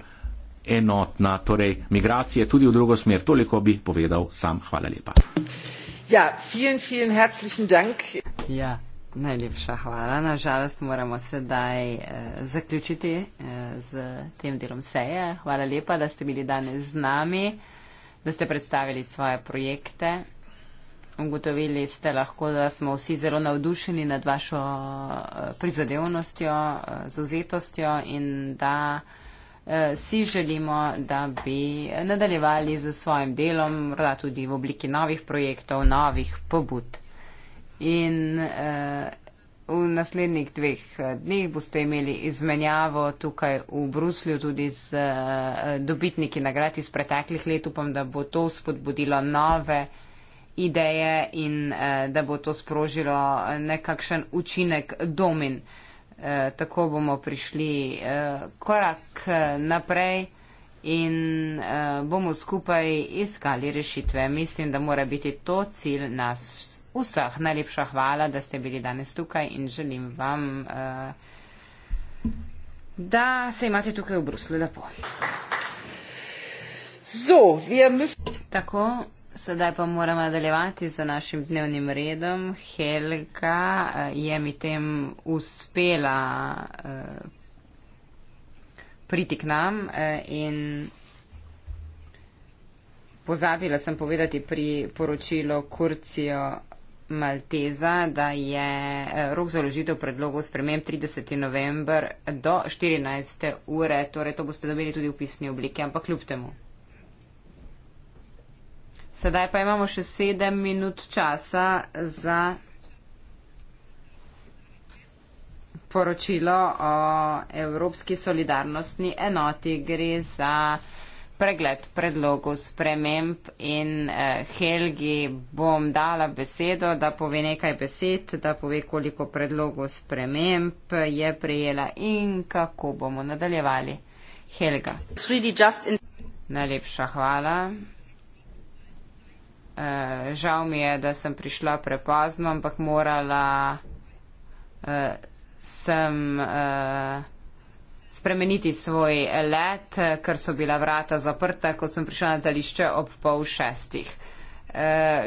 enotna. Torej, migracije tudi v drugo smer. Toliko bi povedal sam. Hvala lepa. Ja, vielen, vielen herzlichen Dank. Ja, najlepša hvala. Nažalost, moramo sedaj eh, zaključiti eh, z tem delom seje. Hvala lepa, da ste bili danes z nami, da ste predstavili svoje projekte. Ugotovili ste lahko, da smo vsi zelo navdušeni nad vašo eh, prizadevnostjo, eh, zauzetostjo in da. Eh, si želimo, da bi nadaljevali z svojim delom, morda tudi v obliki novih projektov, novih pobud. In uh, v naslednjih dveh eh, dneh boste imeli izmenjavo tukaj v Bruslju tudi z uh, dobitniki nagrad iz preteklih let. Upam, da bo to spodbudilo nove ideje in uh, da bo to sprožilo nekakšen učinek domin. Uh, Eh, tako bomo prišli eh, korak eh, naprej in bomo skupaj iskali rešitve. Mislim, da mora biti to cilj nas vseh. Najlepša hvala, da ste bili danes tukaj in želim vam, da se imate tukaj v Bruslu lepo. So, wir müssen. D'accord. Sedaj pa moramo nadaljevati z našim dnevnim redom. Helga eh, je mi tem uspela uh, priti k nam uh, in pozabila sem povedati pri poročilu Kurcijo Malteza, da je rok za ložitev predlogov spremem 30. november do 14. ure, torej to boste dobili tudi v pisni obliki, ampak kljub temu. Sedaj pa imamo še sedem minut časa za poročilo o Evropski solidarnostni enoti. Gre za pregled predlogov sprememb in eh, Helgi bom dala besedo, da pove nekaj besed, da pove, koliko predlogov sprememb je prijela in kako bomo nadaljevali. Helga. Najlepša hvala. Eh, žal mi je, da sem prišla prepozno, ampak morala uh, sem uh, spremeniti svoj let, ker so bila vrata zaprta, ko sem prišla na tališče ob pol šestih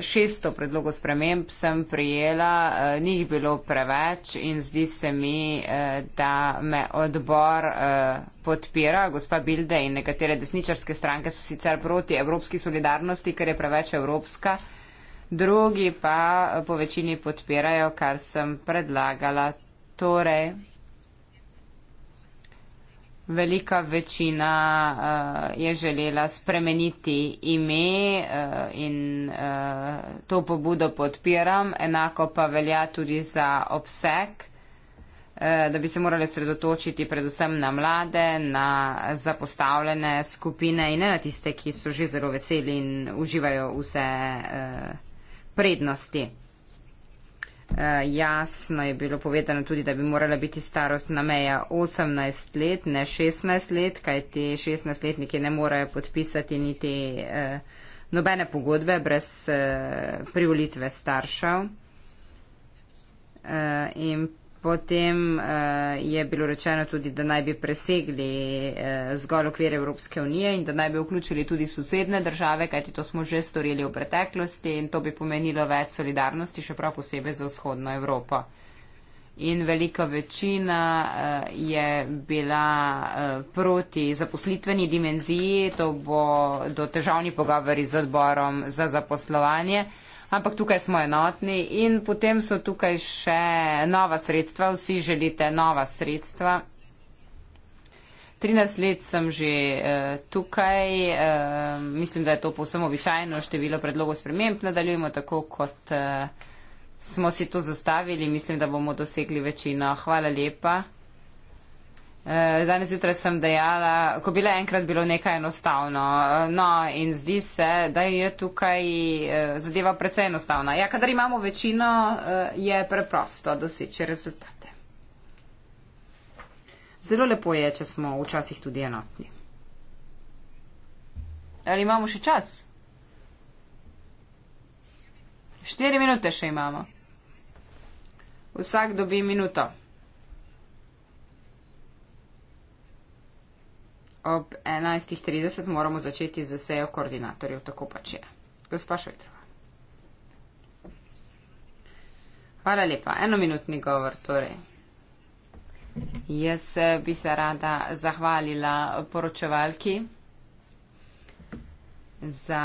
šesto predlogo sprememb sem prijela, eh, njih bilo preveč in zdi se mi, eh, da me odbor eh, podpira. Gospa Bilde in nekatere desničarske stranke so sicer proti evropski solidarnosti, ker je preveč evropska. Drugi pa po večini podpirajo, kar sem predlagala. Torej, Velika večina uh, je želela spremeniti ime uh, in uh, to pobudo podpiram, enako pa velja tudi za obseg, uh, da bi se morali sredotočiti predvsem na mlade, na zapostavljene skupine in ne na tiste, ki so že zelo veseli in uživajo vse uh, prednosti. Eh, jasno je bilo povedano tudi, da bi morala biti starostna meja 18 let, ne 16 let, kajti 16-letniki ne morejo podpisati niti eh, nobene pogodbe brez eh, privolitve staršev. In Potem uh, je bilo rečeno tudi, da naj bi presegli uh, zgolj okvir Evropske unije in da naj bi vključili tudi sosedne države, kajti to smo že storili v preteklosti in to bi pomenilo več solidarnosti, še prav posebej za vzhodno Evropo. In velika večina uh, je bila uh, proti zaposlitveni dimenziji, to bo do težavni pogovori z odborom za zaposlovanje ampak tukaj smo enotni in potem so tukaj še nova sredstva, vsi želite nova sredstva. 13 let sem že uh, tukaj, uh, mislim, da je to povsem običajno število predlogov sprememb, nadaljujemo tako, kot uh, smo si to zastavili, mislim, da bomo dosegli večino. Hvala lepa. Eh, danes jutraj sem dejala, ko bi le enkrat bilo nekaj enostavno. Eh, no, in zdi se, da je tukaj eh, zadeva precej enostavna. Ja, kadar imamo večino, je preprosto doseči rezultate. Zelo lepo je, če smo včasih tudi enotni. Ali imamo še čas? Štiri minute še imamo. Vsak dobi minuto. Ob 11.30 moramo začeti z sejo koordinatorjev, tako pač je. Gospa Šojtrova. Hvala lepa. Enominutni govor, torej. Jaz eh, bi se rada zahvalila poročevalki za.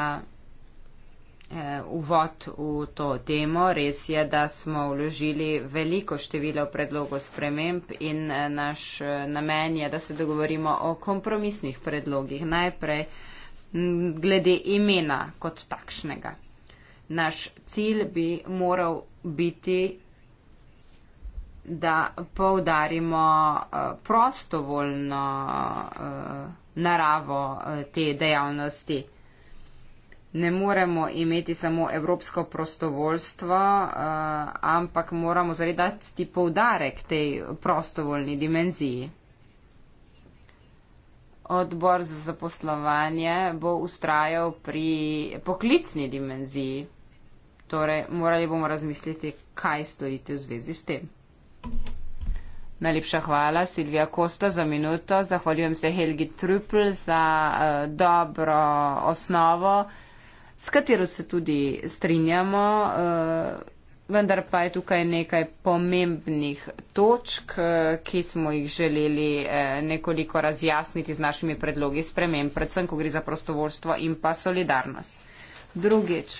Eh, uvod v to temo. Res je, da smo vložili veliko število predlogov sprememb in eh, naš eh, namen je, da se dogovorimo o kompromisnih predlogih. Najprej glede imena kot takšnega. Naš cilj bi moral biti, da poudarimo prostovoljno naravo te dejavnosti ne moremo imeti samo evropsko prostovoljstvo, eh, ampak moramo zaradi dati poudarek tej prostovoljni dimenziji. Odbor za zaposlovanje bo ustrajal pri poklicni dimenziji. Torej, morali bomo razmisliti, kaj storiti v zvezi s tem. Najlepša hvala, Silvija Kosta, za minuto. Zahvaljujem se Helgi Trupl za uh, dobro osnovo s katero se tudi strinjamo, eh, vendar pa je tukaj nekaj pomembnih točk, eh, ki smo jih želeli eh, nekoliko razjasniti z našimi predlogi sprememb, predvsem, ko gre za prostovoljstvo in pa solidarnost. Drugič,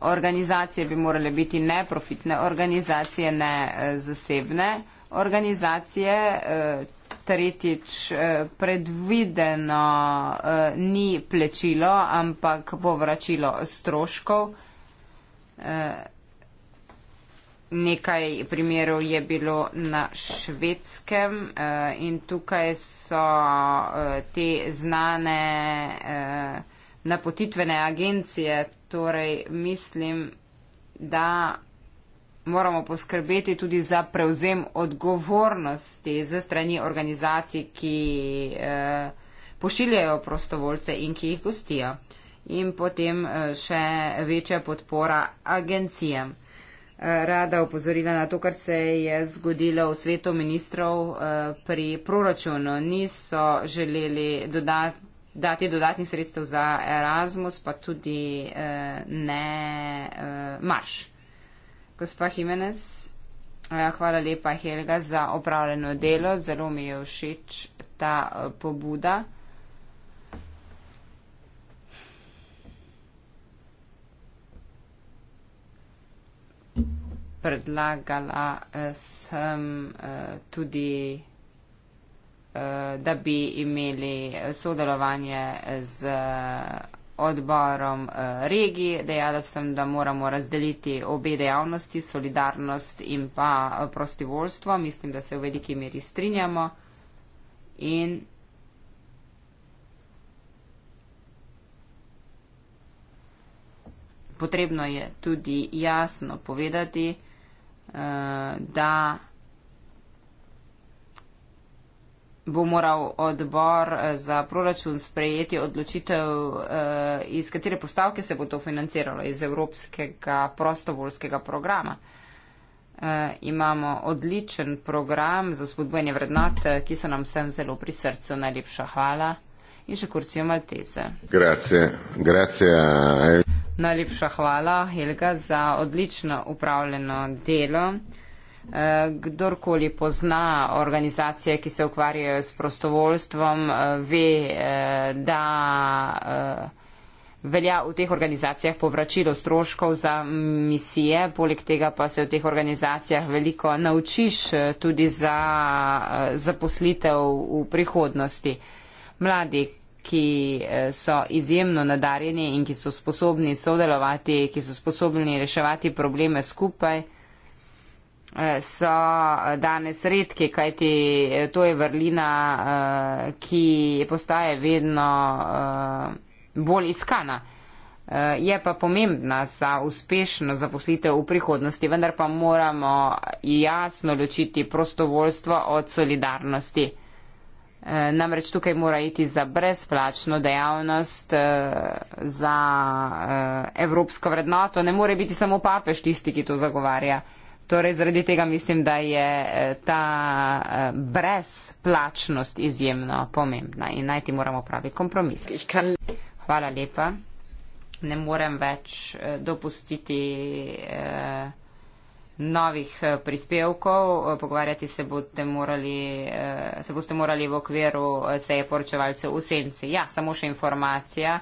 organizacije bi morale biti neprofitne organizacije, ne zasebne organizacije tretjič, eh, predvideno eh, ni plečilo, ampak povračilo stroškov. Eh, nekaj primerov je bilo na švedskem in tukaj so te znane napotitvene agencije, torej mislim, da moramo poskrbeti tudi za prevzem odgovornosti ze strani organizacij, ki eh, pošiljajo prostovoljce in ki jih gostijo. In potem eh, še večja podpora agencijam. Eh, rada upozorila na to, kar se je zgodilo v svetu ministrov pri proračunu. Niso želeli dodat, dati dodatnih sredstev za Erasmus, pa tudi ne marš. Gospa Jimenez, ja, hvala lepa Helga za opravljeno delo. Zelo mi je všeč ta eh, pobuda. Predlagala eh, sem eh, tudi, da bi imeli sodelovanje z odborom eh, regij. Dejala sem, da moramo razdeliti obe dejavnosti, solidarnost in pa eh, prostivolstvo. Mislim, da se v veliki meri strinjamo. In potrebno je tudi jasno povedati, eh, da bo moral odbor eh, za proračun sprejeti odločitev, eh, iz katere postavke se bo to financiralo, iz evropskega prostovoljskega programa. Eh, imamo odličen program za spodbojanje vrednot, ki so nam vsem zelo pri srcu. Najlepša hvala. In še kurcijo Malteze. Grazie. Grazie. Najlepša hvala, Helga, za odlično upravljeno delo. Eh, kdorkoli pozna organizacije, ki se ukvarjajo s prostovoljstvom, eh, ve, eh, da velja v teh organizacijah povračilo stroškov za misije, poleg tega pa se v teh organizacijah veliko naučiš tudi za zaposlitev v prihodnosti. Mladi, ki so izjemno nadarjeni in ki so sposobni sodelovati, ki so sposobni reševati probleme skupaj, so danes redki, kajti eh, to je vrlina, eh, ki postaje vedno eh, bolj iskana. Je pa pomembna za uspešno zaposlitev v prihodnosti, vendar pa moramo jasno ločiti prostovoljstvo od solidarnosti. Namreč tukaj mora iti za brezplačno dejavnost, za evropsko vrednoto. Ne more biti samo papež tisti, ki to zagovarja. Torej, zaradi tega mislim, da je eh, ta eh, brezplačnost izjemno pomembna in najti moramo pravi kompromis. Hvala lepa. Ne morem več eh, dopustiti novih prispevkov. Pogovarjati se boste morali, se boste morali v okviru seje poročevalcev v senci. Ja, samo še informacija.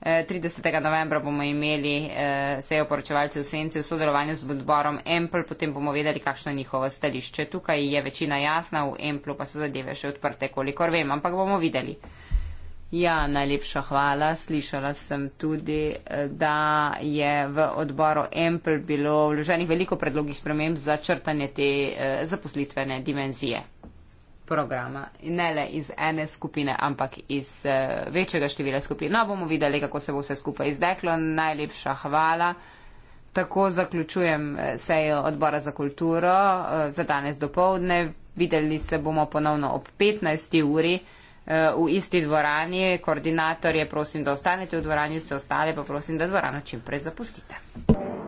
30. Eh, novembra bomo imeli eh, sejo poročevalcev v senci v sodelovanju z odborom Empl, potem bomo vedeli, kakšno je njihovo stališče. Tukaj je večina jasna, v Emplu pa so zadeve še odprte, kolikor vem, ampak bomo videli. Ja, najlepša hvala. Slišala sem tudi, eh, da je v odboru Empl bilo vloženih veliko predlogih sprememb za črtanje te zaposlitvene dimenzije programa. In ne le iz ene skupine, ampak iz uh, večjega števila skupin. No, bomo videli, kako se bo vse skupaj izdeklo. Najlepša hvala. Tako zaključujem eh, sejo odbora za kulturo uh, za danes do povdne. Videli se bomo ponovno ob 15. uri v isti dvorani. Koordinator je prosim, da ostanete v dvorani, vse ostale pa prosim, da dvorano čimprej zapustite.